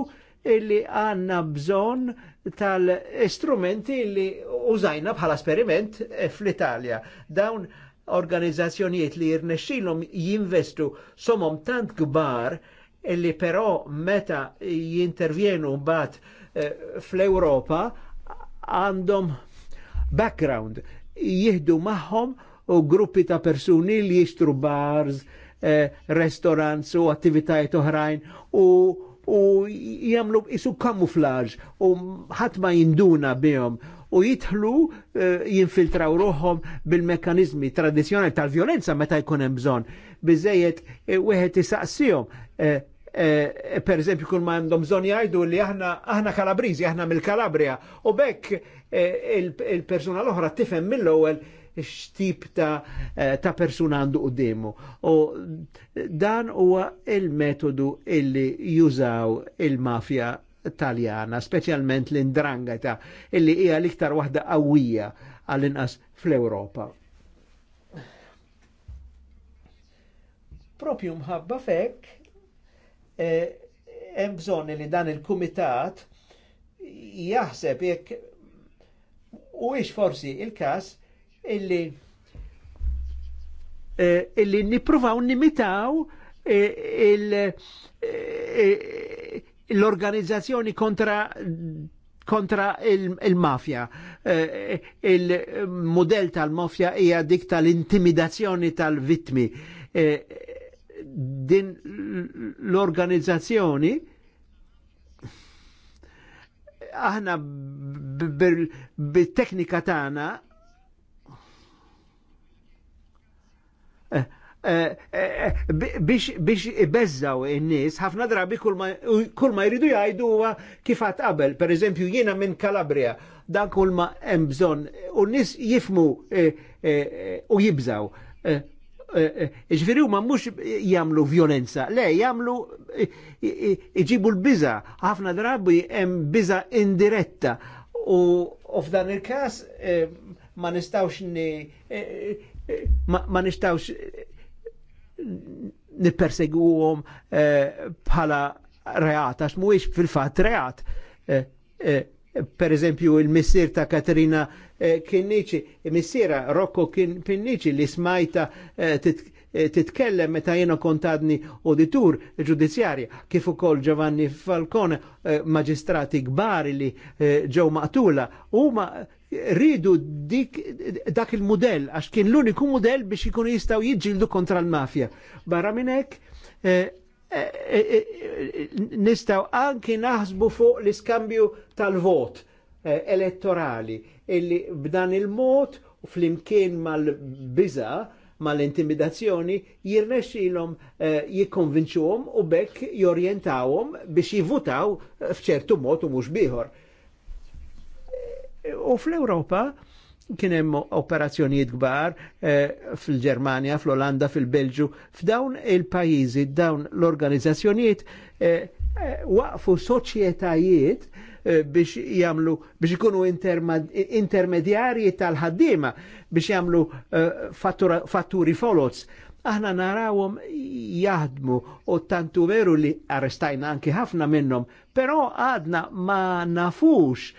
illi għanna bżon tal-istrumenti illi użajna bħala esperiment fl-Italja. Dawn organizzazzjonijiet li jirnexxilhom jinvestu somom tant kbar illi però meta jintervjenu mbagħad eh, fl europa għandhom background jihdu magħhom u gruppi ta' persuni li jistru bars, eh, restaurants u attivitajiet oħrajn u u jamlu isu kamuflaġ u ħadd ma jinduna bihom u jidħlu eh, jinfiltraw ruħom bil mekanizmi tradizjonali tal-violenza meta jkun hemm bżonn. Biżejjed eh, wieħed isaqsihom eh, per eżempju kun ma għandhom bżonn jgħidu li aħna aħna Kalabriżi, aħna mill-Kalabria u bekk il-persuna l-oħra tifhem mill-ewwel xtip ta', ta persuna għandu qudiemu. U dan huwa il-metodu illi jużaw il-mafja taljana, specialment l-indrangata, illi hija l-iktar waħda qawwija għall-inqas fl-Ewropa. Propju mħabba fekk, e, hemm eh, bżonn li dan il-kumitat jaħseb jekk u forsi il-każ illi e, illi niprufaw nimitaw e, il l-organizzazzjoni kontra kontra il-mafja. Il-modell eh, il mafja il modell tal mafja hija dik tal-intimidazzjoni tal-vittmi. Eh, din l-organizzazzjoni aħna bil teknika tagħna Eh, eh, biex ibeżaw in-nies ħafna drabi kull ma jridu jgħidu huwa kif għad qabel. Pereżempju jiena minn Kalabria dan kull ma hemm bżonn u n-nies jifmu eh, u jibżaw. Ġifieri huma mhux jagħmlu vjolenza, le jagħmlu iġibu l-biża. Ħafna drabi hemm biża indiretta u f'dan il-każ ma nistawx ma nistgħux nipperseguhom eh, bħala reat, għax mhuwiex fil fat reat. Eh, eh, per eżempju, il-missir ta' Katerina Kinnici, missira Rocco Kinnici li smajta titkellem meta jena kontadni auditur ġudizzjarja kif ukoll Giovanni Falcone Magistrati kbar li ġew maqtula huma ridu dik, dak il-modell, għax kien l-uniku modell biex ikun jistaw jidġildu kontra l-mafja. Barra minnek, eh, eh, eh, nistaw anki naħsbu fuq l-iskambju tal-vot eh, elettorali, illi b'dan il-mod u fl-imkien mal-biza, mal-intimidazzjoni jirnexilom eh, jikkonvinċuhom u bekk jorjentawhom biex jivutaw eh, f'ċertu mod u mhux biħor. U fl-Europa kien hemm operazzjonijiet kbar eh, fil-Ġermanja, fl-Olanda, fil-Belġu, f'dawn il-pajjiżi, dawn l-organizzazzjonijiet eh, eh, waqfu soċjetajiet biex jagħmlu biex ikunu intermedjarji tal-ħaddima biex jagħmlu fatturi folots. Aħna narawhom jaħdmu u tantu veru li arrestajna anki ħafna minnhom, però għadna ma nafux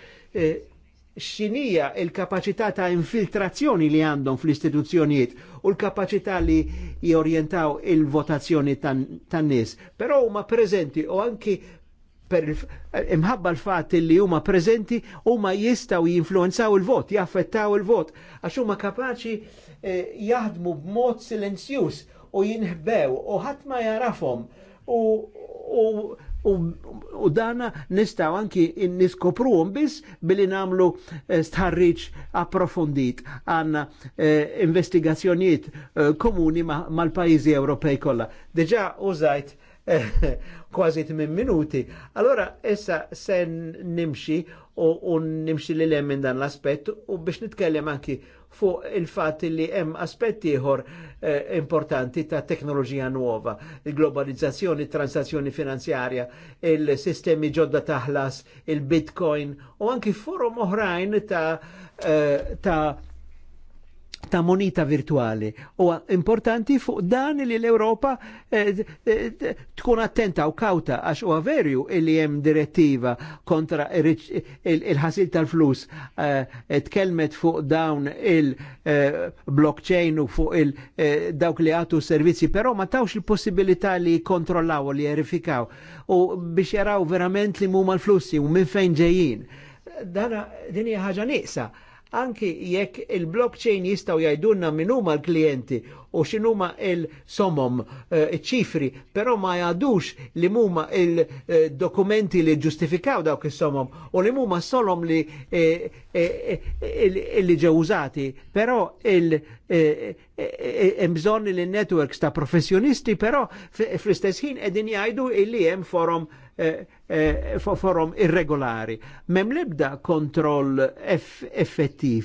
xinija il-kapacità ta' infiltrazzjoni li għandhom fl-istituzzjonijiet u l-kapacità li jorientaw il-votazzjoni tan-nis. Però huma prezenti u anki per imħabba l-fat li huma prezenti huma jistaw jinfluenzaw il-vot, jaffettaw il-vot, għax huma kapaċi eh, jaħdmu b'mod silenzjus u jinħbew u ħadd ma jarafhom u, u u dana nistaw anki niskopru bis billi namlu eh, starriċ approfondit għanna eh, investigazzjoniet eh, komuni ma, mal-pajizi Ewropej kolla. Deġa użajt eh, kważi 8 minuti. Allora issa sen nimxi u, u nimxi li lemmin minn dan l aspet u biex nitkellem anki fuq il-fat li hemm aspetti ieħor eh, importanti ta' teknoloġija nuova, il-globalizzazzjoni, transazzjoni finanzjarja, il-sistemi ġodda taħlas, il-bitcoin u anki forum oħrajn ta', eh, ta ta' moneta virtuali. U importanti fuq dan li l-Europa eh, eh, tkun attenta u kauta għax u għaverju li jem direttiva kontra il-ħasil il ħasil tal flus eh, tkelmet fuq dawn il-blockchain u fuq il-dawk li għatu servizzi, pero ma tawx il-possibilità li kontrollaw li jerifikaw u biex jaraw verament li mu l-flussi u minn fejn ġejjin. Dana dinja hija ħaġa nieqsa anki jekk il-blockchain jistaw jajdunna min huma l-klijenti u x'inhuma il-somom eh, ċifri però ma jgħadux li huma il-dokumenti li ġustifikaw dawk il somom u li huma solom li eh, eh, li ġew pero però il-bżonn li networks ta' professjonisti, però fl-istess ħin edin jgħidu illi hemm forum forum irregolari. Mem libda kontroll effettiv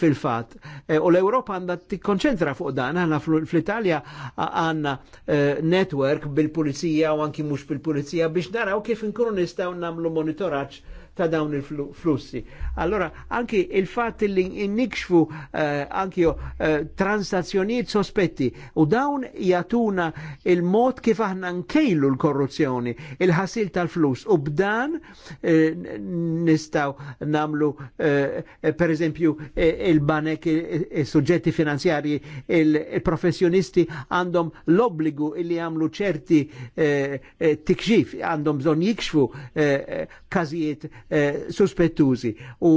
fil-fat. Eh, u l-Europa għandha tikkonċentra fuq dan, għanna fl-Italja għanna eh, network bil-pulizija u anki mux bil-pulizija biex naraw kif nkunu nistaw namlu monitoraċ ta' dawn il-flussi. Allora, anki il-fat li nikxfu eh, anki eh, transazzjonijiet sospetti u dawn jatuna il-mod kif aħna nkejlu l-korruzzjoni, il-ħasil tal fluss u b'dan eh, nistaw namlu eh, eh, per eżempju eh, il-banek il-sujġetti eh, eh, il finanzjari, il-professjonisti il għandhom l-obbligu illi għamlu ċerti eh, tikxif, għandhom bżon jikxfu eh, kazijiet Eh, sospettużi u,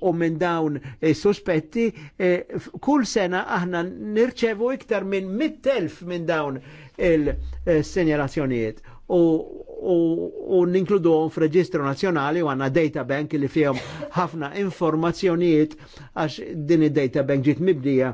u minn dawn eh, sospetti eh, kull sena aħna nirċevu iktar minn 100.000 minn dawn il-senjalazzjonijiet eh, u, u, u ninkludu għom f'reġistru nazjonali u għanna data bank li fihom ħafna informazzjonijiet għax din id-data bank ġiet mibdija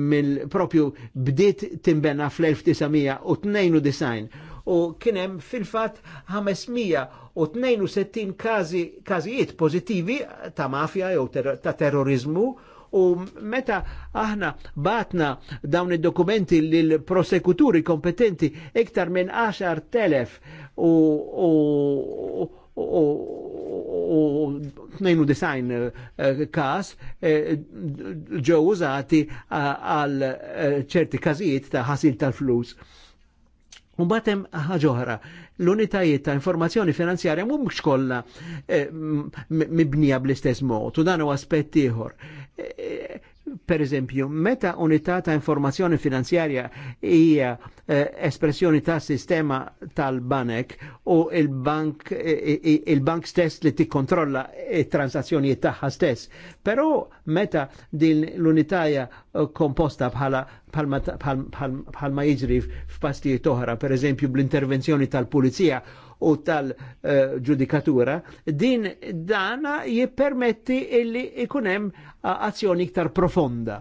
mill-propju bdiet timbenna fl-1992 u kienem fil-fat 562 kazi, kazijiet pozittivi ta' mafja jew ter ta' terrorizmu u meta aħna batna dawn id-dokumenti lil prosekuturi kompetenti iktar minn 10.000 u, u, u u 92 eh, kas eh, ġew użati eh, għal ċerti każijiet ta' ħasil tal-flus batem ħagħoħra, l-unitajiet ta' informazzjoni finanzjarja mumx kollha eh, mibnija bl-istess mod, u dan u aspett ieħor. Eh, Per eżempju, meta unità ta' informazzjoni finanzjarja hija eh, espressjoni ta' sistema tal-banek u il-bank eh, eh, eh, il-bank stess li tikkontrolla kontrolla transazzjonijiet e tagħha stess. Però meta din l-unità hija komposta bħala bħalma jiġri f'pastijiet oħra, per eżempju bl-intervenzjoni tal-pulizija u tal-ġudikatura, din dana jippermetti illi ikunem azzjoni iktar profonda.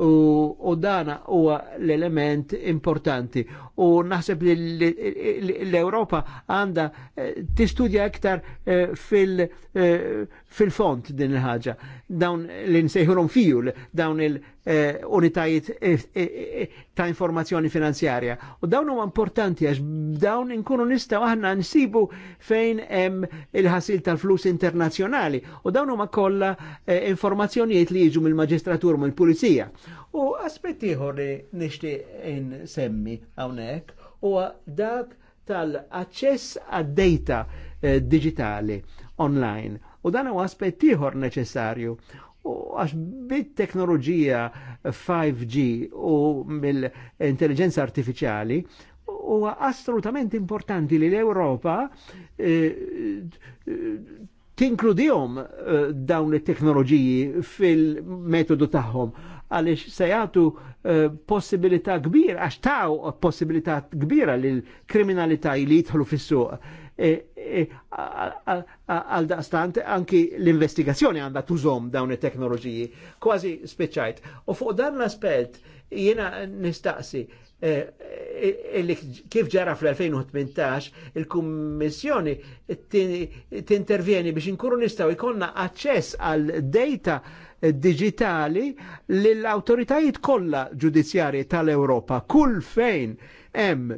U, u dana huwa l-element importanti u naħseb li l-Europa għanda eh, tistudja iktar eh, eh, fil-font din il-ħagġa. Dawn li nsejħulhom fijul, dawn il-unitajiet ta' informazzjoni finanzjarja. U dawn huma importanti għax dawn inkunu nistgħu aħna nsibu fejn hemm il-ħasil tal-flus internazjonali. u dawn huma kollha informazzjonijiet li jiġu mill-maġistratur mill-pulizija. U aspett li nishti in semmi għawnek u dak tal-aċċess għad-data eh, digitali online. U dan u aspett ieħor neċessarju u għax bit-teknoloġija 5G u mill-intelligenza artificiali u assolutament importanti li l-Europa eh, tinkludihom eh, dawn it-teknoloġiji fil-metodu tagħhom għaliex se jgħatu eh, possibilità kbir, għax taw possibilità kbira l kriminalità li jitħlu fissuq. E, e, għal daqstant anki l-investigazzjoni għandha tużom dawn it-teknoloġiji, kważi speċajt. U fuq dan l-aspett jiena nistaqsi eh, e, kif ġara fl-2018 il-Kummissjoni tintervjeni biex inkunu nistaw ikonna aċċess għal data digitali lill-autoritajiet kollha ġudizzjarji tal-Ewropa kull fejn hemm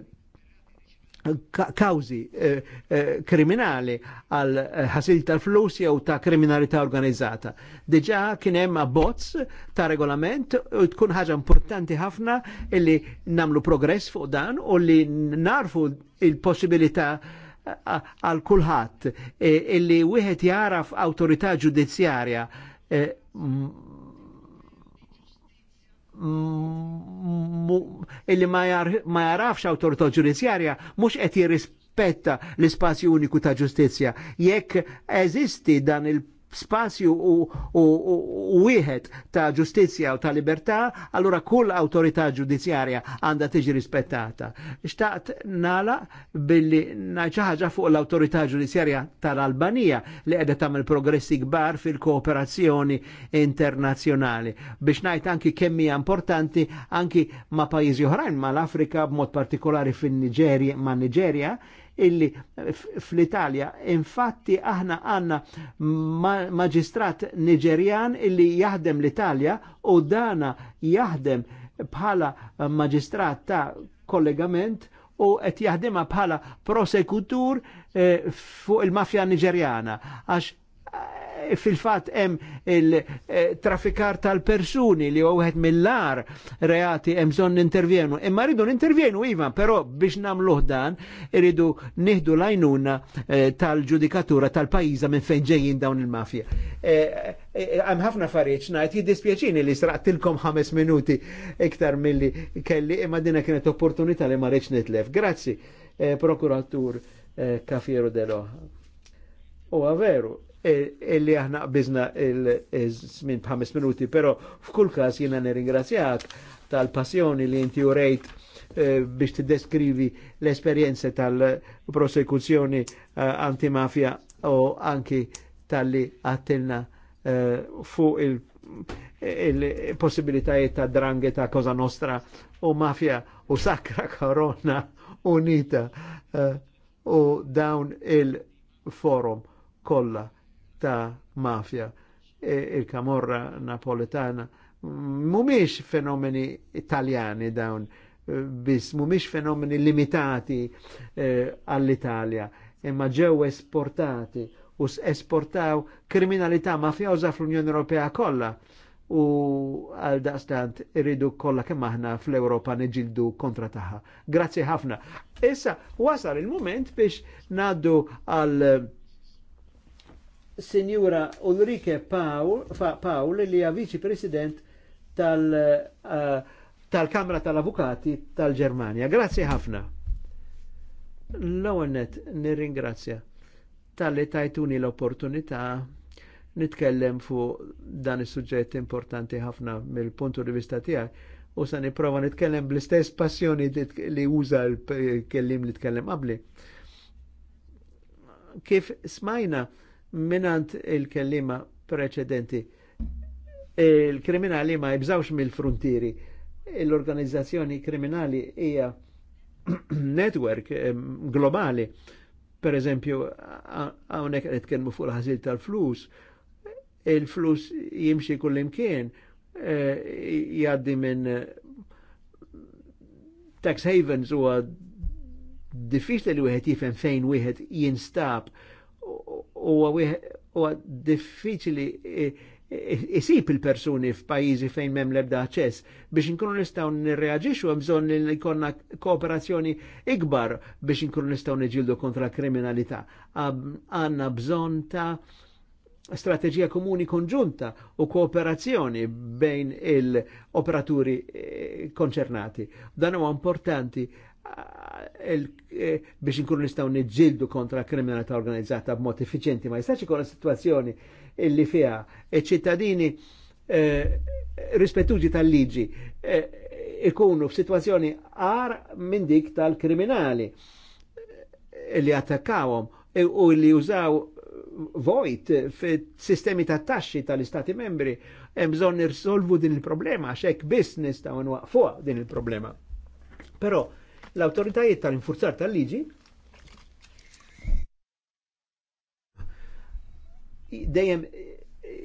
kawzi eh, eh, kriminali għal eh, ħasil tal-flus jew ta' kriminalità organizzata. Diġà kien hemm abbozz ta' regolament u tkun ħaġa importanti ħafna illi namlu progress fuq dan u li narfu il-possibilità għal kulħadd illi wieħed jaraf awtorità ġudizzjarja E, illi ma jarafx autorità ġudizzjarja mux qed jirrispetta l-ispazju uniku ta' ġustizzja. Jekk eżisti dan il- spazju u wieħed ta' ġustizzja u ta' libertà, allura kull autorità ġudizzjarja għandha tiġi rispettata. Xtaqt nala billi ħaġa fuq l-autorità ġudizzjarja tal-Albanija li qiegħda tagħmel progressi kbar fil-kooperazzjoni internazzjonali biex ngħid anki kemm hija importanti anki ma' pajjiżi oħrajn mal-Afrika b'mod partikolari fin-Niġerja ma' Niġerja illi fl-Italja infatti aħna għanna maġistrat Niġerjan illi jaħdem l-Italja u dana jaħdem bħala maġistrat ta' kollegament u qed jaħdimha bħala prosekutur eh, fuq il-mafja Niġerjana għax fil-fat hemm il-trafikar tal-persuni li għuħet mill-ar reati hemm bżonn intervjenu. Imma rridu nintervjenu iva, però biex nagħmluh dan irridu nieħdu lajnuna eh, tal-ġudikatura tal-pajjiża minn fejn ġejjin dawn il-mafja. Għam eh, eh, ħafna affarijiet ngħid jiddispjaċini li tilkom ħames minuti iktar milli kelli imma dina kienet opportunità li ma rridx nitlef. Grazzi, Prokuratur Kafiero Delo. U għaveru, Eh, illi aħna bizna il-żmien eh, b'ħames minuti, Pero f'kull każ jiena nirringrazzjak tal-passjoni li inti urejt eh, biex tiddeskrivi l-esperjenze tal-prosekuzzjoni antimafja o anki tal-li għattilna fuq il-possibilitajiet ta' drange ta' Cosa Nostra u mafja u sakra korona unita u dawn il-forum kolla ta' mafja. E, Il-kamorra napoletana mumiex fenomeni italjani dawn, e, bis mumiex fenomeni limitati e, għall-Italja, imma ġew esportati u esportaw kriminalità mafjosa fl-Unjoni Ewropea kollha u għal daqstant irridu kollha kemm aħna fl-Ewropa niġildu kontra taħħa. Grazzi ħafna. Issa wasal il-moment biex naddu għal Signora Ulrike Paul, Paul li hija viċi president eh, tal-Kamra tal tal-Avukati tal-Ġermanja. Grazzi ħafna. L-għonet nirringrazzja tal-li tajtuni l-opportunità nitkellem fu dan is suġġett importanti ħafna mill-puntu di vista tiegħek, u sa niprofa nitkellem bl-istess passjoni li uża l-kellim li tkellem qabli. Kif smajna, minant il-kellima preċedenti. Il-kriminali ma jibżawx mill-frontieri. L-organizzazzjoni kriminali hija network globali. Per eżempju, hawnhekk qed nitkellmu fuq l ħazil tal-flus, il-flus jimxi kullimkien eh, jaddi minn tax havens u diffiċli li wieħed jifhem fejn wieħed jinstab huwa diffiċli isib il-persuni f'pajjiżi fejn m'hemm l-ebda aċċess biex inkunu nistgħu nirreaġixxu hemm bżonn li jkollna kooperazzjoni ikbar biex inkunu nistgħu niġildu kontra kriminalità. Għandna bżonn ta' strateġija komuni konġunta u kooperazzjoni bejn il-operaturi eh, konċernati. Dan huwa importanti E, biex inkunu nistgħu niġġieldu kontra kriminalità organizzata b'mod effiċenti, ma jistax ikun situazzjoni illi fiha iċ-ċittadini eh, rispettuġi tal-liġi e, ikunu f'sitwazzjoni għar minn dik tal-kriminali li attakkawhom e, u li użaw vojt fit-sistemi ta' taxxi tal-istati membri hemm bżonn nirsolvu din il-problema għax hekk biss nistgħu nwaqfuha din il-problema. Però l-autoritajiet tal-infurzar tal-liġi dejjem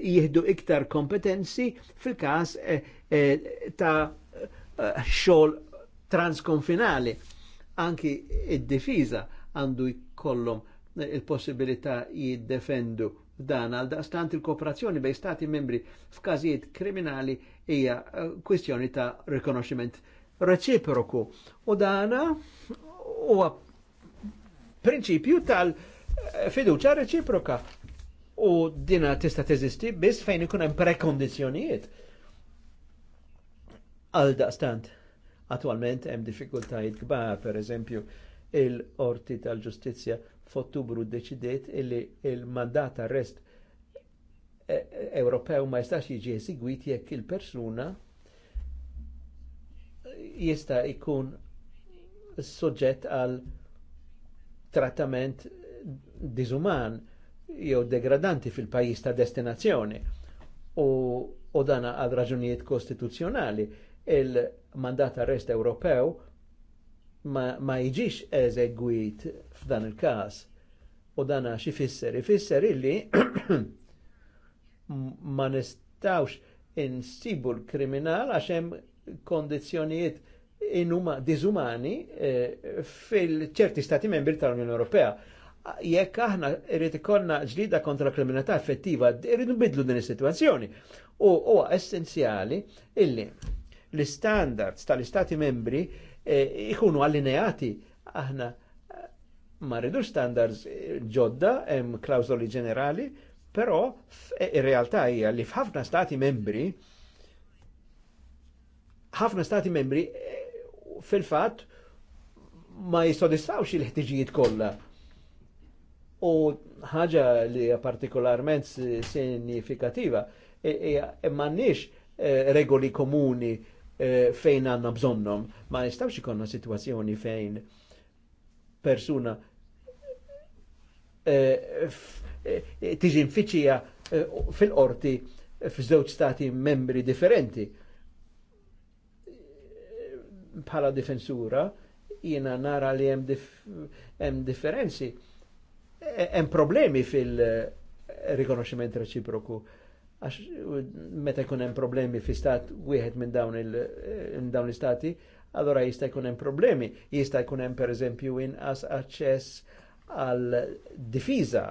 jihdu iktar kompetenzi fil-kas eh, eh, ta' eh, xol transkonfinali. Anki id-difiża għandu jkollhom il-possibilità jiddefendu dan għal daqstant il-kooperazzjoni bej stati membri f'każijiet kriminali hija eh, kwistjoni ta' rikonoxximent reċiproku. U dana huwa prinċipju tal-fiduċa reċiproka. U dina tista' teżisti biss fejn ikun hemm prekondizzjonijiet. Għal daqstant, attualment hemm diffikultajiet kbar, per eżempju, il-orti tal-ġustizzja f'Ottubru ddeċidiet illi il-mandat arrest eh, eh, Ewropew ma jistax jiġi eżigwit jekk il-persuna jista' jkun suġġett għal trattament diżuman jew degradanti fil-pajjiż ta' destinazzjoni u, u dana għal raġunijiet kostituzzjonali il-mandat arrest Ewropew ma, ma jiġix eżegwit f'dan il-każ u dana xi fisser ifisser illi ma nistawx insibu l-kriminal għax hemm kondizjonijiet inuma diżumani eh, fil-ċerti stati membri tal-Unjoni Ewropea. Jekk aħna irrid ikollna ġlida kontra kriminalità effettiva, irrid nbidlu din is-sitwazzjoni. U huwa essenzjali illi l-standards tal-istati membri eh, ikunu allineati aħna eh, ma rridux standards ġodda, hemm klawżoli ġenerali, però ir-realtà hija li f'ħafna stati membri ħafna stati membri eh, fil fat ma jistodissawx il-ħtiġijiet kollha. U ħaġa li partikolarment sinifikativa, imma e, e, e eh, regoli komuni e, fejn għanna bżonnom, ma jistawx ikonna situazzjoni fejn persuna tiġi nfiċija fil-qorti f'żewġ stati membri differenti bħala difensura jina nara li hemm dif differenzi. jem e-, problemi fil rikonoximent reċiproku għax meta jkun hemm problemi fi stat wieħed minn dawn l-istati, allora jista' jkun hemm problemi. Jista' jkun hemm pereżempju inqas aċċess għal difiża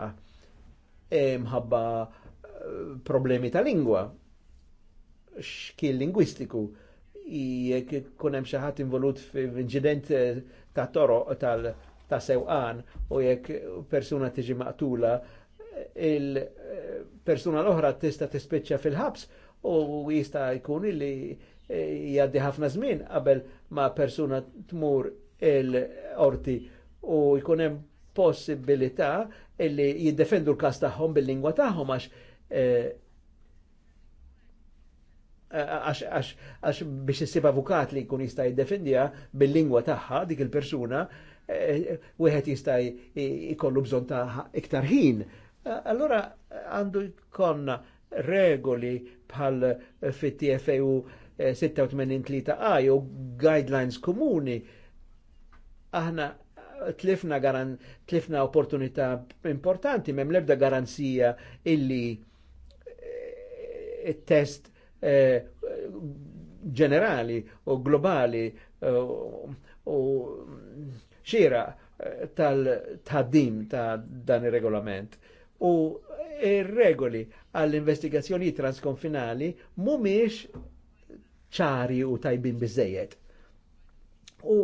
e mħabba eh, problemi ta' lingwa, xkil lingwistiku jekk kun hemm xi ħadd involut f'inċident eh, ta' toroq tal ta' sewqan u jekk persuna tiġi maqtula il-persuna eh, l-oħra tista' tispiċċa fil-ħabs u jista' jkun li eh, jgħaddi ħafna żmien qabel ma' persuna tmur il-orti u jkun hemm possibilità illi jiddefendu l-każ tagħhom bil-lingwa tagħhom għax għax biex issib avukat li jkun jista' defendija bil-lingwa tagħha dik il-persuna, eh, eh, wieħed jista' jkollu bżonn ta' iktar ħin. Eh, allora għandu jkollna regoli bħal fit-TFU 86-3A u guidelines komuni. Aħna tlifna garan, tlifna opportunità importanti, mem lebda garanzija illi il-test Eh, ġenerali u globali eh, u xira eh, tal-tħaddim ta' dan ir-regolament. U ir-regoli għall-investigazzjoni transkonfinali mumiex ċari u tajbin bizzejiet. U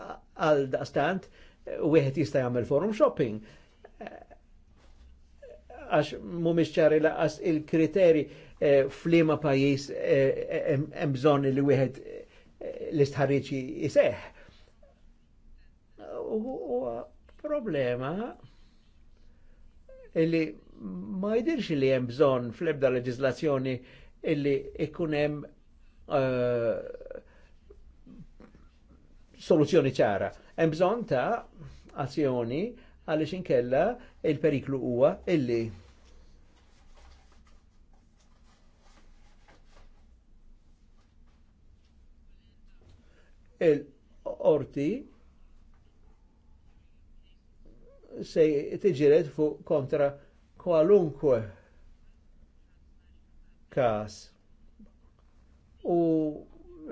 għal dastant u għed jista jgħamil forum shopping. Għax mumiex ċari laqas il-kriteri Eh, flima pajis eh, eh, hemm bżonn li wieħed l-istħarriċi jiseħ. U problema illi ma jidirx li hemm bżonn fl-ebda leġislazzjoni illi ikun hemm soluzzjoni ċara. Hemm bżonn ta' azzjoni għaliex inkella il-periklu huwa illi il-orti se tiġiret fuq kontra kwalunkwe kas. U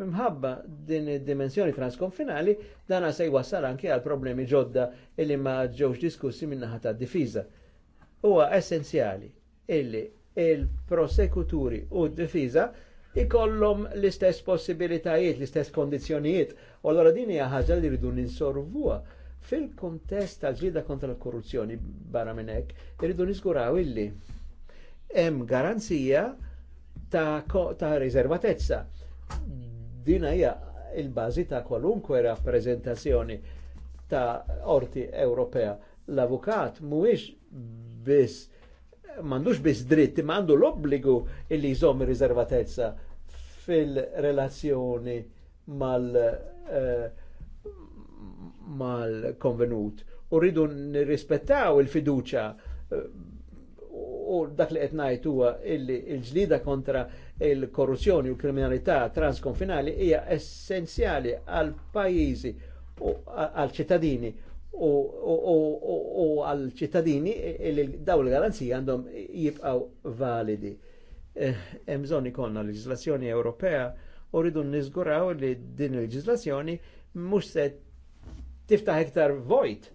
mħabba din id-dimensjoni transkonfinali dana se jwassal anki għal problemi ġodda illi ma ġewx diskussi minnaħa ta' difiża. Huwa essenzjali illi il-prosekuturi u d-difiża ikollhom l-istess possibilitajiet, l-istess kondizzjonijiet. U allora din hija ħaġa li rridu ninsorvuha fil-kontest tal ġlida kontra l-korruzzjoni barra minn hekk irridu niżguraw illi hemm garanzija ta', ta riservatezza. Din hija il-bażi ta' kwalunkwe rappreżentazzjoni ta' orti Ewropea. L-avukat mhuwiex biss m'għandux biss dritt, ma għandu l-obbligu illi jżomm riservatezza fil-relazzjoni mal eh, mal-konvenut. U rridu nirrispettaw il-fiduċa u dak li qed ngħid huwa illi l-ġlida kontra il-korruzzjoni u l-kriminalità transkonfinali hija essenzjali għal pajjiżi u għal ċittadini u għal ċittadini li daw l-garanzija għandhom jibqaw validi. Eh, hemm bżonn ikollna leġislazzjoni Ewropea u rridu niżguraw li din il-leġislazzjoni mhux se tiftaħ iktar vojt.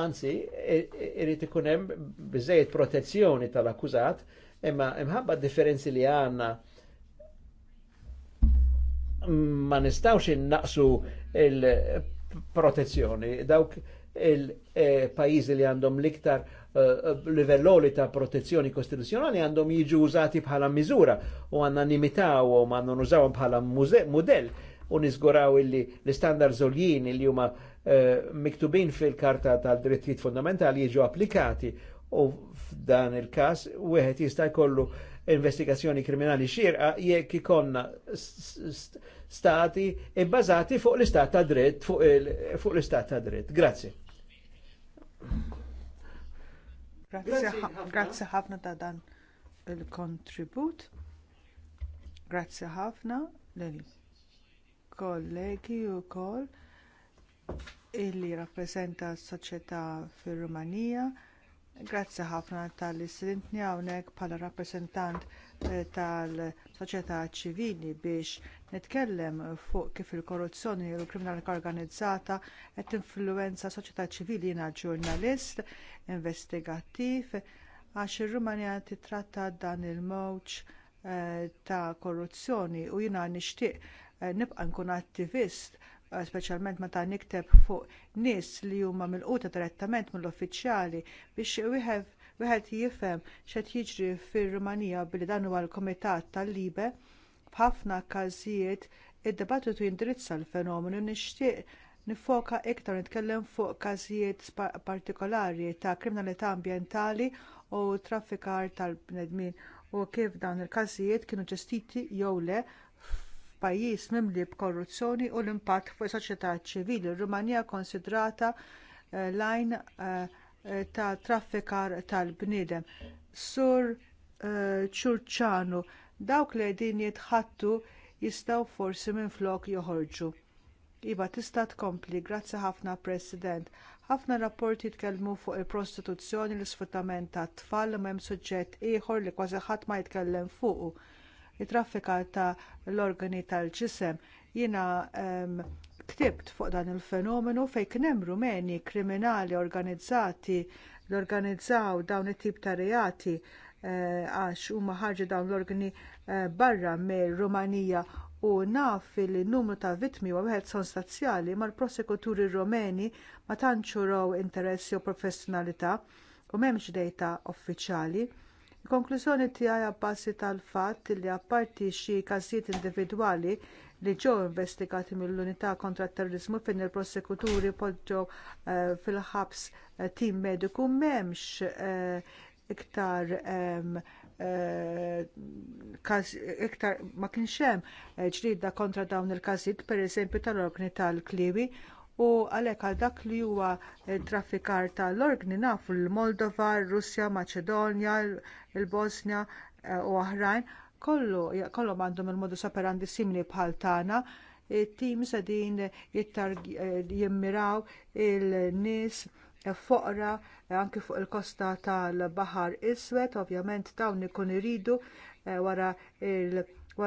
Anzi, e, e, irrit ikun hemm protezzjoni tal-akkużat imma imħabba differenzi li għandna ma nistawx naqsu il protezzjoni. Dawk il-pajizi li għandhom liktar eh, livelloli ta' protezzjoni kostituzzjonali għandhom jiġu użati bħala miżura u għanna u għandna użaw bħala model u nizguraw illi l-standard zoljien li huma eh, miktubin fil-karta tal-drittijiet fundamentali jiġu applikati u f'dan il-kas wieħed jista' jkollu investigazzjoni kriminali xirqa jekk ikonna stati basati fuq l-istat ta' dritt, fuq, fuq l-istat ta' dritt. Grazzi. Grazzi ħafna ta' dan il-kontribut. Grazzi ħafna lill-kollegi u koll illi rappresenta s-soċjetà fir-Rumanija. Grazzi ħafna tal-istudentni hawnhekk bħala rappresentant eh, tal-soċjetà ċivili biex nitkellem fuq kif il-korruzzjoni u l-kriminalità organizzata qed tinfluwenza soċjetà ċivili jiena ġurnalist investigattiv għax ir-Rumanija titratta dan il-mewġ eh, ta' korruzzjoni u jiena nixtieq eh, nibqa' nkun attivist eh, speċjalment meta nikteb fuq nies li huma milquta direttament mill-uffiċjali biex wieħed jifhem x'qed jiġri fir-Rumanija billi dan huwa l-Kumitat tal-Libe F'ħafna każijiet id-dibattitu jindirizza l-fenomenu nixtieq nifoka iktar nitkellem fuq każijiet partikolari ta' kriminalità ambjentali u traffikar tal-bnedmin u kif dawn il-każijiet kienu ġestiti jew le f'pajjiż mimli b'korruzzjoni u l-impatt fuq is-soċjetà ċivili. Rumanija konsidrata eh, lajn eh, ta' traffikar tal-bniedem. Sur Ċurċanu eh, dawk li din jitħattu jistgħu forsi minflok joħorġu. Iva tista' tkompli, grazzi ħafna President. Ħafna rapporti tkellmu fuq il-prostituzzjoni l-isfruttament tat tfal m'hemm suġġett ieħor li kważi ħadd ma jitkellem fuqu. Il-traffika ta' l-organi tal-ġisem jiena ehm, ktibt fuq dan il-fenomenu fejn kien hemm rumeni kriminali organizzati l-organizzaw dawn it-tip ta' reati Eh, għax huma ħarġu dawn l-organi eh, barra mir Rumanija u naf li n numru ta' vittmi huwa wieħed sostanzjali mal prosekuturi Rumeni ma tantx raw interessi u professjonalità u m'hemmx dejta uffiċjali. Il-konklużjoni tiegħi bbażi tal-fatt li apparti xi każijiet individwali li ġew investigati mill-Unità kontra t terrorizmu fejn il-prosekuturi poġġew eh, fil-ħabs tim mediku m'hemmx iktar eh, iktar ma kienx hemm eh, ġrida kontra dawn il-każijiet pereżempju tal-organi tal-kliwi u għalhekk għal dak li huwa eh, traffikar tal-organi nafu l-Moldova, Russja, Maċedonja, il-Bosnia u oħrajn kollhom għandhom il-modus operandi simili bħal tagħna teams għadin jimmiraw il-nies Eh, foqra eh, anki fuq il-kosta tal-Bahar Iswed, ovvjament dawn ikun iridu eh, wara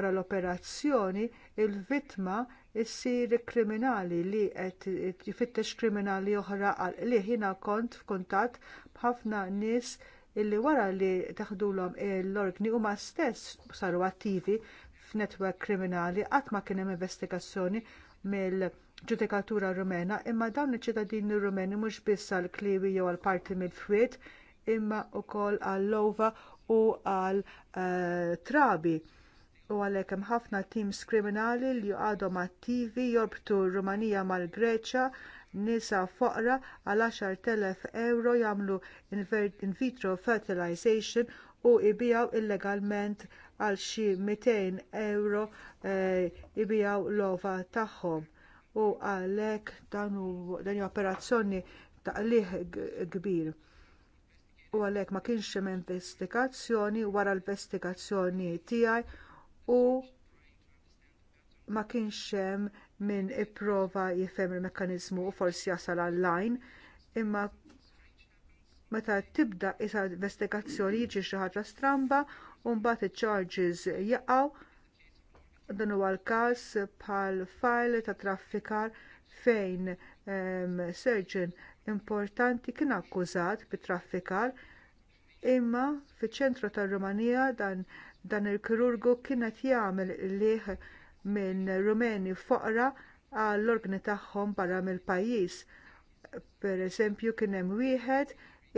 l-operazzjoni il-vittma issir kriminali li qed jfittex kriminali oħra għal li ħina kont f'kuntatt b'ħafna nies illi wara li taħdulhom l-organi huma stess saru attivi f'netwerk kriminali qatt ma kien hemm investigazzjoni mill- ġudikatura rumena imma dawn iċ-ċittadini rumeni mhux biss għall kliwi jew għal parti mill-fwied imma wkoll għall-lova u għal eh, trabi u għalhekk hemm ħafna teams kriminali li għadhom attivi jorbtu r-Rumanija mal-Greċja nisa foqra għal 10,000 euro jagħmlu in vitro fertilization u jbijaw illegalment għal xi 200 euro e, ibijaw l-ova tagħhom u għalhekk dan hija operazzjoni ta' taqlih kbir. U għalhekk ma kienx hemm investigazzjoni wara l-investigazzjoni tiegħi u ma kienx hemm min ipprova jifhem il-mekkaniżmu u forsi jasal online imma meta tibda isa investigazzjoni jiġi xi ħaġa stramba u mbagħad iċ-charges jaqgħu dan huwa l-każ bħal file ta' traffikar fejn ehm, serġen importanti kien akkużat bi traffikar imma fi ċentru tar-Rumanija dan, dan il-kirurgu kien qed jagħmel liħ minn Rumeni foqra għall-organi tagħhom barra mill-pajjiż. Pereżempju kien hemm wieħed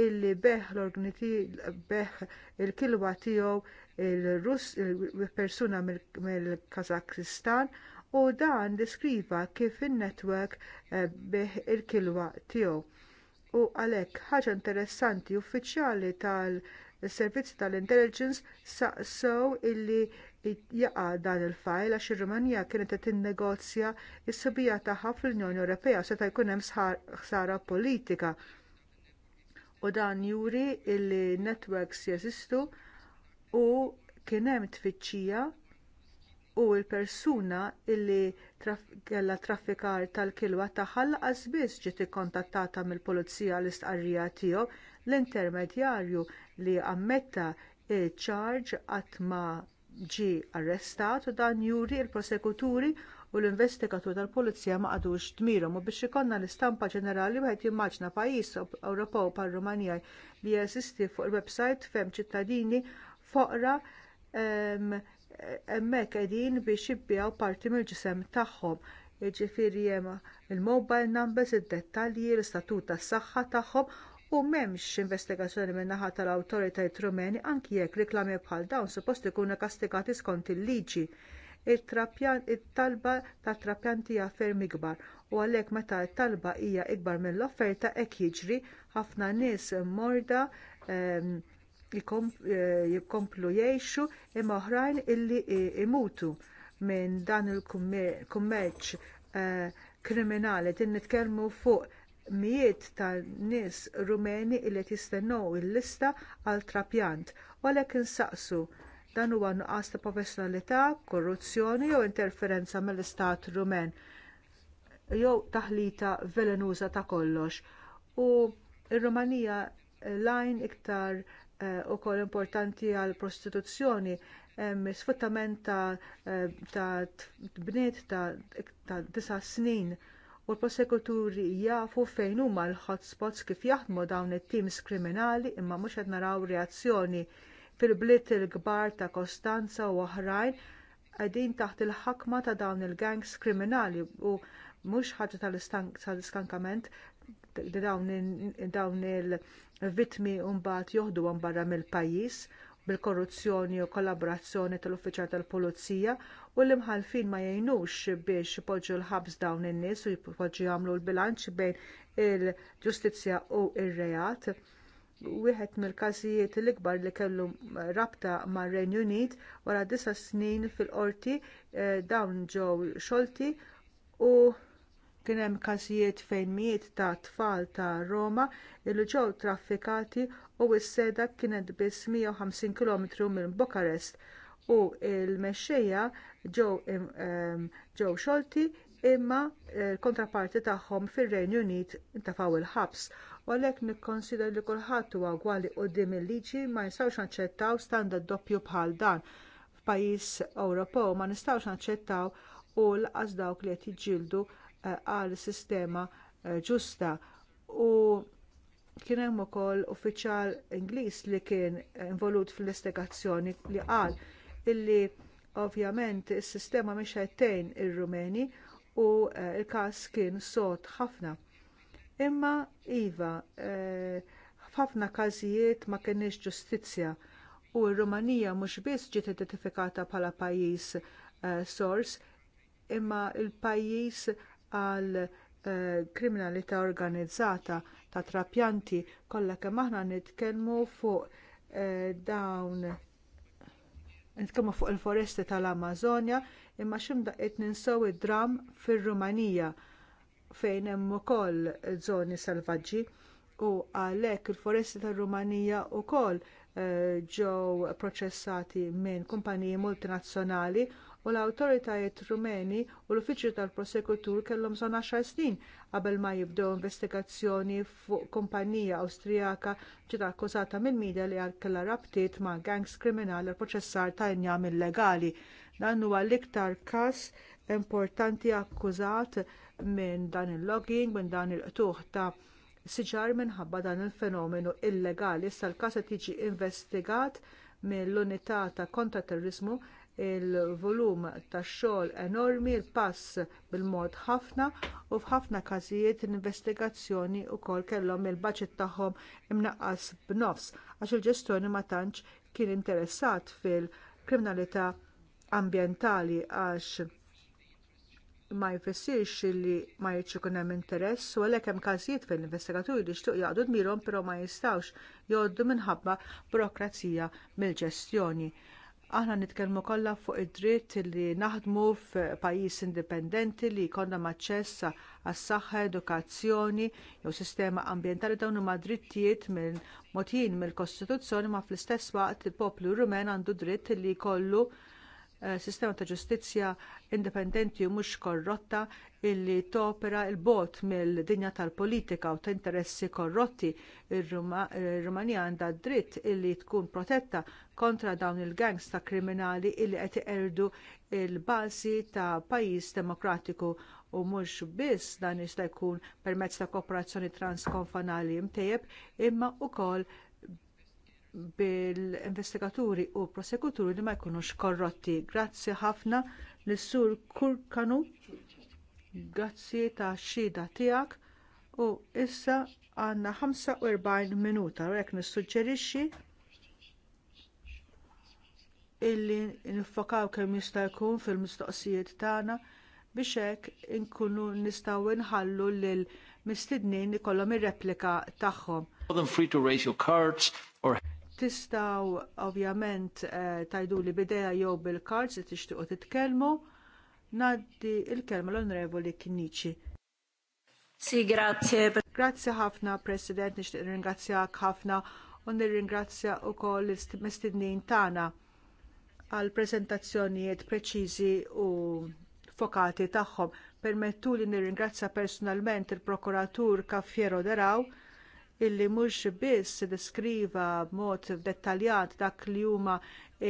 illi beħ l-organi beħ il-kilwa tiegħu il-persuna mill-Kazakistan u dan deskriva kif in netwerk eh, beħ il-kilwa tiegħu. U għalhekk ħaġa interessanti uffiċjali tal-Servizzi tal-Intelligence saqsew illi jaqa dan il-fajl għax ir-Rumanija kienet qed tinnegozja s-subija tagħha fl-Unjoni Ewropea u seta' jkun hemm ħsara politika. U dan juri illi networks jeżistu u kien hemm tfittxija u l-persuna illi kellha traffikar tal-kilwa tagħha laqas biss ġiet ikkontattata mill-pulizija l-istqarrija tiegħu l-intermedjarju li ammetta ċarġ qatt ma ġie arrestat u dan juri l prosekuturi u l-investigatur tal-Pulizija ma qadux dmirhom u biex ikollna l-istampa ġenerali wieħed jimmaġna pajjiż Ewropew bħar Rumanija li jeżisti fuq il-website fem ċittadini foqra hemmhekk qegħdin biex jibbjaw parti mill-ġisem tagħhom. Jiġifieri hemm il-mobile numbers, id-dettalji, l-istatut tas-saħħa tagħhom u m'hemmx investigazzjoni min-naħa tal-awtoritajiet rumeni anki jekk riklami bħal dawn suppost ikunu kastigati skont il-liġi. It-talba tat trapjanti hija ferm ikbar u għalhekk meta t-talba hija ikbar mill-offerta hekk jiġri ħafna nies morda jikomplu eh, jgħixu imma oħrajn illi imutu minn dan il-kummerċ eh, kriminali din nitkellmu fuq mijiet ta' nies rumeni illi jistennew il-lista għal trapjant u għalhekk insaqsu dan huwa nuqqas ta' professjonalità, korruzzjoni jew interferenza mill-istat rumen jew taħlita velenuża ta' kollox. U r-Rumanija lajn iktar Eh, ukoll importanti għall prostituzzjoni hemm sfruttament ta' eh, tbniet ta' disa' snin u l-prosekuturi jafu fejn huma l-hotspots kif jaħdmu dawn it-teams kriminali imma mhux qed naraw reazzjoni fil-bliet il-kbar ta' Kostanza u oħrajn qegħdin taħt il-ħakma ta' dawn il-gangs kriminali u mhux ħaġa tal-iskankament dawn il-vitmi mbagħad joħduhom barra mill-pajjiż bil-korruzzjoni u kollaborazzjoni tal-uffiċjal tal-pulizija u l-imħalfin ma jgħinux biex ipoġġu l-ħabs dawn in-nies u jpoġġu jagħmlu l-bilanċ bejn il-ġustizzja u r reat wieħed mill-każijiet l-ikbar li kellu rabta mar renju Unit wara disa snin fil-qorti eh, dawn ġew xolti u Kien hemm każijiet fejn miet ta' tfal ta' Roma illi ġew traffikati u s-seda kienet biss 150 km minn Bukarest u l mexxejja ġew xolti imma l-kontraparti tagħhom fir-Renju Unit intafaw il-ħabs. U għalhekk nikkonsidra li kulħadd huwa gwali quddiem il-liġi ma jistgħux naċċettaw standard doppju bħal dan f'pajjiż Ewropew ma nistgħux naċċettaw u l dawk li qed jiġġieldu għal sistema eh, ġusta u kien hemm ukoll uffiċjal Ingliż li kien involut fl-investigazzjoni li qal illi ovvjament is-sistema mhix ħedtejn ir-Rumeni u eh, l każ kien sod ħafna. Imma iva, eh, f'ħafna każijiet ma kienx ġustizzja u r-Rumanija mhux biss ġiet identifikata bħala pajjiż sors, imma l pajjiż għal eh, kriminalità organizzata ta' trapjanti kollha kemm aħna nitkellmu fuq eh, dawn nitkellmu fuq il-foresti tal-Amazonja imma qed ninsew id-dram fir-Rumanija fejn hemm ukoll żoni selvaġġi u għalhekk il-foresti tar-Rumanija wkoll eh, ġew proċessati minn kumpaniji multinazzjonali u l-awtoritajiet rumeni u l-uffiċċju tal-prosekutur kellhom son 10 snin qabel ma jibdew investigazzjoni fuq kumpanija Awstrijaka ġiet akkużata mill-midja li kellha rabtiet ma' gangs kriminali l proċessar ta' injam illegali. Dan huwa l-iktar każ importanti akkużat minn dan il-logging, minn dan il-qtuħ ta' siġar minħabba dan il-fenomenu illegali. Issa l-każ qed jiġi investigat mill-unità ta' kontraterrorizmu il-volum tax-xogħol enormi, l pass bil-mod ħafna u f'ħafna każijiet l-investigazzjoni wkoll kellhom il-baġit tagħhom imnaqqas b'nofs għax il-ġestjoni ma tantx kien interessat fil-kriminalità ambjentali għax ma jfissirx li ma ikun hemm interess u għalhekk hemm każijiet fejn l-investigaturi jixtuq jaqdu dmirhom però ma jistgħux jgħoddu minħabba burokrazija mill-ġestjoni. Aħna nitkellmu kollha fuq id-dritt li naħdmu f'pajjiż indipendenti li jkollna maċċess għas-saħħa, edukazzjoni jew sistema ambjentali dawn huma drittijiet minn motin mill-Kostituzzjoni ma fl-istess waqt il-poplu Rumen għandu dritt li jkollu Eh, sistema ta' ġustizzja indipendenti u mhux korrotta illi topera l il bot mill-dinja tal-politika u ta' interessi korrotti. Ir-Rumanija għandha dritt illi tkun protetta kontra dawn il-gangs ta' kriminali illi qed iqerdu l bażi ta' pajjiż demokratiku u mhux biss dan jista' jkun permezz ta' kooperazzjoni transkonfanali imtejjeb imma wkoll bil-investigaturi u prosekuturi li ma jkunux korrotti. Grazzi ħafna lis sur Kurkanu, grazzi tax xhieda tiegħek. u issa għandna 45 minuta, rek nissuġġerixxi illi nifokaw kemm jista' jkun fil-mistoqsijiet tagħna biex hekk inkunu nistgħu nħallu lil mistednin ikollhom ir-replika tagħhom. Tistgħu ovvjament eh, tajduli bidea jew bil-kards li tixtiequ titkellmu. Ngħaddi l kelma l-Onorevoli Kinnici. Si, grazie. Grazie ħafna, President, nixtieq ringrazzjak ħafna u nirringrazzja wkoll l-mistednin tagħna għall preżentazzjonijiet preċiżi u fokati tagħhom. Permettu li nirringrazzja personalment il-Prokuratur Kaffiero Deraw illi mhux biss deskriva b'mod dettaljat dak li huma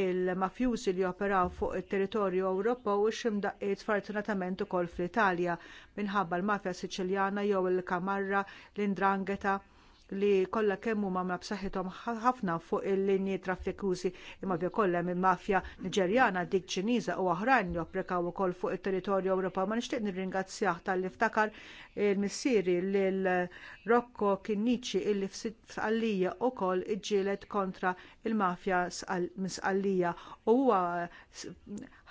l mafjużi li operaw fuq it territorju Ewropew u x'imdaqqiet fortunatament ukoll fl-Italja minħabba l-mafja Siċiljana jew il-Kamarra l-Indrangheta li kollha kemm huma ma b'saħħithom ħafna fuq il-linji traffikużi imma bi kollha minn mafja Niġerjana dik Ċiniża u oħrajn li opprekaw ukoll fuq it-territorju Ewropa Ma nixtieq nirringrazzjah tal-li il-missieri lil Rocco Kinnici illi f'Sqallija wkoll iġġieled kontra il-mafja misqallija u huwa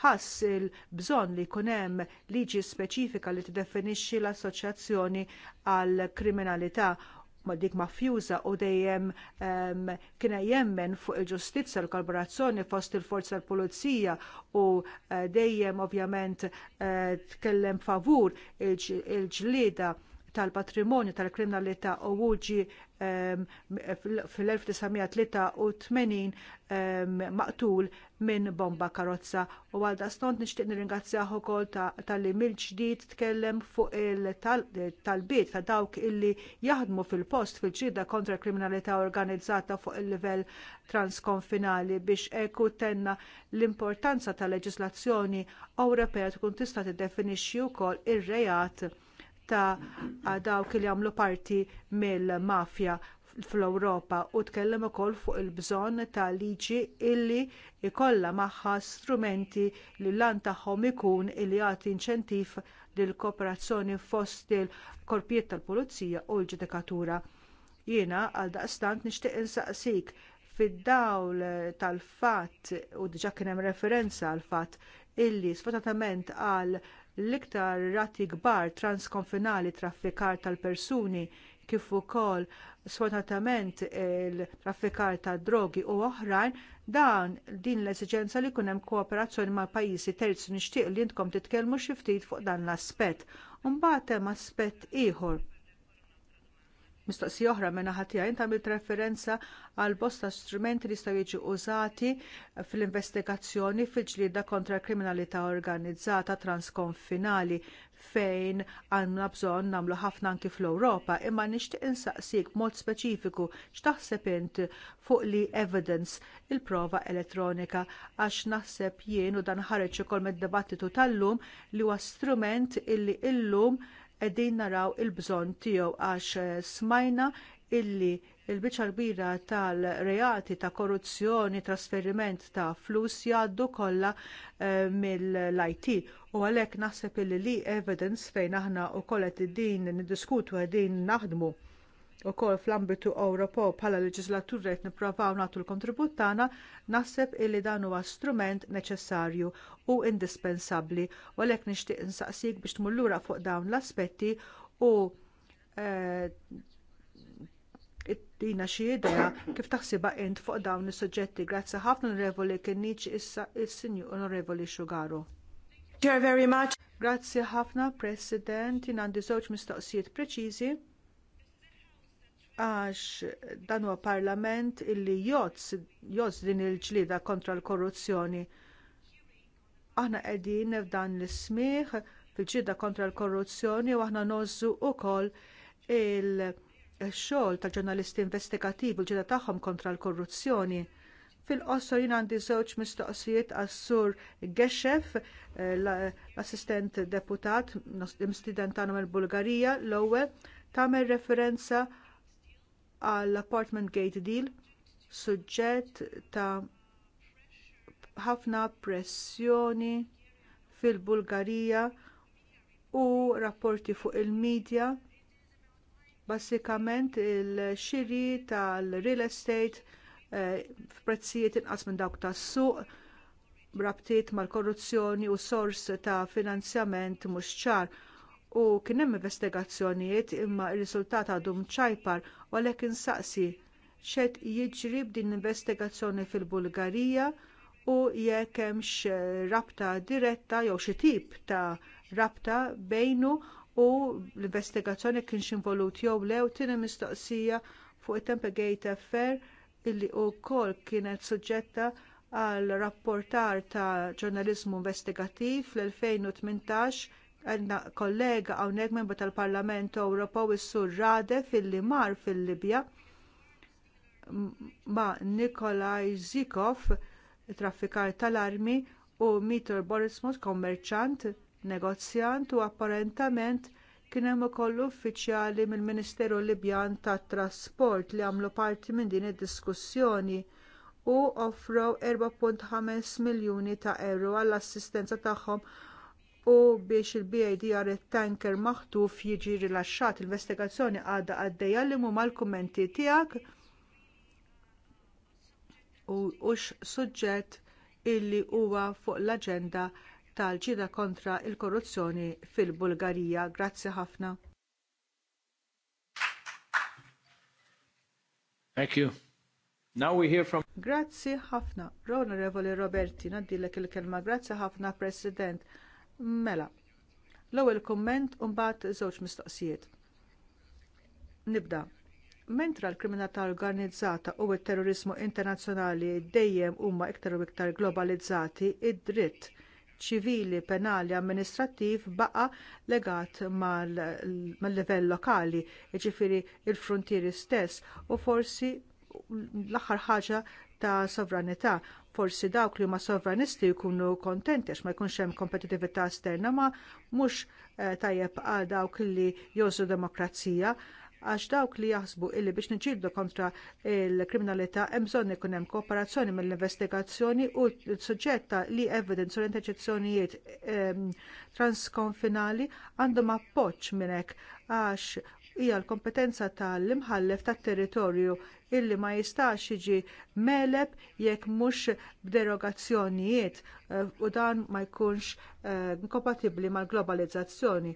ħass il-bżonn li jkun hemm liġi speċifika li tiddefinixxi l-assoċjazzjoni għall kriminalità ma dik mafjuża u dejjem um, kiena jemmen fuq il-ġustizza l kolborazzjoni fost il-forza l-pulizija u uh, dejjem ovvjament uh, tkellem favur il-ġlida ġlieda tal-patrimonju tal-kriminalità u uġi Um, fil-1983 um, maqtul minn bomba karozza u għalda stont nixtieq nirringrazzjah ukoll tal-li mill-ġdid tkellem fuq il-talbiet ta' dawk illi jaħdmu fil-post fil ġidda kontra kriminalità organizzata fuq il-livell transkonfinali biex eku tenna l-importanza tal leġiżlazzjoni Ewropea tkun tista' tiddefinixxi wkoll ir-rejat ta' dawk li jagħmlu parti mill-mafja fl-Ewropa u tkellem ukoll fuq il-bżonn ta' liġi illi jkollha magħha strumenti li lan tagħhom ikun illi jagħti inċentiv lill kooperazzjoni fost il-korpijiet tal-Pulizija u l-Ġudikatura. Jiena għaldaqstant nixtieq insaqsik fid-dawl tal-fatt u diġà kien hemm referenza għal fatt illi sfortunatament għal l-iktar rati kbar transkonfinali traffikar tal-persuni kif ukoll sfortunatament il-traffikar tad drogi u oħrajn dan din l-esiġenza li jkun hemm kooperazzjoni mal pajjiżi terzi nixtieq li intkom titkellmu xi ftit fuq dan l-aspett. mbagħad hemm aspett ieħor Mistoqsija oħra minna ħatija inta mill referenza għal bosta strumenti li jistgħu jiġu użati fil-investigazzjoni fil-ġlieda kontra kriminalità organizzata transkonfinali fejn għandna bżonn nagħmlu ħafna anki fl-Ewropa, imma nixtieq insaqsik mod speċifiku x'taħseb int fuq li evidence il-prova elettronika għax naħseb jien u dan ħareġ ukoll mid-dibattitu tal-lum li huwa strument illi illum qegħdin naraw il-bżonn tiegħu għax eh, smajna illi il-biċa kbira tal-reati ta' korruzzjoni, trasferiment ta' flus jgħaddu kollha eh, mill-IT u għalhekk naħseb illi li evidence fejn aħna wkoll qed din niddiskutu qegħdin naħdmu wkoll fl-ambitu Ewropew bħala leġislatur qed nipprovaw nagħtu l-kontribut tagħna, naħseb illi dan huwa strument neċessarju u indispensabbli u għalhekk nixtieq insaqsik biex tmur lura fuq dawn l-aspetti u eh, dina xi idea kif taħsiba int fuq dawn is-suġġetti. Grazzi ħafna Revoli Kinniċ issa is-Sinju Onorevoli Xugaru. Grazzi ħafna, President, jien għandi żewġ mistoqsijiet preċiżi għax dan huwa parlament illi jozz din il ġlieda kontra l-korruzzjoni. Aħna qegħdin f'dan l smigħ fil ġlieda kontra l-korruzzjoni u aħna nożżu wkoll il-xogħol tal ġurnalisti investigattivi l ġlieda tagħhom kontra l-korruzzjoni. Fil-qosor jien għandi żewġ mistoqsijiet għas-sur Geshef, l-assistent deputat, tagħna mill-Bulgarija, l-ewwel tagħmel referenza għall-Apartment Gate Deal suġġett ta' ħafna pressjoni fil-Bulgarija u rapporti fuq il-medja basikament il-xiri tal-real estate eh, f'prezzijiet inqas minn dawk tas-suq rabtiet mal-korruzzjoni u sors ta' finanzjament mhux ċar u kien hemm investigazzjonijiet imma r-riżultat għadu ċajpar u għalhekk insaqsi xed jiġri b'din l investigazzjoni fil-Bulgarija u jekk hemmx rabta diretta jew xi tip ta' rabta bejnu u l-investigazzjoni kienx involut jew le u tieni mistoqsija fuq it-Tempegate Affair illi wkoll kienet suġġetta għal rapportar ta' ġurnaliżmu investigattiv fl-2018 għedna kollega hawnhekk membru tal-Parlament Ewropew is-Sur Rade fil-li mar fil-Libja ma' Nikolaj Zikov, traffikar tal-armi, u Mitor Borismos, kommerċant, negozjant u apparentament kien hemm ukoll uffiċjali mill-Ministeru Libjan tat-Trasport li għamlu parti minn din id-diskussjoni u offru 4.5 miljuni ta' euro għall-assistenza tagħhom u biex il-BIDR tanker maħtuf jiġi rilaxxat l-investigazzjoni għadha għaddejja li huma l-kummenti tiegħek u hux suġġett illi huwa fuq l-aġenda tal-ġida kontra l korruzzjoni fil-Bulgarija. Grazzi ħafna. Thank you. Now we hear from Grazzi ħafna. Onorevoli Roberti, naddilek il-kelma. Grazzi ħafna, President. Mela, l-ewwel kumment u mbagħad żewġ mistoqsijiet. Nibda. Mentra l-kriminalità organizzata u t-terrorizmu internazzjonali dejjem huma iktar u iktar globalizzati, id-dritt ċivili, penali, amministrattiv baqa legat mal-livell lokali, jiġifieri l frontieri stess u forsi l-aħħar ħaġa ta' sovranità. Forsi dawk li huma sovranisti jkunu kontenti għax ma jkunx hemm kompetitività esterna ma mhux eh, tajjeb għal dawk li jożu demokrazija għax dawk li jaħsbu illi biex niġildu kontra l kriminalità hemm bżonn ikun hemm kooperazzjoni mill-investigazzjoni u l-suġġetta li evidence u l-interċezzjonijiet ehm, transkonfinali għandhom appoġġ minn hekk għax hija l-kompetenza tal-imħallef tat-territorju illi ma jistax jiġi meleb jekk mhux b'derogazzjonijiet eh, u dan ma jkunx eh, inkompatibbli mal-globalizzazzjoni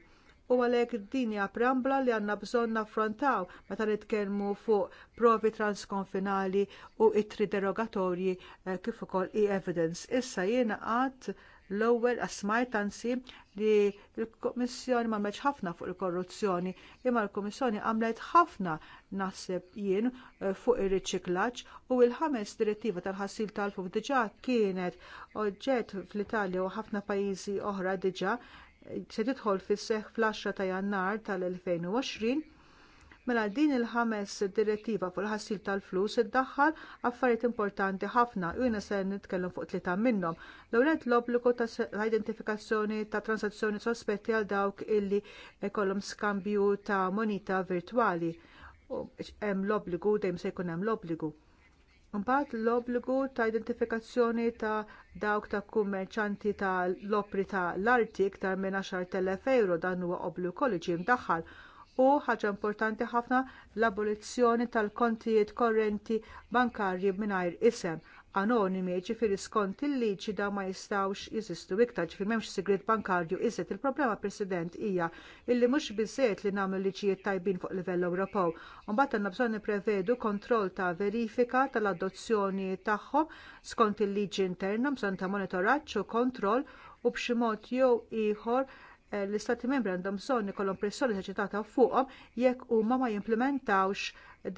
u għalhekk din hija preambla li għandna bżonn naffrontaw meta nitkellmu fuq provi transkonfinali u itri derogatorji eh, kif ukoll e-evidence. Issa jiena għad L-ewwel asmajt ansi li l-Kummissjoni m'għamletx ħafna fuq il-korruzzjoni, imma l-Kummissjoni għamlet ħafna naħseb jien eh, fuq ir-riċiklaġġ u l-ħames direttiva tal-ħassil tal-fuq diġà kienet oġġett fl-Italja u ħafna pajjiżi oħra diġà eh, se tidħol fis seħħ fl-10 ta' Jannar tal-2020 Mela din il-ħames direttiva fuq il-ħassil tal-flus iddaħħal affarijiet importanti ħafna u jiena se nitkellem fuq tlieta minnhom. L-ewwel l-obbligu ta' identifikazzjoni ta' transazzjoni sospetti għal dawk illi jkollhom skambju ta' moneta virtwali. Hemm l-obbligu dejjem se jkun hemm l-obbligu. Mbagħad l-obbligu ta' identifikazzjoni ta' dawk ta' kummerċanti ta' l-opri ta' l-arti iktar minn 10,000 euro dan huwa obbligu kollu ġie mdaħħal u ħaġa importanti ħafna l-abolizzjoni tal-kontijiet korrenti bankarji mingħajr isem anonimi ġifiri skont il-liġi da ma jistawx jeżistu iktar ġifiri memx sigrit bankarju iżet il-problema president hija illi mhux biżżejjed li nagħmlu liġijiet tajbin fuq livell Ewropew. Mbagħad għandna bżonn nipprevedu kontroll ta' verifika tal-adozzjoni tagħhom skont il-liġi interna bżonn ta' monitoraġġ u kontroll u b'xi mod jew ieħor Eh, l-istati membri għandhom bżonn ikollhom pressjoni eċitata fuqhom jekk huma ma jimplementawx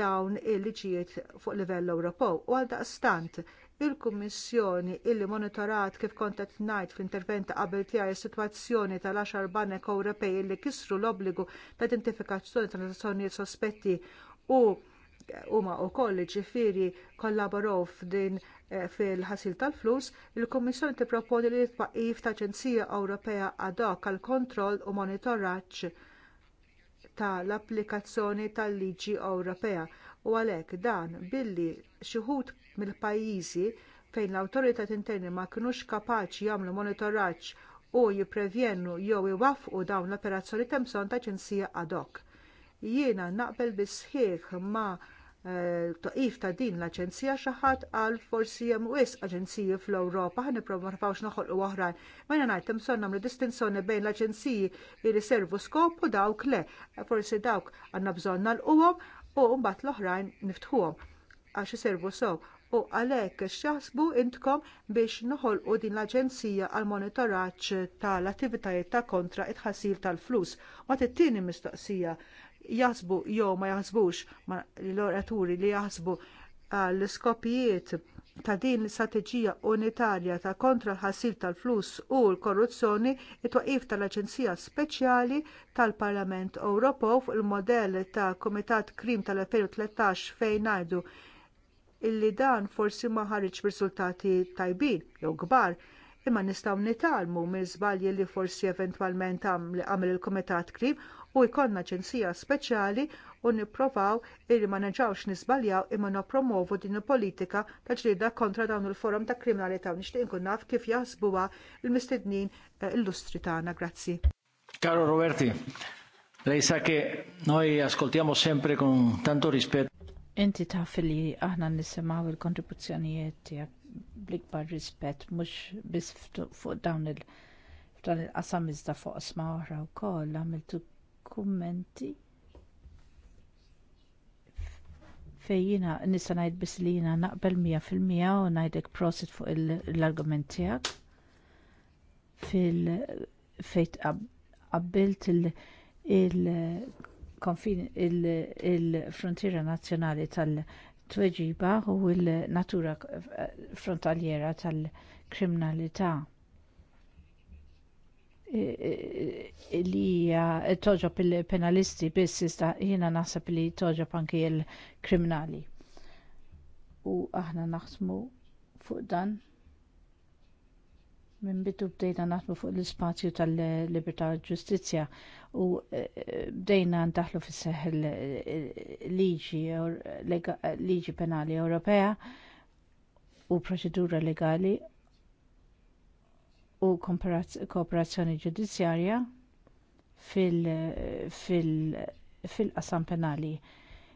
dawn il-liġijiet fuq livell Ewropew. U għaldaqstant il-Kummissjoni illi monitorat kif kont qed fl-intervent qabel tiegħi is-sitwazzjoni tal-10 banek Ewropej li kisru l obbligu ta' identifikazzjoni tal transazzjonijiet sospetti u huma wkoll ġifieri kollaboraw f'din eh, fil-ħasil tal-flus, il-Kummissjoni tipproponi li t ta' Aġenzija Ewropea ad hoc għal kontroll u monitoraġġ tal-applikazzjoni tal-liġi Ewropea u għalhekk dan billi xi wħud mill-pajjiżi fejn l awtorità interni ma kinux kapaċi jagħmlu monitoraġġ u jipprevjennu jew iwaffqu dawn l-operazzjoni temson ta' ġenzija ad hoc jiena naqbel bisħieħ ma' Eh, toqif ta' din l-aġenzija xi ħadd għal forsi hemm wisq aġenziji fl-Ewropa ħan nipprova nafawx noħolqu oħrajn. Ma jena ngħid imson nagħmlu distinzjoni bejn l-aġenziji li riservu skop u dawk le. Forsi dawk għandna bżonn nagħlquhom u mbagħad l-oħrajn niftħuhom għax servu sew u għalhekk xaħsbu intkom biex noħolqu din l-Aġenzija għal monitoraġġ tal-attivitajiet ta' kontra t ħasil tal-flus. Ma t tieni mistoqsija Jasbu jo ma ma l-oraturi li jaħsbu għall iskopijiet ta' din l-istrateġija unitarja ta' kontra l-ħassil tal-flus u l-korruzzjoni it-twaqif tal-Aġenzija Speċjali tal-Parlament Ewropew fuq il-modell ta' Kumitat Krim tal-2013 fejn ngħidu illi dan forsi ma ħareġ b'riżultati tajbin jew kbar imma nistgħu nitalmu minn żbalji li forsi eventwalment għamel il-Kumitat Krim u jkonna ċensija speċjali u nipprovaw illi ma neġawx nisbaljaw imma noppromovu din il-politika ta' ġlieda kontra dawn il-forum ta' kriminalità u nixtieq inkun naf kif jaħsbuha l-mistednin eh, illustri tagħna. Grazzi. Caro Roberti, lei sa che noi ascoltiamo sempre con tanto rispetto. Inti taf li aħna nisimgħu il-kontribuzzjonijiet tiegħek bl-ikbar rispett mhux biss fuq dawn il-qasam iżda fuq isma oħra wkoll għamiltu kummenti fejn nista' ngħid biss li jiena naqbel mija fil-mija u ngħidlek prosit fuq l-argument tiegħek fil fejt qabbilt il-konfin il-frontiera nazzjonali tal-tweġiba u l-natura frontaljera tal-kriminalità li hija toġob il-penalisti biss iżda jiena naħseb li toġob anki il-kriminali. U aħna naħsmu fuq dan minn bidu bdejna naħdmu fuq l-ispazju tal-libertà u ġustizzja u eh, bdejna ndaħlu fis seħħ liġi penali Ewropea u proċedura legali u kooperazzjoni ġudizzjarja fil-qasam fil, fil penali.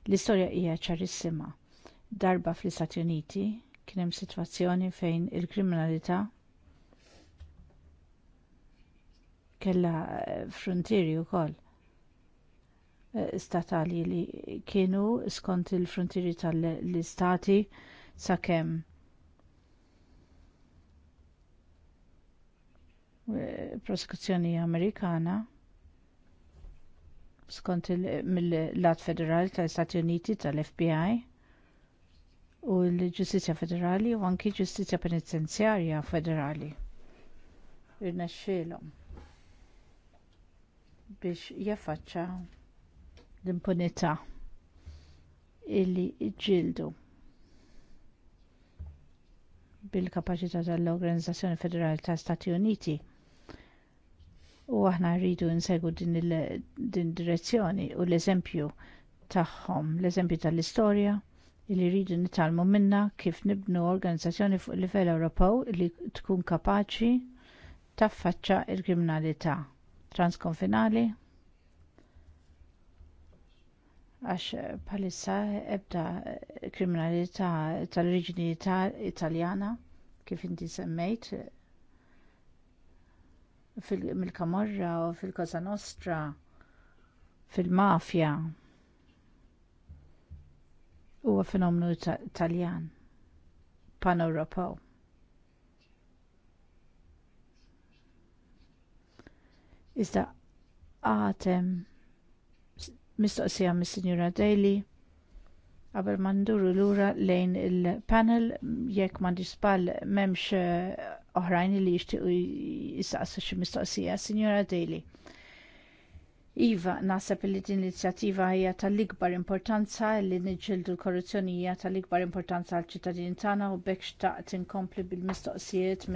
L-istorja hija ċarissima. Darba fl-Istati Uniti kien hemm sitwazzjoni fejn il-kriminalità kellha frontieri wkoll eh, statali li kienu skont il-frontieri tal-istati sakemm prosekuzzjoni Amerikana skont mill-Lat Federali tal-Istati Uniti tal-FBI u l-Ġustizja Federali u anki Ġustizja Penitenzjarja Federali. Irnexxielhom biex jaffaċċa l-impunità illi ġildu bil kapaċità tal-Organizzazzjoni Federali tal-Stati Uniti u aħna rridu nsegu din direzzjoni u l-eżempju tagħhom, l-eżempju tal-istorja li rridu nitalmu minna kif nibnu organizzazzjoni fuq livell Ewropew li tkun kapaċi taffaċċa l kriminalità transkonfinali għax bħalissa ebda kriminalità tal-oriġini Italjana kif inti semmejt fil kamorra u fil-Kosa Nostra fil-mafja huwa fenomenu Taljan pan-Ewropew. Iżda għatem mistoqsija mis-Sinjura Daily qabel ma l lura lejn il-panel jekk ma spall memx oħrajn li jixtiequ jisaqsu xi mistoqsija, Signora Daly. Iva, naħseb li din l-inizjattiva hija tal-ikbar importanza li niġġieldu l-korruzzjoni hija tal-ikbar importanza għal ċittadin tagħna u bekx xtaqt inkompli bil-mistoqsijiet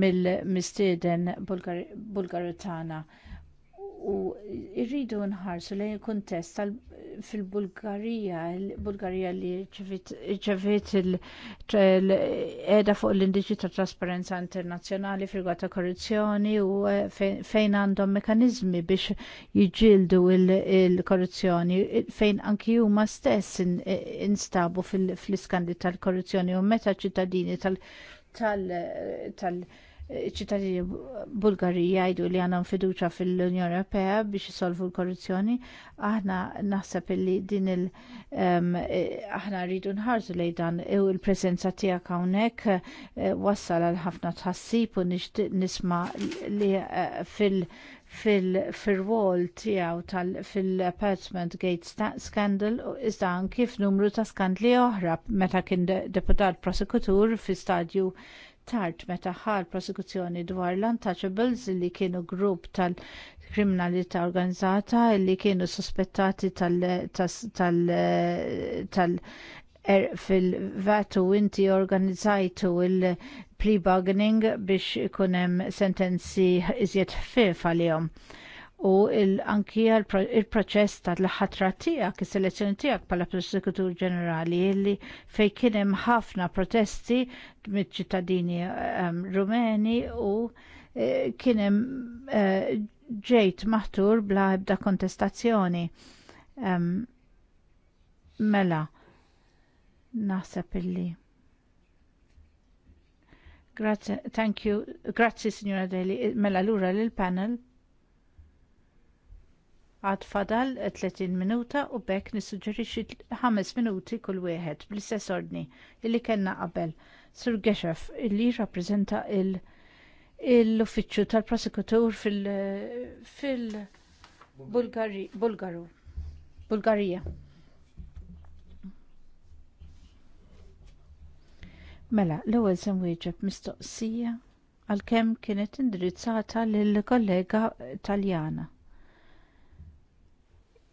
mill-mistieden Bulgaritana u rridu nħarsu lejn il-kuntest fil-Bulgarija, il-Bulgarija li ċevit il-eda fuq l-indiġi ta' trasparenza internazjonali fil ta' korruzzjoni u eh, fejn għandhom mekanizmi biex jġildu il-korruzzjoni, fejn anki huma stess instabu fil-iskandi tal-korruzzjoni u meta ċittadini tal- tal- tal- ċittadini Bulgari jgħidu li għandhom fiduċa fil-Unjoni Ewropea biex isolvu l-korruzzjoni, aħna naħseb li din il- e, aħna rridu nħarsu lejn dan e, u l tiegħek hawnhekk e, wassal għal ħafna tħassib u nisma li fil- fil-firwall tiegħu tal fil-apartment gate scandal iżda anki f'numru ta' skandli oħra meta kien deputat prosekutur fi stadju tard meta ħal prosekuzzjoni dwar l-untouchables li kienu grupp tal-kriminalità organizzata li kienu suspettati tal- er, fil-vatu inti organizzajtu il-pre-bargaining biex ikunem sentenzi iżjed ħfif għalihom u anki il-proċess ta' l-ħatra tiegħek, is-selezzjoni tiegħek bħala prosekutur ġenerali illi fej kien hemm ħafna protesti miċ-ċittadini ehm, rumeni u eh, kien hemm eh, ġejt maħtur bla ebda kontestazzjoni. Ehm, mela, naħseb illi. Grazie, thank you. Grazie, signora Deli. Eh, mela l-ura l-panel. Għad fadal 30 minuta u bekk nissuġġerixxi 5 minuti kull wieħed bl-istess ordni illi kellna qabel. Sur Geshef illi jirrappreżenta l-uffiċċju tal-prosekutur fil-Bulgaru. Bulgarija. Mela, l-ewwel se wieġeb mistoqsija għalkemm kienet indirizzata lill kollega Taljana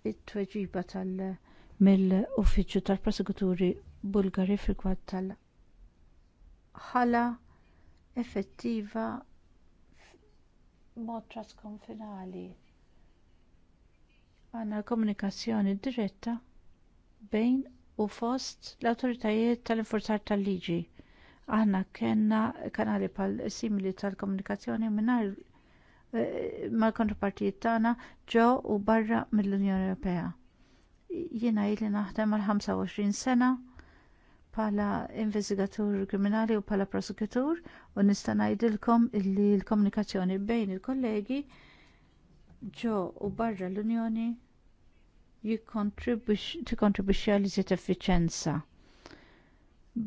it-tweġiba tal- mill-Uffiċċju tal-Prosekuturi Bulgari fil-kwad tal-ħala effettiva mod trasconfinali. Għanna komunikazzjoni diretta bejn u fost l awtoritajiet tal-infurzar tal-liġi. Aħna kellna kanali pal simili tal-komunikazzjoni mingħajr Eh, mal-kontrapartijiet tagħna ġo u barra mill-Unjoni Ewropea. Jiena li naħdem għal 25 sena bħala investigatur kriminali u bħala prosekutur u nista' ngħidilkom li l-komunikazzjoni bejn il-kollegi ġo u barra l-Unjoni jikkontribwixxi għal iżjed effiċjenza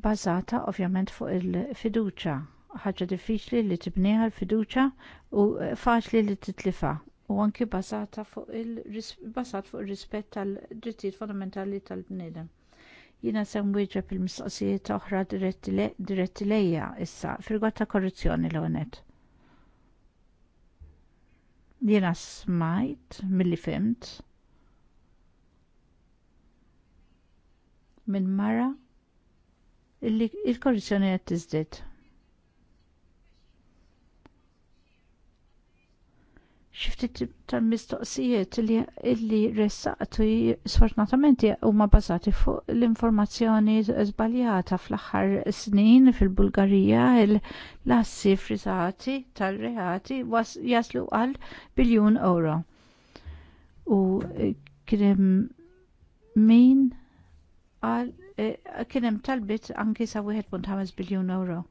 bażata ovvjament fuq il-fiduċja ħaġa diffiċli li tibniha l-fiduċja u faċli li titlifha u anki basata fuq il-basat fuq ir-rispett tal-drittijiet fondamentali tal-bniedem. Jiena se nwieġeb il-mistoqsijiet oħra diretti lejja issa firgħat ta' korruzzjoni l għonet Jiena smajt milli fimt minn mara il-korruzzjoni għed tiżdied xiftit tal-mistoqsijiet li ressaqtu sfortunatamente huma bbażati fuq l-informazzjoni żbaljata fl-aħħar snin fil-Bulgarija l-assi frizati tal-reati jaslu għal biljun euro. U kienem min għal eh, kienem talbit anki sa 1.5 biljun euro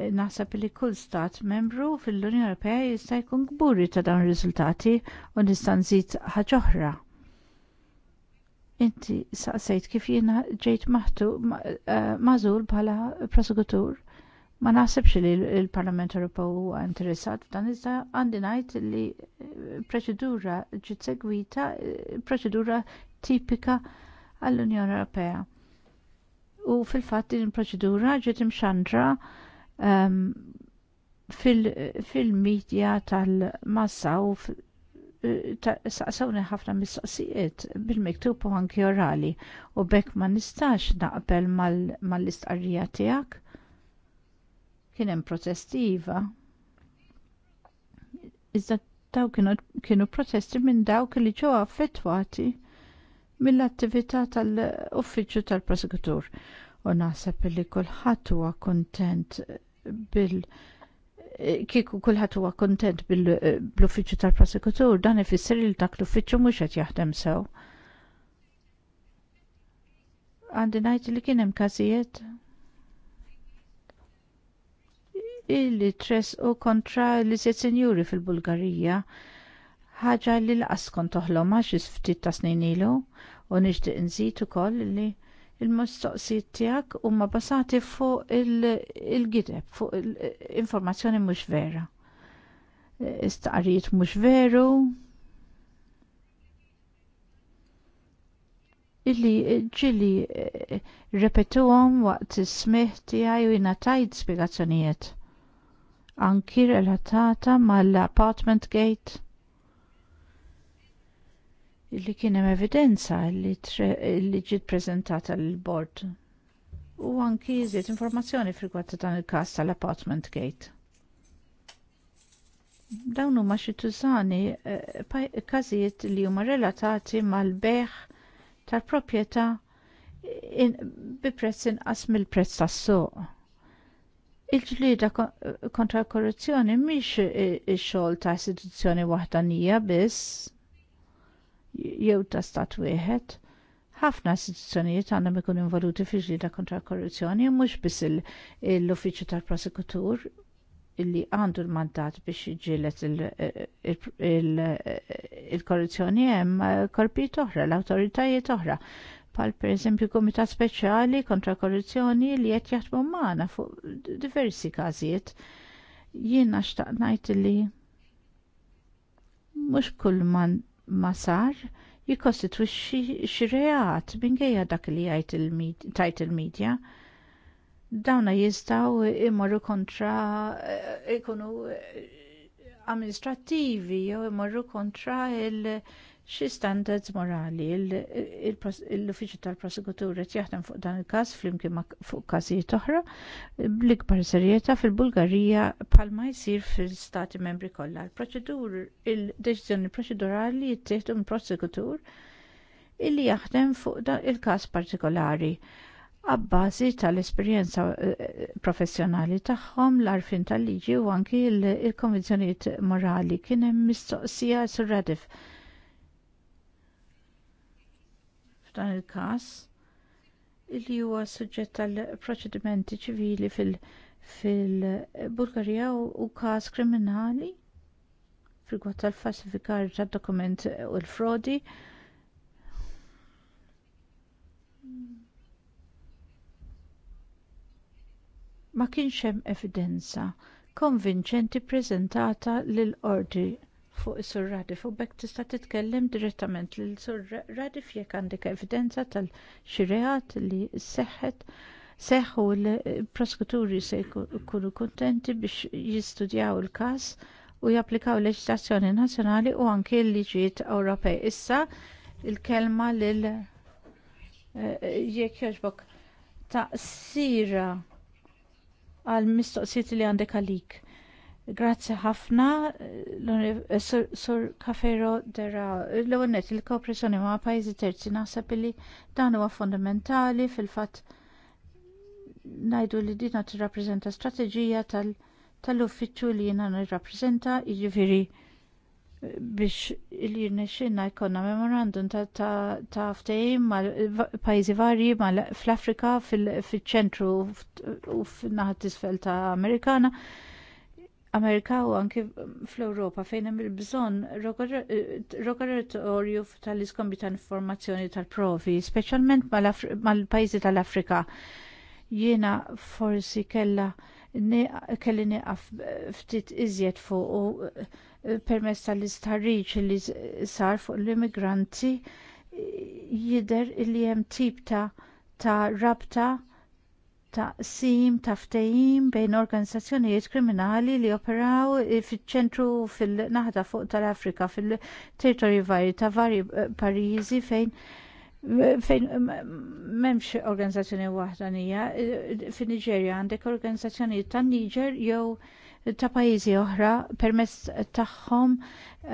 Eh, naħseb li kull stat membru fil-Unjoni Ewropea jista' jkun gburi ta' dawn ir-riżultati u nista' nżid ħaġa oħra. Inti saqsejt kif jiena ġejt maħtu eh, bħala prosekutur. Ma naħsebx li l-Parlament Ewropew huwa interessat f'dan iżda għandi ngħid li eh, proċedura ġiet segwita, proċedura tipika għall-Unjoni Ewropea. U fil-fatt din il-proċedura ġiet imxandra Ehm, fil-medja tal-massa u saqsawni ħafna mistoqsijiet bil-miktub u anki orali u bekk ma nistax naqbel mal-istqarrija tiegħek. Kien hemm iva. Iżda daw kienu protesti minn dawk li ġew affettwati mill-attività tal-uffiċċju tal-prosekutur. U naħseb li kulħadd huwa kuntent bil- kieku kullħat huwa kontent bil-uffiċċju tal-prosekutur, dan ifisser li dak l-uffiċċju mhux qed jaħdem sew. Għandi ngħid li kien hemm każijiet illi tres u kontra li se senjuri fil-Bulgarija ħaġa li l-qas kont toħlom għax ftit ta' snin ilu u nixtieq nżid ukoll li il-mistoqsijiet tiegħek huma basati fuq il-gideb, il fuq l-informazzjoni il mhux vera. Istaqrijiet mhux veru. Illi ġili eh, repetuhom waqt is-smih tiegħi u jiena tajt spjegazzjonijiet. Anki relatata mal-apartment gate li kien hemm evidenza li, ġiet preżentata lill bord u anki jżiet informazzjoni frigwat dan il-każ tal-Apartment Gate. Dawn huma xi tużani eh, każijiet li huma relatati mal-beħ tal-proprjetà bi prezz inqas mill-prezz tas-suq. Il-ġlieda kontra l-korruzzjoni mhix ix-xogħol ta' istituzzjoni waħdanija biss, jew ta' stat wieħed. Ħafna istituzzjonijiet għandhom ikun involuti fi ġlida kontra korruzzjoni u mhux biss l-Uffiċċju tal-Prosekutur illi għandu l-mandat biex iġilet il-korruzzjoni hemm korpijiet oħra, l-awtoritajiet oħra pal per eżempju Komitat Speċjali kontra Korruzzjoni li qed jaħdmu magħna fuq diversi każijiet. Jiena xtaqt ngħid li mhux kull man ma sar jikkostitwixxi xi reat minkejja dak li tajt il-medja. Dawna jistgħu imorru kontra eh, ikunu eh, amministrattivi jew imorru kontra il- xi standards morali l-Uffiċċju tal-Prosekutur qed jaħdem fuq dan il-każ flimkien fuq każijiet oħra bl-ikbar serjetà fil-Bulgarija bħalma jsir fil-Stati Membri kollha. Il-proċedur il-deċiżjoni proċedurali jittieħdu mill-prosekutur illi jaħdem fuq il-każ partikolari għabbażi tal-esperjenza eh, eh, professjonali tagħhom, l-arfin tal-liġi u anki l-konvenzjonijiet morali kien hemm mistoqsija surradif. F'dan il-każ li huwa suġġett tal-proċedimenti ċivili fil-Bulgarija u każ kriminali frigwa tal-falsifikar tad-dokument u l-frodi. ma kienx hemm evidenza konvinċenti ppreżentata lill-qorti fuq is-Sur Radif u bekk tista' titkellem direttament lil Sur Radif jekk għandek evidenza tal-xireat li seħħet seħħ u l proskuturi se jkunu kuntenti biex jistudjaw il-każ u japplikaw leġislazzjoni nazzjonali u anke l-liġijiet Ewropej. Issa il-kelma lil eh, jekk jogħġbok taqsira għal mistoqsijiet li għandek għalik. Grazzi ħafna, eh, Sur Kafero Dera, l-għonet il-kooperazzjoni ma' pajzi terzi naħseb li dan huwa fondamentali fil-fatt najdu li dina tirrappreżenta strateġija tal- tal-uffiċċju li jiena nirrappreżenta, jiġifieri biex li jirnexxinna jkollna memorandum ta', ta, ta ftehim mal pajjiżi varji fl-Afrika fil-ċentru u f'naħat isfel ta' Amerikana. Amerika u anki fl-Ewropa fejn hemm il-bżonn rogoratorju tal iskombi ta' informazzjoni tal-provi, speċjalment mal-pajjiżi tal-Afrika. Jiena forsi kella kelli nieqaf ftit iżjed fuq u permess tal-istarriċ li sar fuq l-immigranti jidher li hemm tip ta', ta rabta ta' sim ta' ftehim bejn organizzazzjonijiet kriminali li operaw fiċ-ċentru fil-naħda fuq tal-Afrika fil-territorji varji ta' varji eh, pajjiżi fejn fejn m'hemmx organizzazzjoni waħda nija eh, fin-Niġerja għandek organizzazzjonijiet tan-Niġer jew ta' pajjiżi oħra permess tagħhom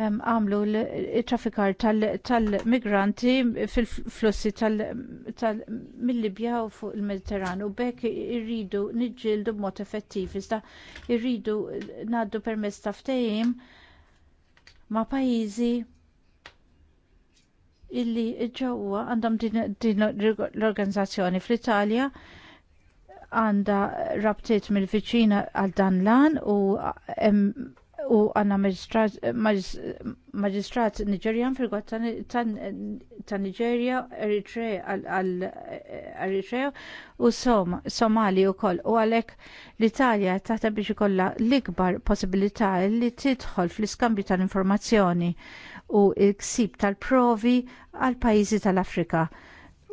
għamlu l-traffikar tal-migranti fil-flussi mill-Libja u fuq il-Mediterran u bekk irridu niġġieldu b'mod effettiv iżda irridu ngħaddu permess ta' ftehim ma' pajjiżi illi ġewwa għandhom din l-organizzazzjoni fl-Italja għanda rabtiet mill-viċina għal dan lan u u għanna maġistrat Nigerjan fil ta' Nigeria, Eritrea u Somali u koll. U għalek l-Italja taħta biex ikolla l-ikbar possibilità li tidħol fl-iskambju tal-informazzjoni u l-ksib tal-provi għal pajizi tal-Afrika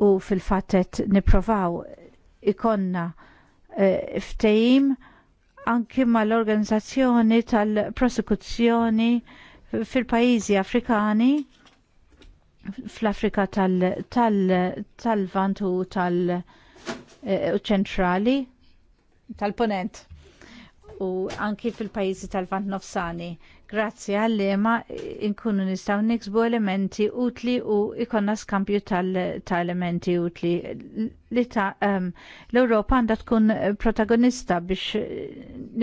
u fil-fattet niprovaw ikonna e, ftehim anki mal-organizzazzjoni tal-prosekuzzjoni fil-pajjiżi Afrikani fl-Afrika tal vantu tal, tal eh, u tal-ċentrali tal-Ponent u anki fil-pajjiżi tal-Vant Nofsani Grazzi għall għallima inkunu nistaw niksbu elementi utli u ikonna skampju ta' elementi utli. um, l-Europa għandha tkun protagonista biex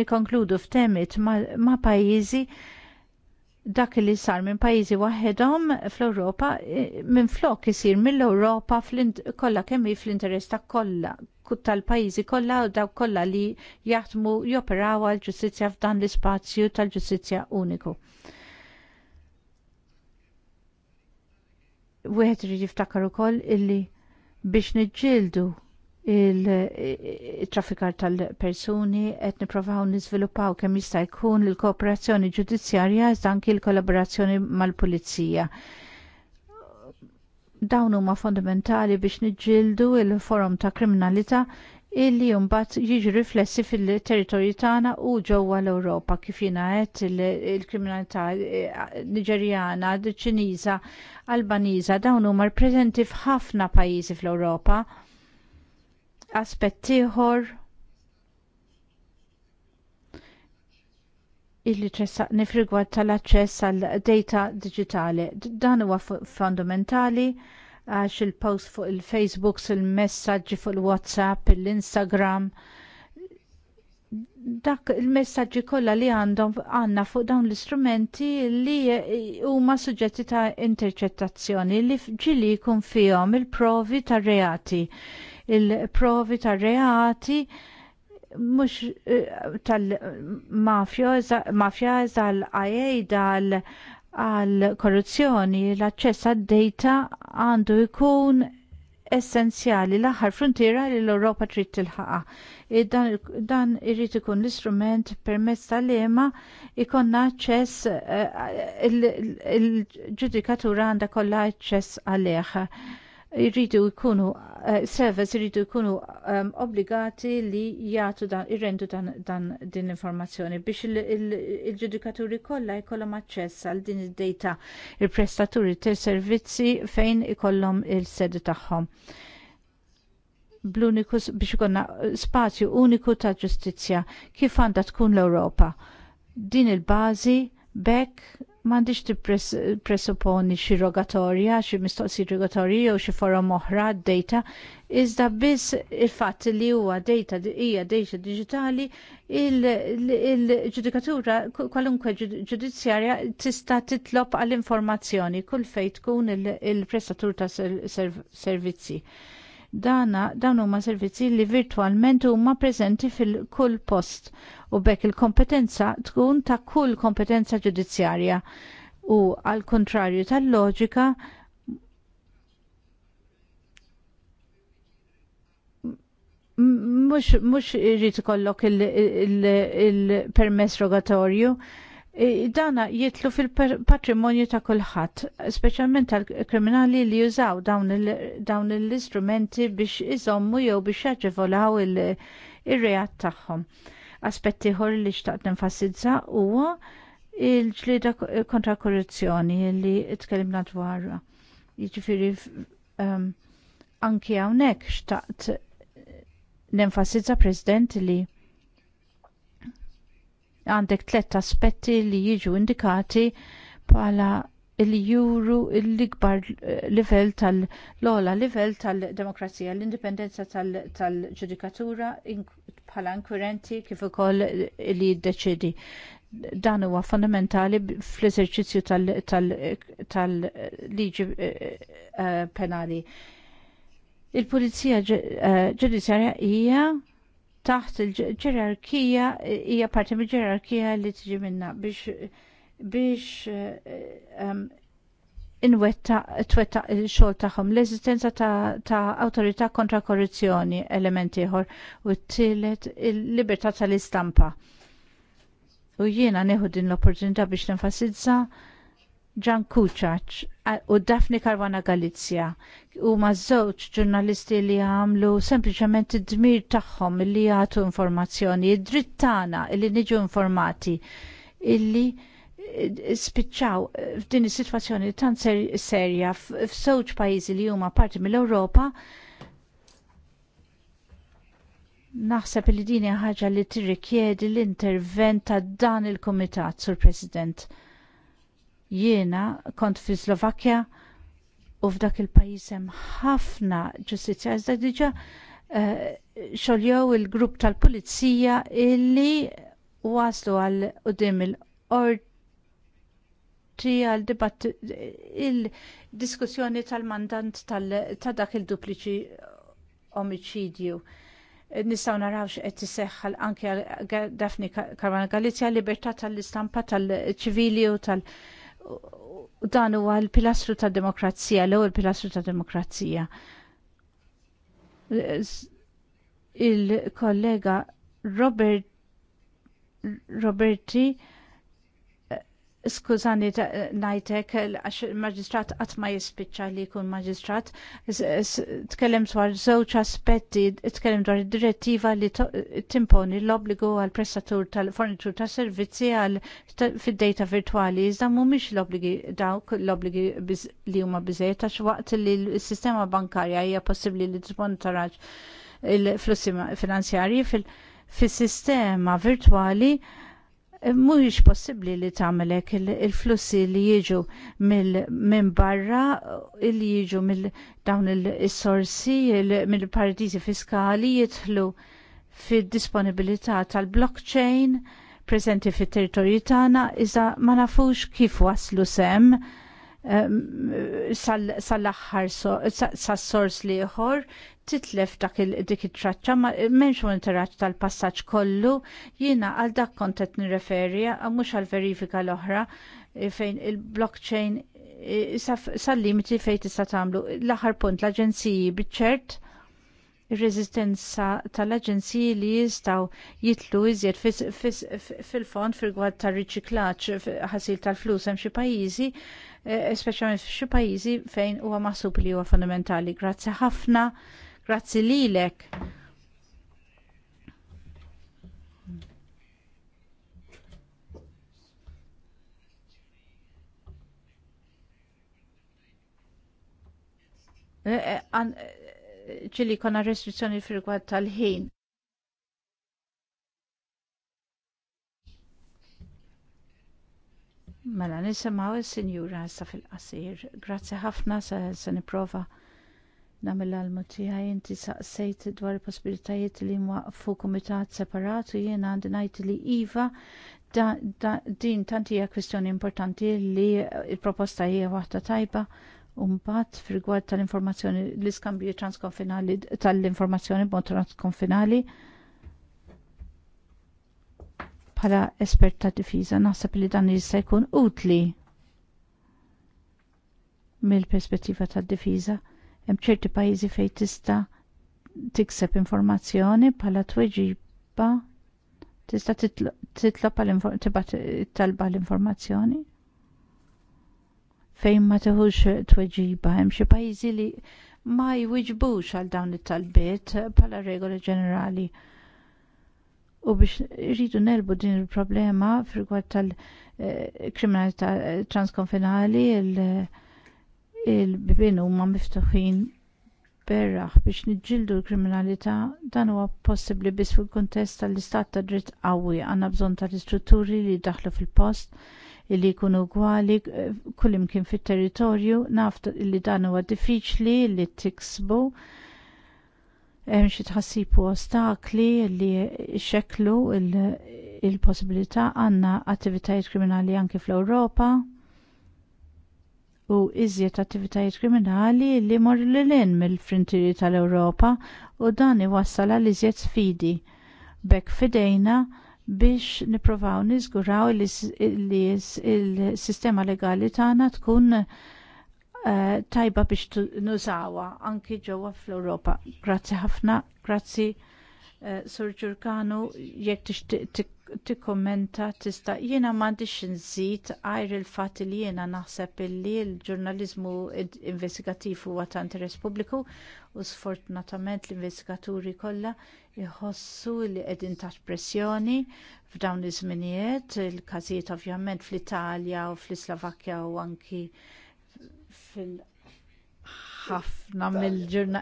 nikonkludu f'temit ma', ma pajizi dak li sar minn pajjiżi waħedhom fl-Ewropa e, minn flok isir mill-Ewropa kollha kemm hi fl-interess ta' kollha tal-pajjiżi kollha u dawk kollha li jaħdmu joperaw għal ġustizzja f'dan l-ispazju tal-ġustizzja uniku. Wieħed irid jiftakar ukoll illi biex niġġieldu il-traffikar tal-persuni qed nippruvaw niżviluppaw kemm jista' jkun il-kooperazzjoni ġudizzjarja iżda anki l-kollaborazzjoni mal-pulizija dawn huma fondamentali biex niġġieldu il-forum ta' kriminalità illi jumbat jiġi riflessi fil-territorju tagħna u ġewwa l-Ewropa kif jiena qed il-kriminalità eh, Niġerjana, Ċiniża, Albaniża dawn huma rappreżenti f'ħafna pajjiżi fl-Ewropa. Aspett ieħor illi tressaqni frigwad tal-aċċess għal data digitali. Dan huwa fondamentali għax il-post fuq il-Facebook, il-messagġi fuq il-WhatsApp, l-Instagram. Dak il-messagġi kollha li għandhom għandna fuq dawn l-istrumenti li huma suġġetti ta' interċettazzjoni li ġili jkun fihom il-provi tar-reati. Il-provi tar-reati il provi ta' reati mux tal-mafja, eh, mafja tal tal dal għal korruzzjoni, l-aċċess għad-data għandu jkun essenzjali l-aħħar frontiera li l-Ewropa trid tilħaqa. Dan irrid ikun l-istrument permezz tal-ema ikonna aċċess eh, il-ġudikatura għandha kollha aċċess għalih irridu jkunu eh, servers service irridu jkunu um, obbligati li jagħtu dan irrendu dan, dan din l-informazzjoni biex il-ġudikaturi kollha jkollhom aċċess għal din id-data il-prestaturi tal servizzi fejn ikollhom il-sedi tagħhom. Bluniku biex ikonna spazju uniku ta' ġustizzja kif għandha tkun l-Ewropa. Din il-bażi bekk M'għandix tippresupponi xi rogatorja, xi mistoqsijiet rogatorji jew xi forom oħra d-data, iżda biss il-fatt li huwa data hija data diġitali il-ġudikatura kwalunkwe ġudizzjarja tista' titlob għall-informazzjoni kull fejn tkun il-prestatur ta' servizzi. Dana dawn huma servizzi li virtwalment huma preżenti fil-kull post u bekk il-kompetenza tkun ta' kull kompetenza ġudizzjarja u għal kontrarju tal-loġika mux irrit ikollok il-permess rogatorju dana jitlu fil-patrimonju ta' kulħadd, speċjalment tal-kriminali li jużaw dawn l-istrumenti biex iżommu jew biex jaġevolaw il-reat tagħhom. Aspetti ħor li xtaqt nenfasizza huwa il-ġlida kontra korruzzjoni li tkellimna dwarra. Jiġifieri um, anki hawnhekk xtaqt nenfasizza President li għandek tlet aspetti li jiġu indikati bħala li juru l-ikbar livell tal-lola livell tal-demokrazija, l-indipendenza tal-ġudikatura bħala inkurenti kif ukoll li jiddeċidi. Dan huwa fondamentali fl-eżerċizzju tal-liġi eh, penali. Il-Pulizija eh, Ġudizzjarja hija taħt il-ġerarkija hija parti mill-ġerarkija li tiġi minna biex biex eh, inwetta twetta il-xogħol tagħhom l-eżistenza ta' awtorità kontra korruzzjoni element ieħor u t-tielet il-libertà tal-istampa. U jiena neħu din l-opportunità biex nenfasizza Ġan Kuċaċ u Dafni Karwana Galizja u mażewġ ġurnalisti li għamlu sempliciment id-dmir tagħhom li jagħtu informazzjoni, id-dritt tagħna li niġu informati illi eh, spiċċaw eh, f'din is-sitwazzjoni tant serja f'żewġ pajjiżi li huma parti mill-Ewropa Naħseb li din hija ħaġa li tirrikjedi l-intervent ta' dan il-Kumitat, Sur President. Jiena kont fi Slovakkja u f'dak il pajis hemm ħafna ġustizzja iżda diġà uh, il-grupp tal-pulizija illi waslu għal qudiem il-qorti għal dibatt il-diskussjoni tal-mandant ta' dak il-dupliċi omicidju nistaw naraw x'qed isseħħal anke Dafni Karwana Galizja libertà tal-istampa tal-ċivili u tal-, -ċivili, tal u dan huwa l-pilastru tad demokrazija, l-ewwel pilastru tad demokrazija. Il-kollega Robert Roberti Skużani najtek, għax il-maġistrat qatt ma jispiċċa li jkun maġistrat, tkellem dwar żewġ aspetti, tkellem dwar id direttiva li timponi l obbligu għall prestatur tal-fornitur ta' servizzi għal fid-data virtuali, iżda mhumiex l obbligi dawk l obbligi li huma biżejjed għax waqt li l-sistema bankarja hija possibbli li tmonitoraġ il-flussi finanzjarji fil-sistema virtuali mhuwiex possibbli li tagħmelek il-flussi li jiġu minn barra li jiġu mill dawn is-sorsi mill-paradisi fiskali jidħlu fid-disponibilità tal-blockchain preżenti fit-territorju tagħna iżda ma nafux kif waslu sem sal aħħar sas-sors ieħor titlef dak dik it-traċċa ma menx monitoraġġ tal-passaġġ kollu jiena għal dak kont qed nirreferi mhux għal verifika l-oħra eh, fejn il-blockchain eh, sal-limiti fejn tista' tagħmlu. L-aħħar punt l-aġenziji biċ-ċert ir-reżistenza tal-aġenziji li jistgħu jitlu iżjed fil-fond fil-gwad tar-riċiklaġġ ħasil tal-flus hemm xi pajjiżi eh, speċjalment f'xi pajjiżi fejn huwa maħsub li huwa fondamentali. Grazzi ħafna Grazzi lilek. Eh, eh, eh, ċili konna restrizzjoni fil-gwad tal-ħin. Mela, nisimaw il-Sinjura sa fil-qasir. Grazie ħafna se niprofa nagħmel l-almu tiegħi inti saqsejt dwar il-possibilitajiet li mwaqfu komitat separat u jien għandi ngħid li iva da, da, din tant hija kwistjoni importanti li l proposta hija waħda tajba u mbagħad fil-gwad tal-informazzjoni l-iskambju transkonfinali tal-informazzjoni b'mod transkonfinali bħala espert ta' difiża naħseb li dan jista' jkun utli mill-perspettiva tad-difiża Hemm ċerti pajjiżi fejn tista' tikseb informazzjoni bħala tweġiba tista' titlob tibgħat talba l-informazzjoni fejn ma teħux tweġiba hemm xi pajjiżi li ma jwiġbux għal dawn it-talbiet bħala regola ġenerali. U biex rridu nelbu din il-problema fil tal-kriminalità eh, transkonfinali, il- il-bibien huma miftuħin berraħ biex niġġieldu l-kriminalità dan huwa possibbli biss fil-kuntest tal-istat ta' dritt qawwi għandna bżonn tal-istrutturi li jdaħħlu fil-post li jkunu kull eh, kullimkien fit-territorju naf li dan huwa diffiċli li tiksbu hemm xi tħassib u ostakli li xeklu l possibilità għandna attivitajiet kriminali anke fl-Ewropa u iżjed attivitajiet kriminali li morru lil hinn mill-frontieri tal-Ewropa u dan iwassal għal iżjed sfidi. B'hekk fidejna biex nippruvaw niżguraw li s-sistema legali tagħna tkun eh, tajba biex nużawha anki ġewwa fl-Ewropa. Grazzi ħafna, grazzi eh, Sur Ġurkanu, tikkommenta tista' jiena m'għandix inżid għajr il-fatt li jiena naħseb illi l-ġurnaliżmu investigattiv huwa ta' interess pubbliku u sfortunatament l-investigaturi kollha iħossu li qegħdin taħt pressjoni f'dawn iż-żminijiet, il-każijiet ovvjament fl-Italja u fl-Slovakkja u anki fil ħafna mill-ġurna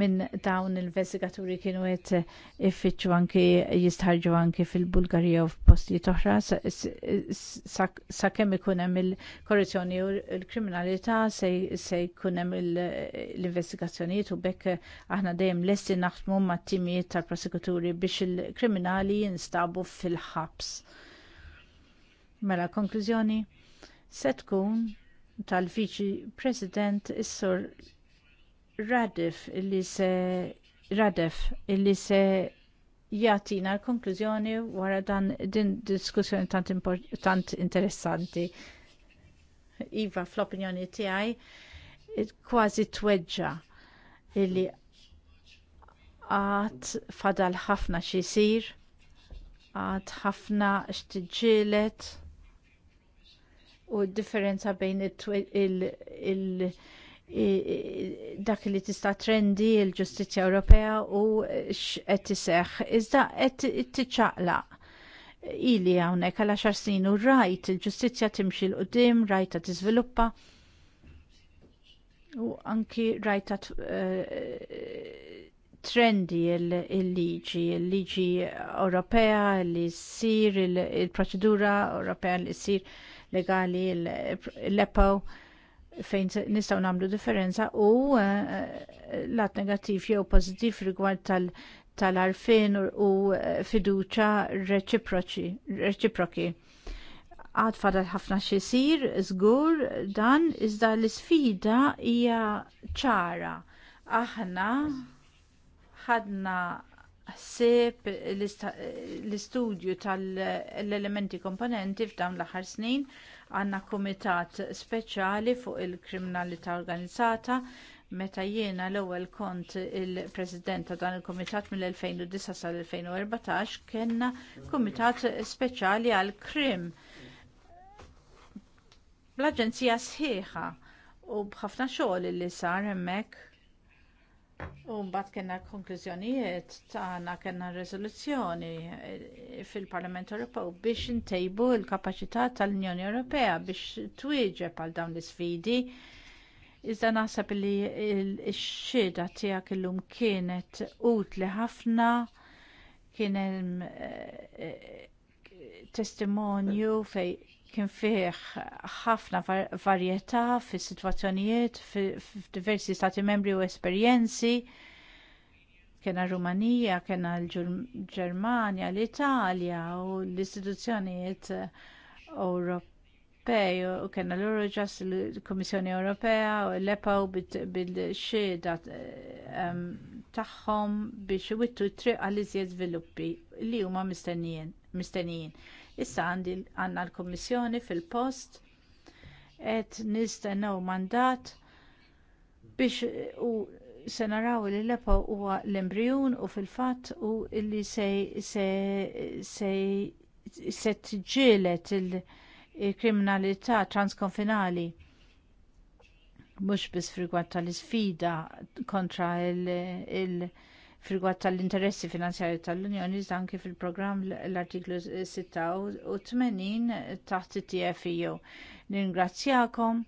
minn dawn il-investigaturi kienu qed iffiċu anki jistħarġu anki fil-Bulgarija u f'postijiet oħra sa' ikun hemm il-korruzzjoni u l-kriminalità se jkun hemm l-investigazzjonijiet u bekk aħna dejjem lesti naħdmu mat-timijiet tal-prosekuturi biex il-kriminali jinstabu fil-ħabs. Mela konklużjoni se tkun tal-Viċi President is-Sur radif illi se radef illi se jatina l-konklużjoni wara dan din diskussjoni tant, tant interessanti. Iva, fl-opinjoni tiegħi kważi tweġġa illi għat fadal ħafna xisir, għat ħafna xtiġilet u d differenza bejn il-, il, il dak li tista' trendi l-ġustizzja Ewropea u x'qed iseħħ. Iżda qed tiċċaqlaq ili hawnhekk għal għaxar snin u rajt il-ġustizzja timxi l qudiem ta' tiżviluppa. U anki rajta eh, trendi il-liġi, il-liġi Ewropea li ssir, il-proċedura Ewropea li ssir legali l-EPO fejn nistaw namlu differenza u eh, eh, lat negattiv jew pozittiv rigward tal tal-arfin u eh, fiduċa reċiproki. Għad fadal ħafna xisir, zgur, dan iżda l-sfida hija ċara. Aħna ħadna ħsieb l-istudju tal-elementi komponenti f'dawn l-aħħar snin għandna kumitat speċjali fuq il-kriminalità organizzata meta jiena l-ewwel kont il-President ta' dan il-Kumitat mill-2009 sal-2014 kellna Kumitat Speċjali għall krim l-Aġenzija sħiħa u b'ħafna xogħol li sar hemmhekk U mbagħad kellna konklużjonijiet tagħna kellna riżoluzzjoni eh, fil-Parlament Ewropew biex intejbu l-kapaċità tal-Unjoni Ewropea biex twieġeb għal dawn l-isfidi. Iżda naħseb li x-xhieda tiegħek illum kienet utli ħafna kien hemm eh, eh, testimonju fej kien fih ħafna varjetà fis sitwazzjonijiet f'diversi stati membri u esperjenzi. Kena Rumanija, kena l-Ġermanja, l-Italja u l-istituzzjonijiet Ewropej u kena l-Eurojust, l kummissjoni Ewropea u l-EPA u bil-xieda ehm, tagħhom biex iwittu t triq għal iżjed żviluppi li huma mistennijin Issa għandi għandna l-Kummissjoni fil-post qed nistennew mandat biex u se naraw li l-epa huwa l embrijun u fil-fatt u li se se se se tġielet il-kriminalità transkonfinali mhux biss frigwatta tal-isfida kontra il-, il fil-gwad tal-interessi finanzjari tal-Unjoni, anki fil-program l-artiklu 86 taħt TFU. E Ningrazzjakom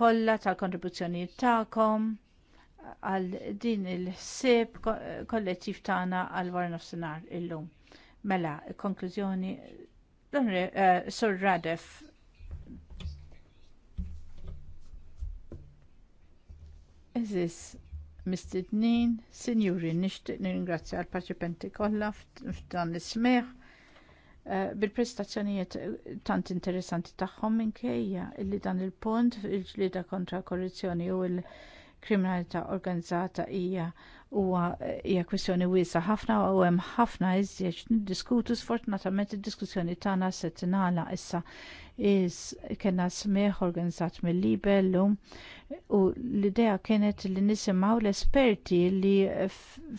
kollha tal-kontribuzzjoni tagħkom għal din il-sib kollettiv tagħna għal nofsenar il illum. Mela, konklużjoni uh, eh, Sur Radef this mistednin, sinjuri, nixtieq nirringrazzja l parċipenti kollha f'dan is-smieħ eh, bil-prestazzjonijiet tant interessanti tagħhom minkejja li dan il-punt il-ġlieda kontra korruzzjoni u l-kriminalità organizzata hija huwa eh, hija kwestjoni wiesa ħafna u hemm ħafna iżjed niddiskutu sfortunatament id-diskussjoni tagħna se tingħala issa is kena smieħ organizzat mill-libel u l-idea kienet li nisimgħu l-esperti li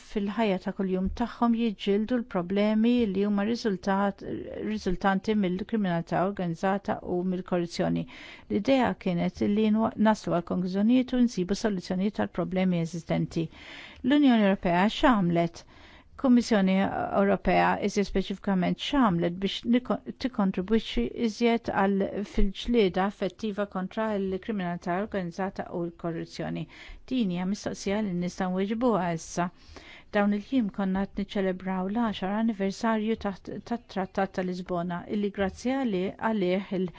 fil-ħajja ta' kuljum tagħhom jiġġieldu l-problemi li huma riżultanti mill-kriminalità organizzata u mill-korruzzjoni. L-idea kienet li naslu għal konklużjonijiet u nsibu soluzzjonijiet tal problemi eżistenti l-Unjoni Ewropea x'għamlet. Kommissjoni Ewropea iżjed speċifikament x'għamlet biex tikkontribwixxi iżjed għal fil-ġlieda effettiva kontra l-kriminalità organizzata u l-korruzzjoni. Din hija mistoqsija li nistgħu nweġbuha issa dawn il-ħim konna qed niċċelebraw l-10 anniversarju tat-Trattat ta' Lisbona illi grazzi għalih il-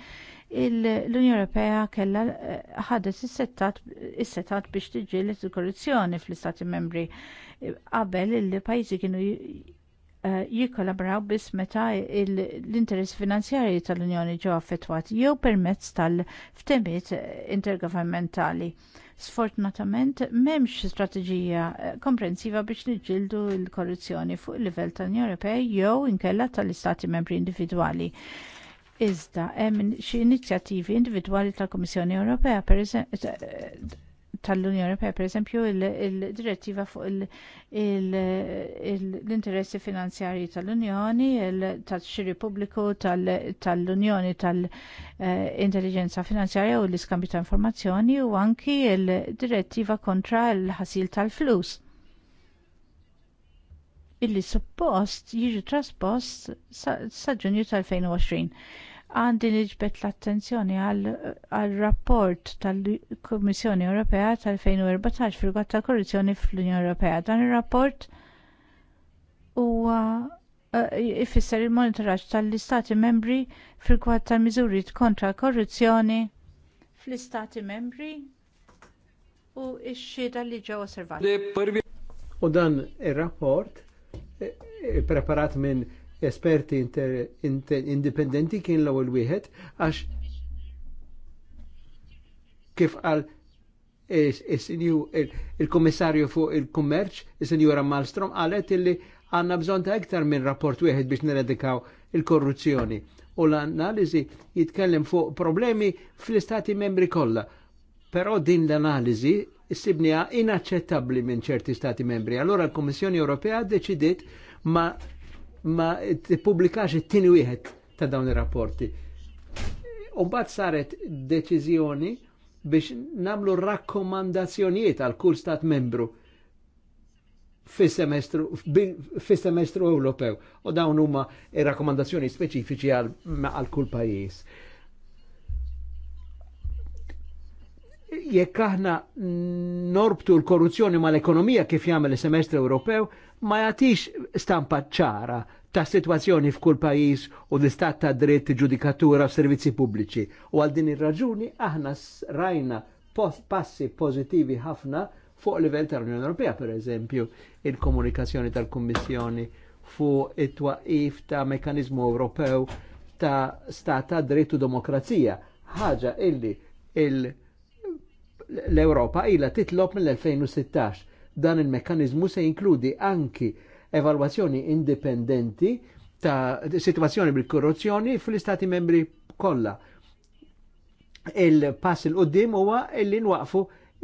l-Unjoni Ewropea kellha eh, ħadet is-setat biex tiġi il-korruzzjoni fl-Istati Membri qabel li pajjiżi kienu eh, jikkolabraw biss meta l-interess finanzjarji tal-Unjoni ġew affettwati jew permezz tal-ftemiet eh, intergovernmentali. Sfortunatament m'hemmx strateġija komprensiva biex niġġieldu l-korruzzjoni fuq il livell tal-Unjoni Ewropea jew inkella tal-Istati Membri individwali. Iżda hemm xi inizjattivi individwali tal-Kummissjoni Ewropea eh, tal-Unjoni Ewropea, pereżempju il-direttiva fuq l-interessi finanzjarji tal-Unjoni, tal-xiri pubbliku, tal-Unjoni tal-Intelligenza eh, Finanzjarja u l-iskambju ta' informazzjoni u anki il-direttiva kontra l-ħasil tal-flus. Illi suppost jiġi traspost sa' ġunju tal-2020 għandi niġbed l-attenzjoni għal rapport tal-Kummissjoni Ewropea tal-2014 fil tal korruzzjoni fl-Unjoni Ewropea. Dan ir-rapport huwa eh, ifisser il-monitoraġġ tal-Istati membri fil tal-miżuri kontra korruzzjoni fl-Istati membri u x-xhieda li ġew osservati. U dan ir-rapport eh, eh, preparat minn esperti indipendenti kien l-ewwel wieħed għax kif qal il-kommissarju fuq il-kummerċ, il-senjura Malmstrom, għalet illi għanna bżon ta' iktar minn rapport wieħed biex neredikaw il-korruzzjoni. U l-analizi jitkellem fuq problemi fl-istati membri kollha. Però din l-analizi sibnija inaċċettabbli minn ċerti stati membri. Allora l-Kommissjoni Ewropea deċidiet ma' ma t-publikax it tini wieħed ta' dawn ir-rapporti. Umbagħad saret deċiżjoni biex namlu rakkomandazzjonijiet għal kull stat membru fis-semestru fis-semestru Ewropew u dawn huma rakkomandazzjoni speċifiċi għal kull pajjiż. Jekk aħna norbtu l-korruzzjoni mal-ekonomija kif jagħmel is-semestru Ewropew, ma jagħtix stampa ċara ta' situazzjoni f'kull pajis u l-istat ta' dritt ġudikatura u servizzi pubbliċi. U għal din ir-raġuni aħna rajna passi pożittivi ħafna fuq livell tal-Unjoni Ewropea, per eżempju, il-komunikazzjoni tal-Kummissjoni fuq it-twaqif ta' mekanizmu Ewropew ta' stat ta' dritt u demokrazija. Ħaġa illi l-Ewropa ila titlob mill-2016 dan il-mekkanizmu se jinkludi anki evalwazzjoni indipendenti ta' situazzjoni bil-korruzzjoni fl-istati membri kollha. Il-pass il-qoddim huwa illi nwaqfu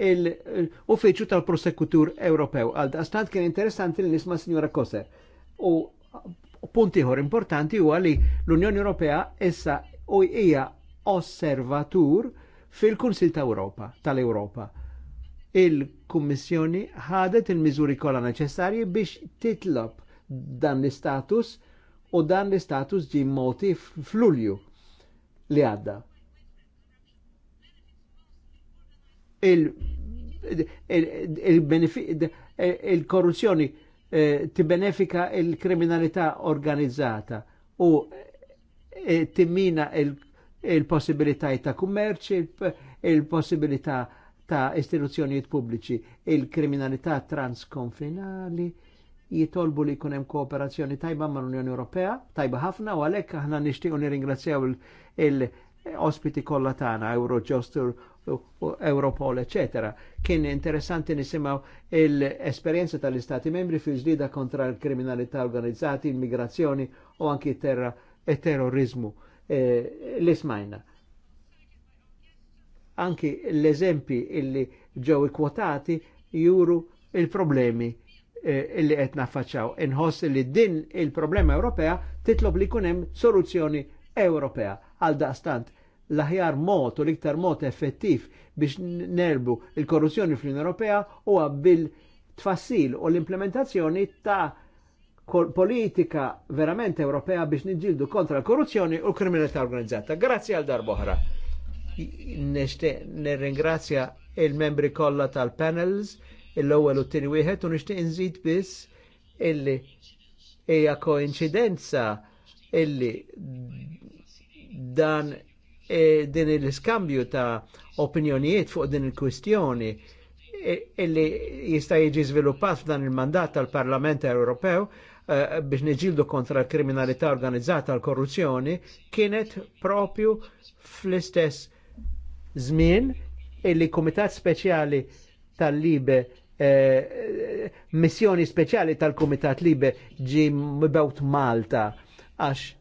l-uffiċċju tal-prosekutur Ewropew. Għal stant kien interessanti li nisma' Sinjora Koser. U punt ieħor importanti huwa li l-Unjoni Ewropea issa u hija osservatur fil-Kunsil ta' Europa, tal-Europa il-Kummissjoni ħadet il-miżuri kollha neċessarji biex titlob dan l-istatus u dan l-istatus ġi moti f'Lulju li għadda. Il-korruzzjoni eh, ti benefika il kriminalità organizzata u eh, timmina il-possibilitajiet ta' kummerċ, il-possibilità il ta' istituzzjonijiet pubbliċi il-kriminalità transkonfinali jitolbu li kunem kooperazzjoni tajba ma' l-Unjoni Ewropea, tajba ħafna, u għalek aħna nishtiqu nirringrazzjaw il-ospiti kollha tagħna, Eurojust, Europol, ecc. Kien interessanti nisimaw l-esperienza tal-Istati membri fil-ġdida kontra l-kriminalità organizzati, il-migrazzjoni u anki il terrorizmu. Eh, L-ismajna. Anki l-eżempi illi ġew ikkwotati juru il-problemi eh, illi qed naffaċċaw. Inħoss li din il-problema Ewropea titlob li jkun hemm soluzzjoni Ewropea għal daqstant l-aħjar mod u l-iktar mod effettiv biex nerbu il-korruzzjoni fl-Unjoni Ewropea huwa bil-tfassil u l-implementazzjoni ta' politika verament Ewropea biex niġġieldu kontra l-korruzzjoni u l-kriminalità organizzata. Grazzi għal darboħra nirringrazzja il-membri kollha tal-panels l-ewwel u t-tieni wieħed u nixtieq inżid biss illi hija koinċidenza illi dan e, din l-iskambju ta' opinjonijiet fuq din il-kwistjoni e, illi jista' jiġi żviluppat f'dan il-mandat tal-Parlament Ewropew e, biex niġildu kontra l-kriminalità organizzata l korruzzjoni kienet propju fl-istess żmien illi kumitat speċjali tal-libe eh, eh, missjoni speċjali tal-Kumitat Libe ġi mibewt Malta għax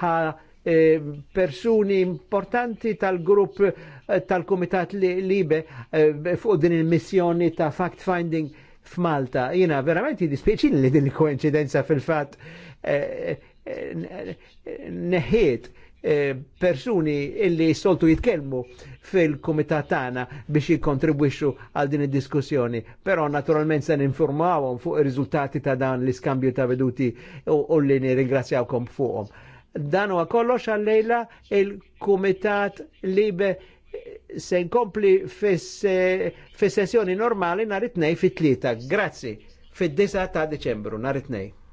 ħa eh, persuni importanti tal-grupp tal-Kumitat Libe fuq din il-missjoni ta' fact-finding f'Malta. Jina verament jidispieċin li din il-koincidenza fil-fat neħiet. Eh, Eh, persuni illi soltu jitkelmu fil-komitat tagħna biex jikontribwixxu għal din id-diskussjoni. Però naturalment se ninformawhom fuq ir-riżultati ta' dan l-iskambju ta' veduti u li nirringrazzjawkom fuqhom. Dan huwa kollox għallejla il-Kumitat Libe se nkompli fis-sessjoni normali nhar it-tnejn fit-tlieta. Grazzi. fid disa ta' Deċembru nhar it-tnejn.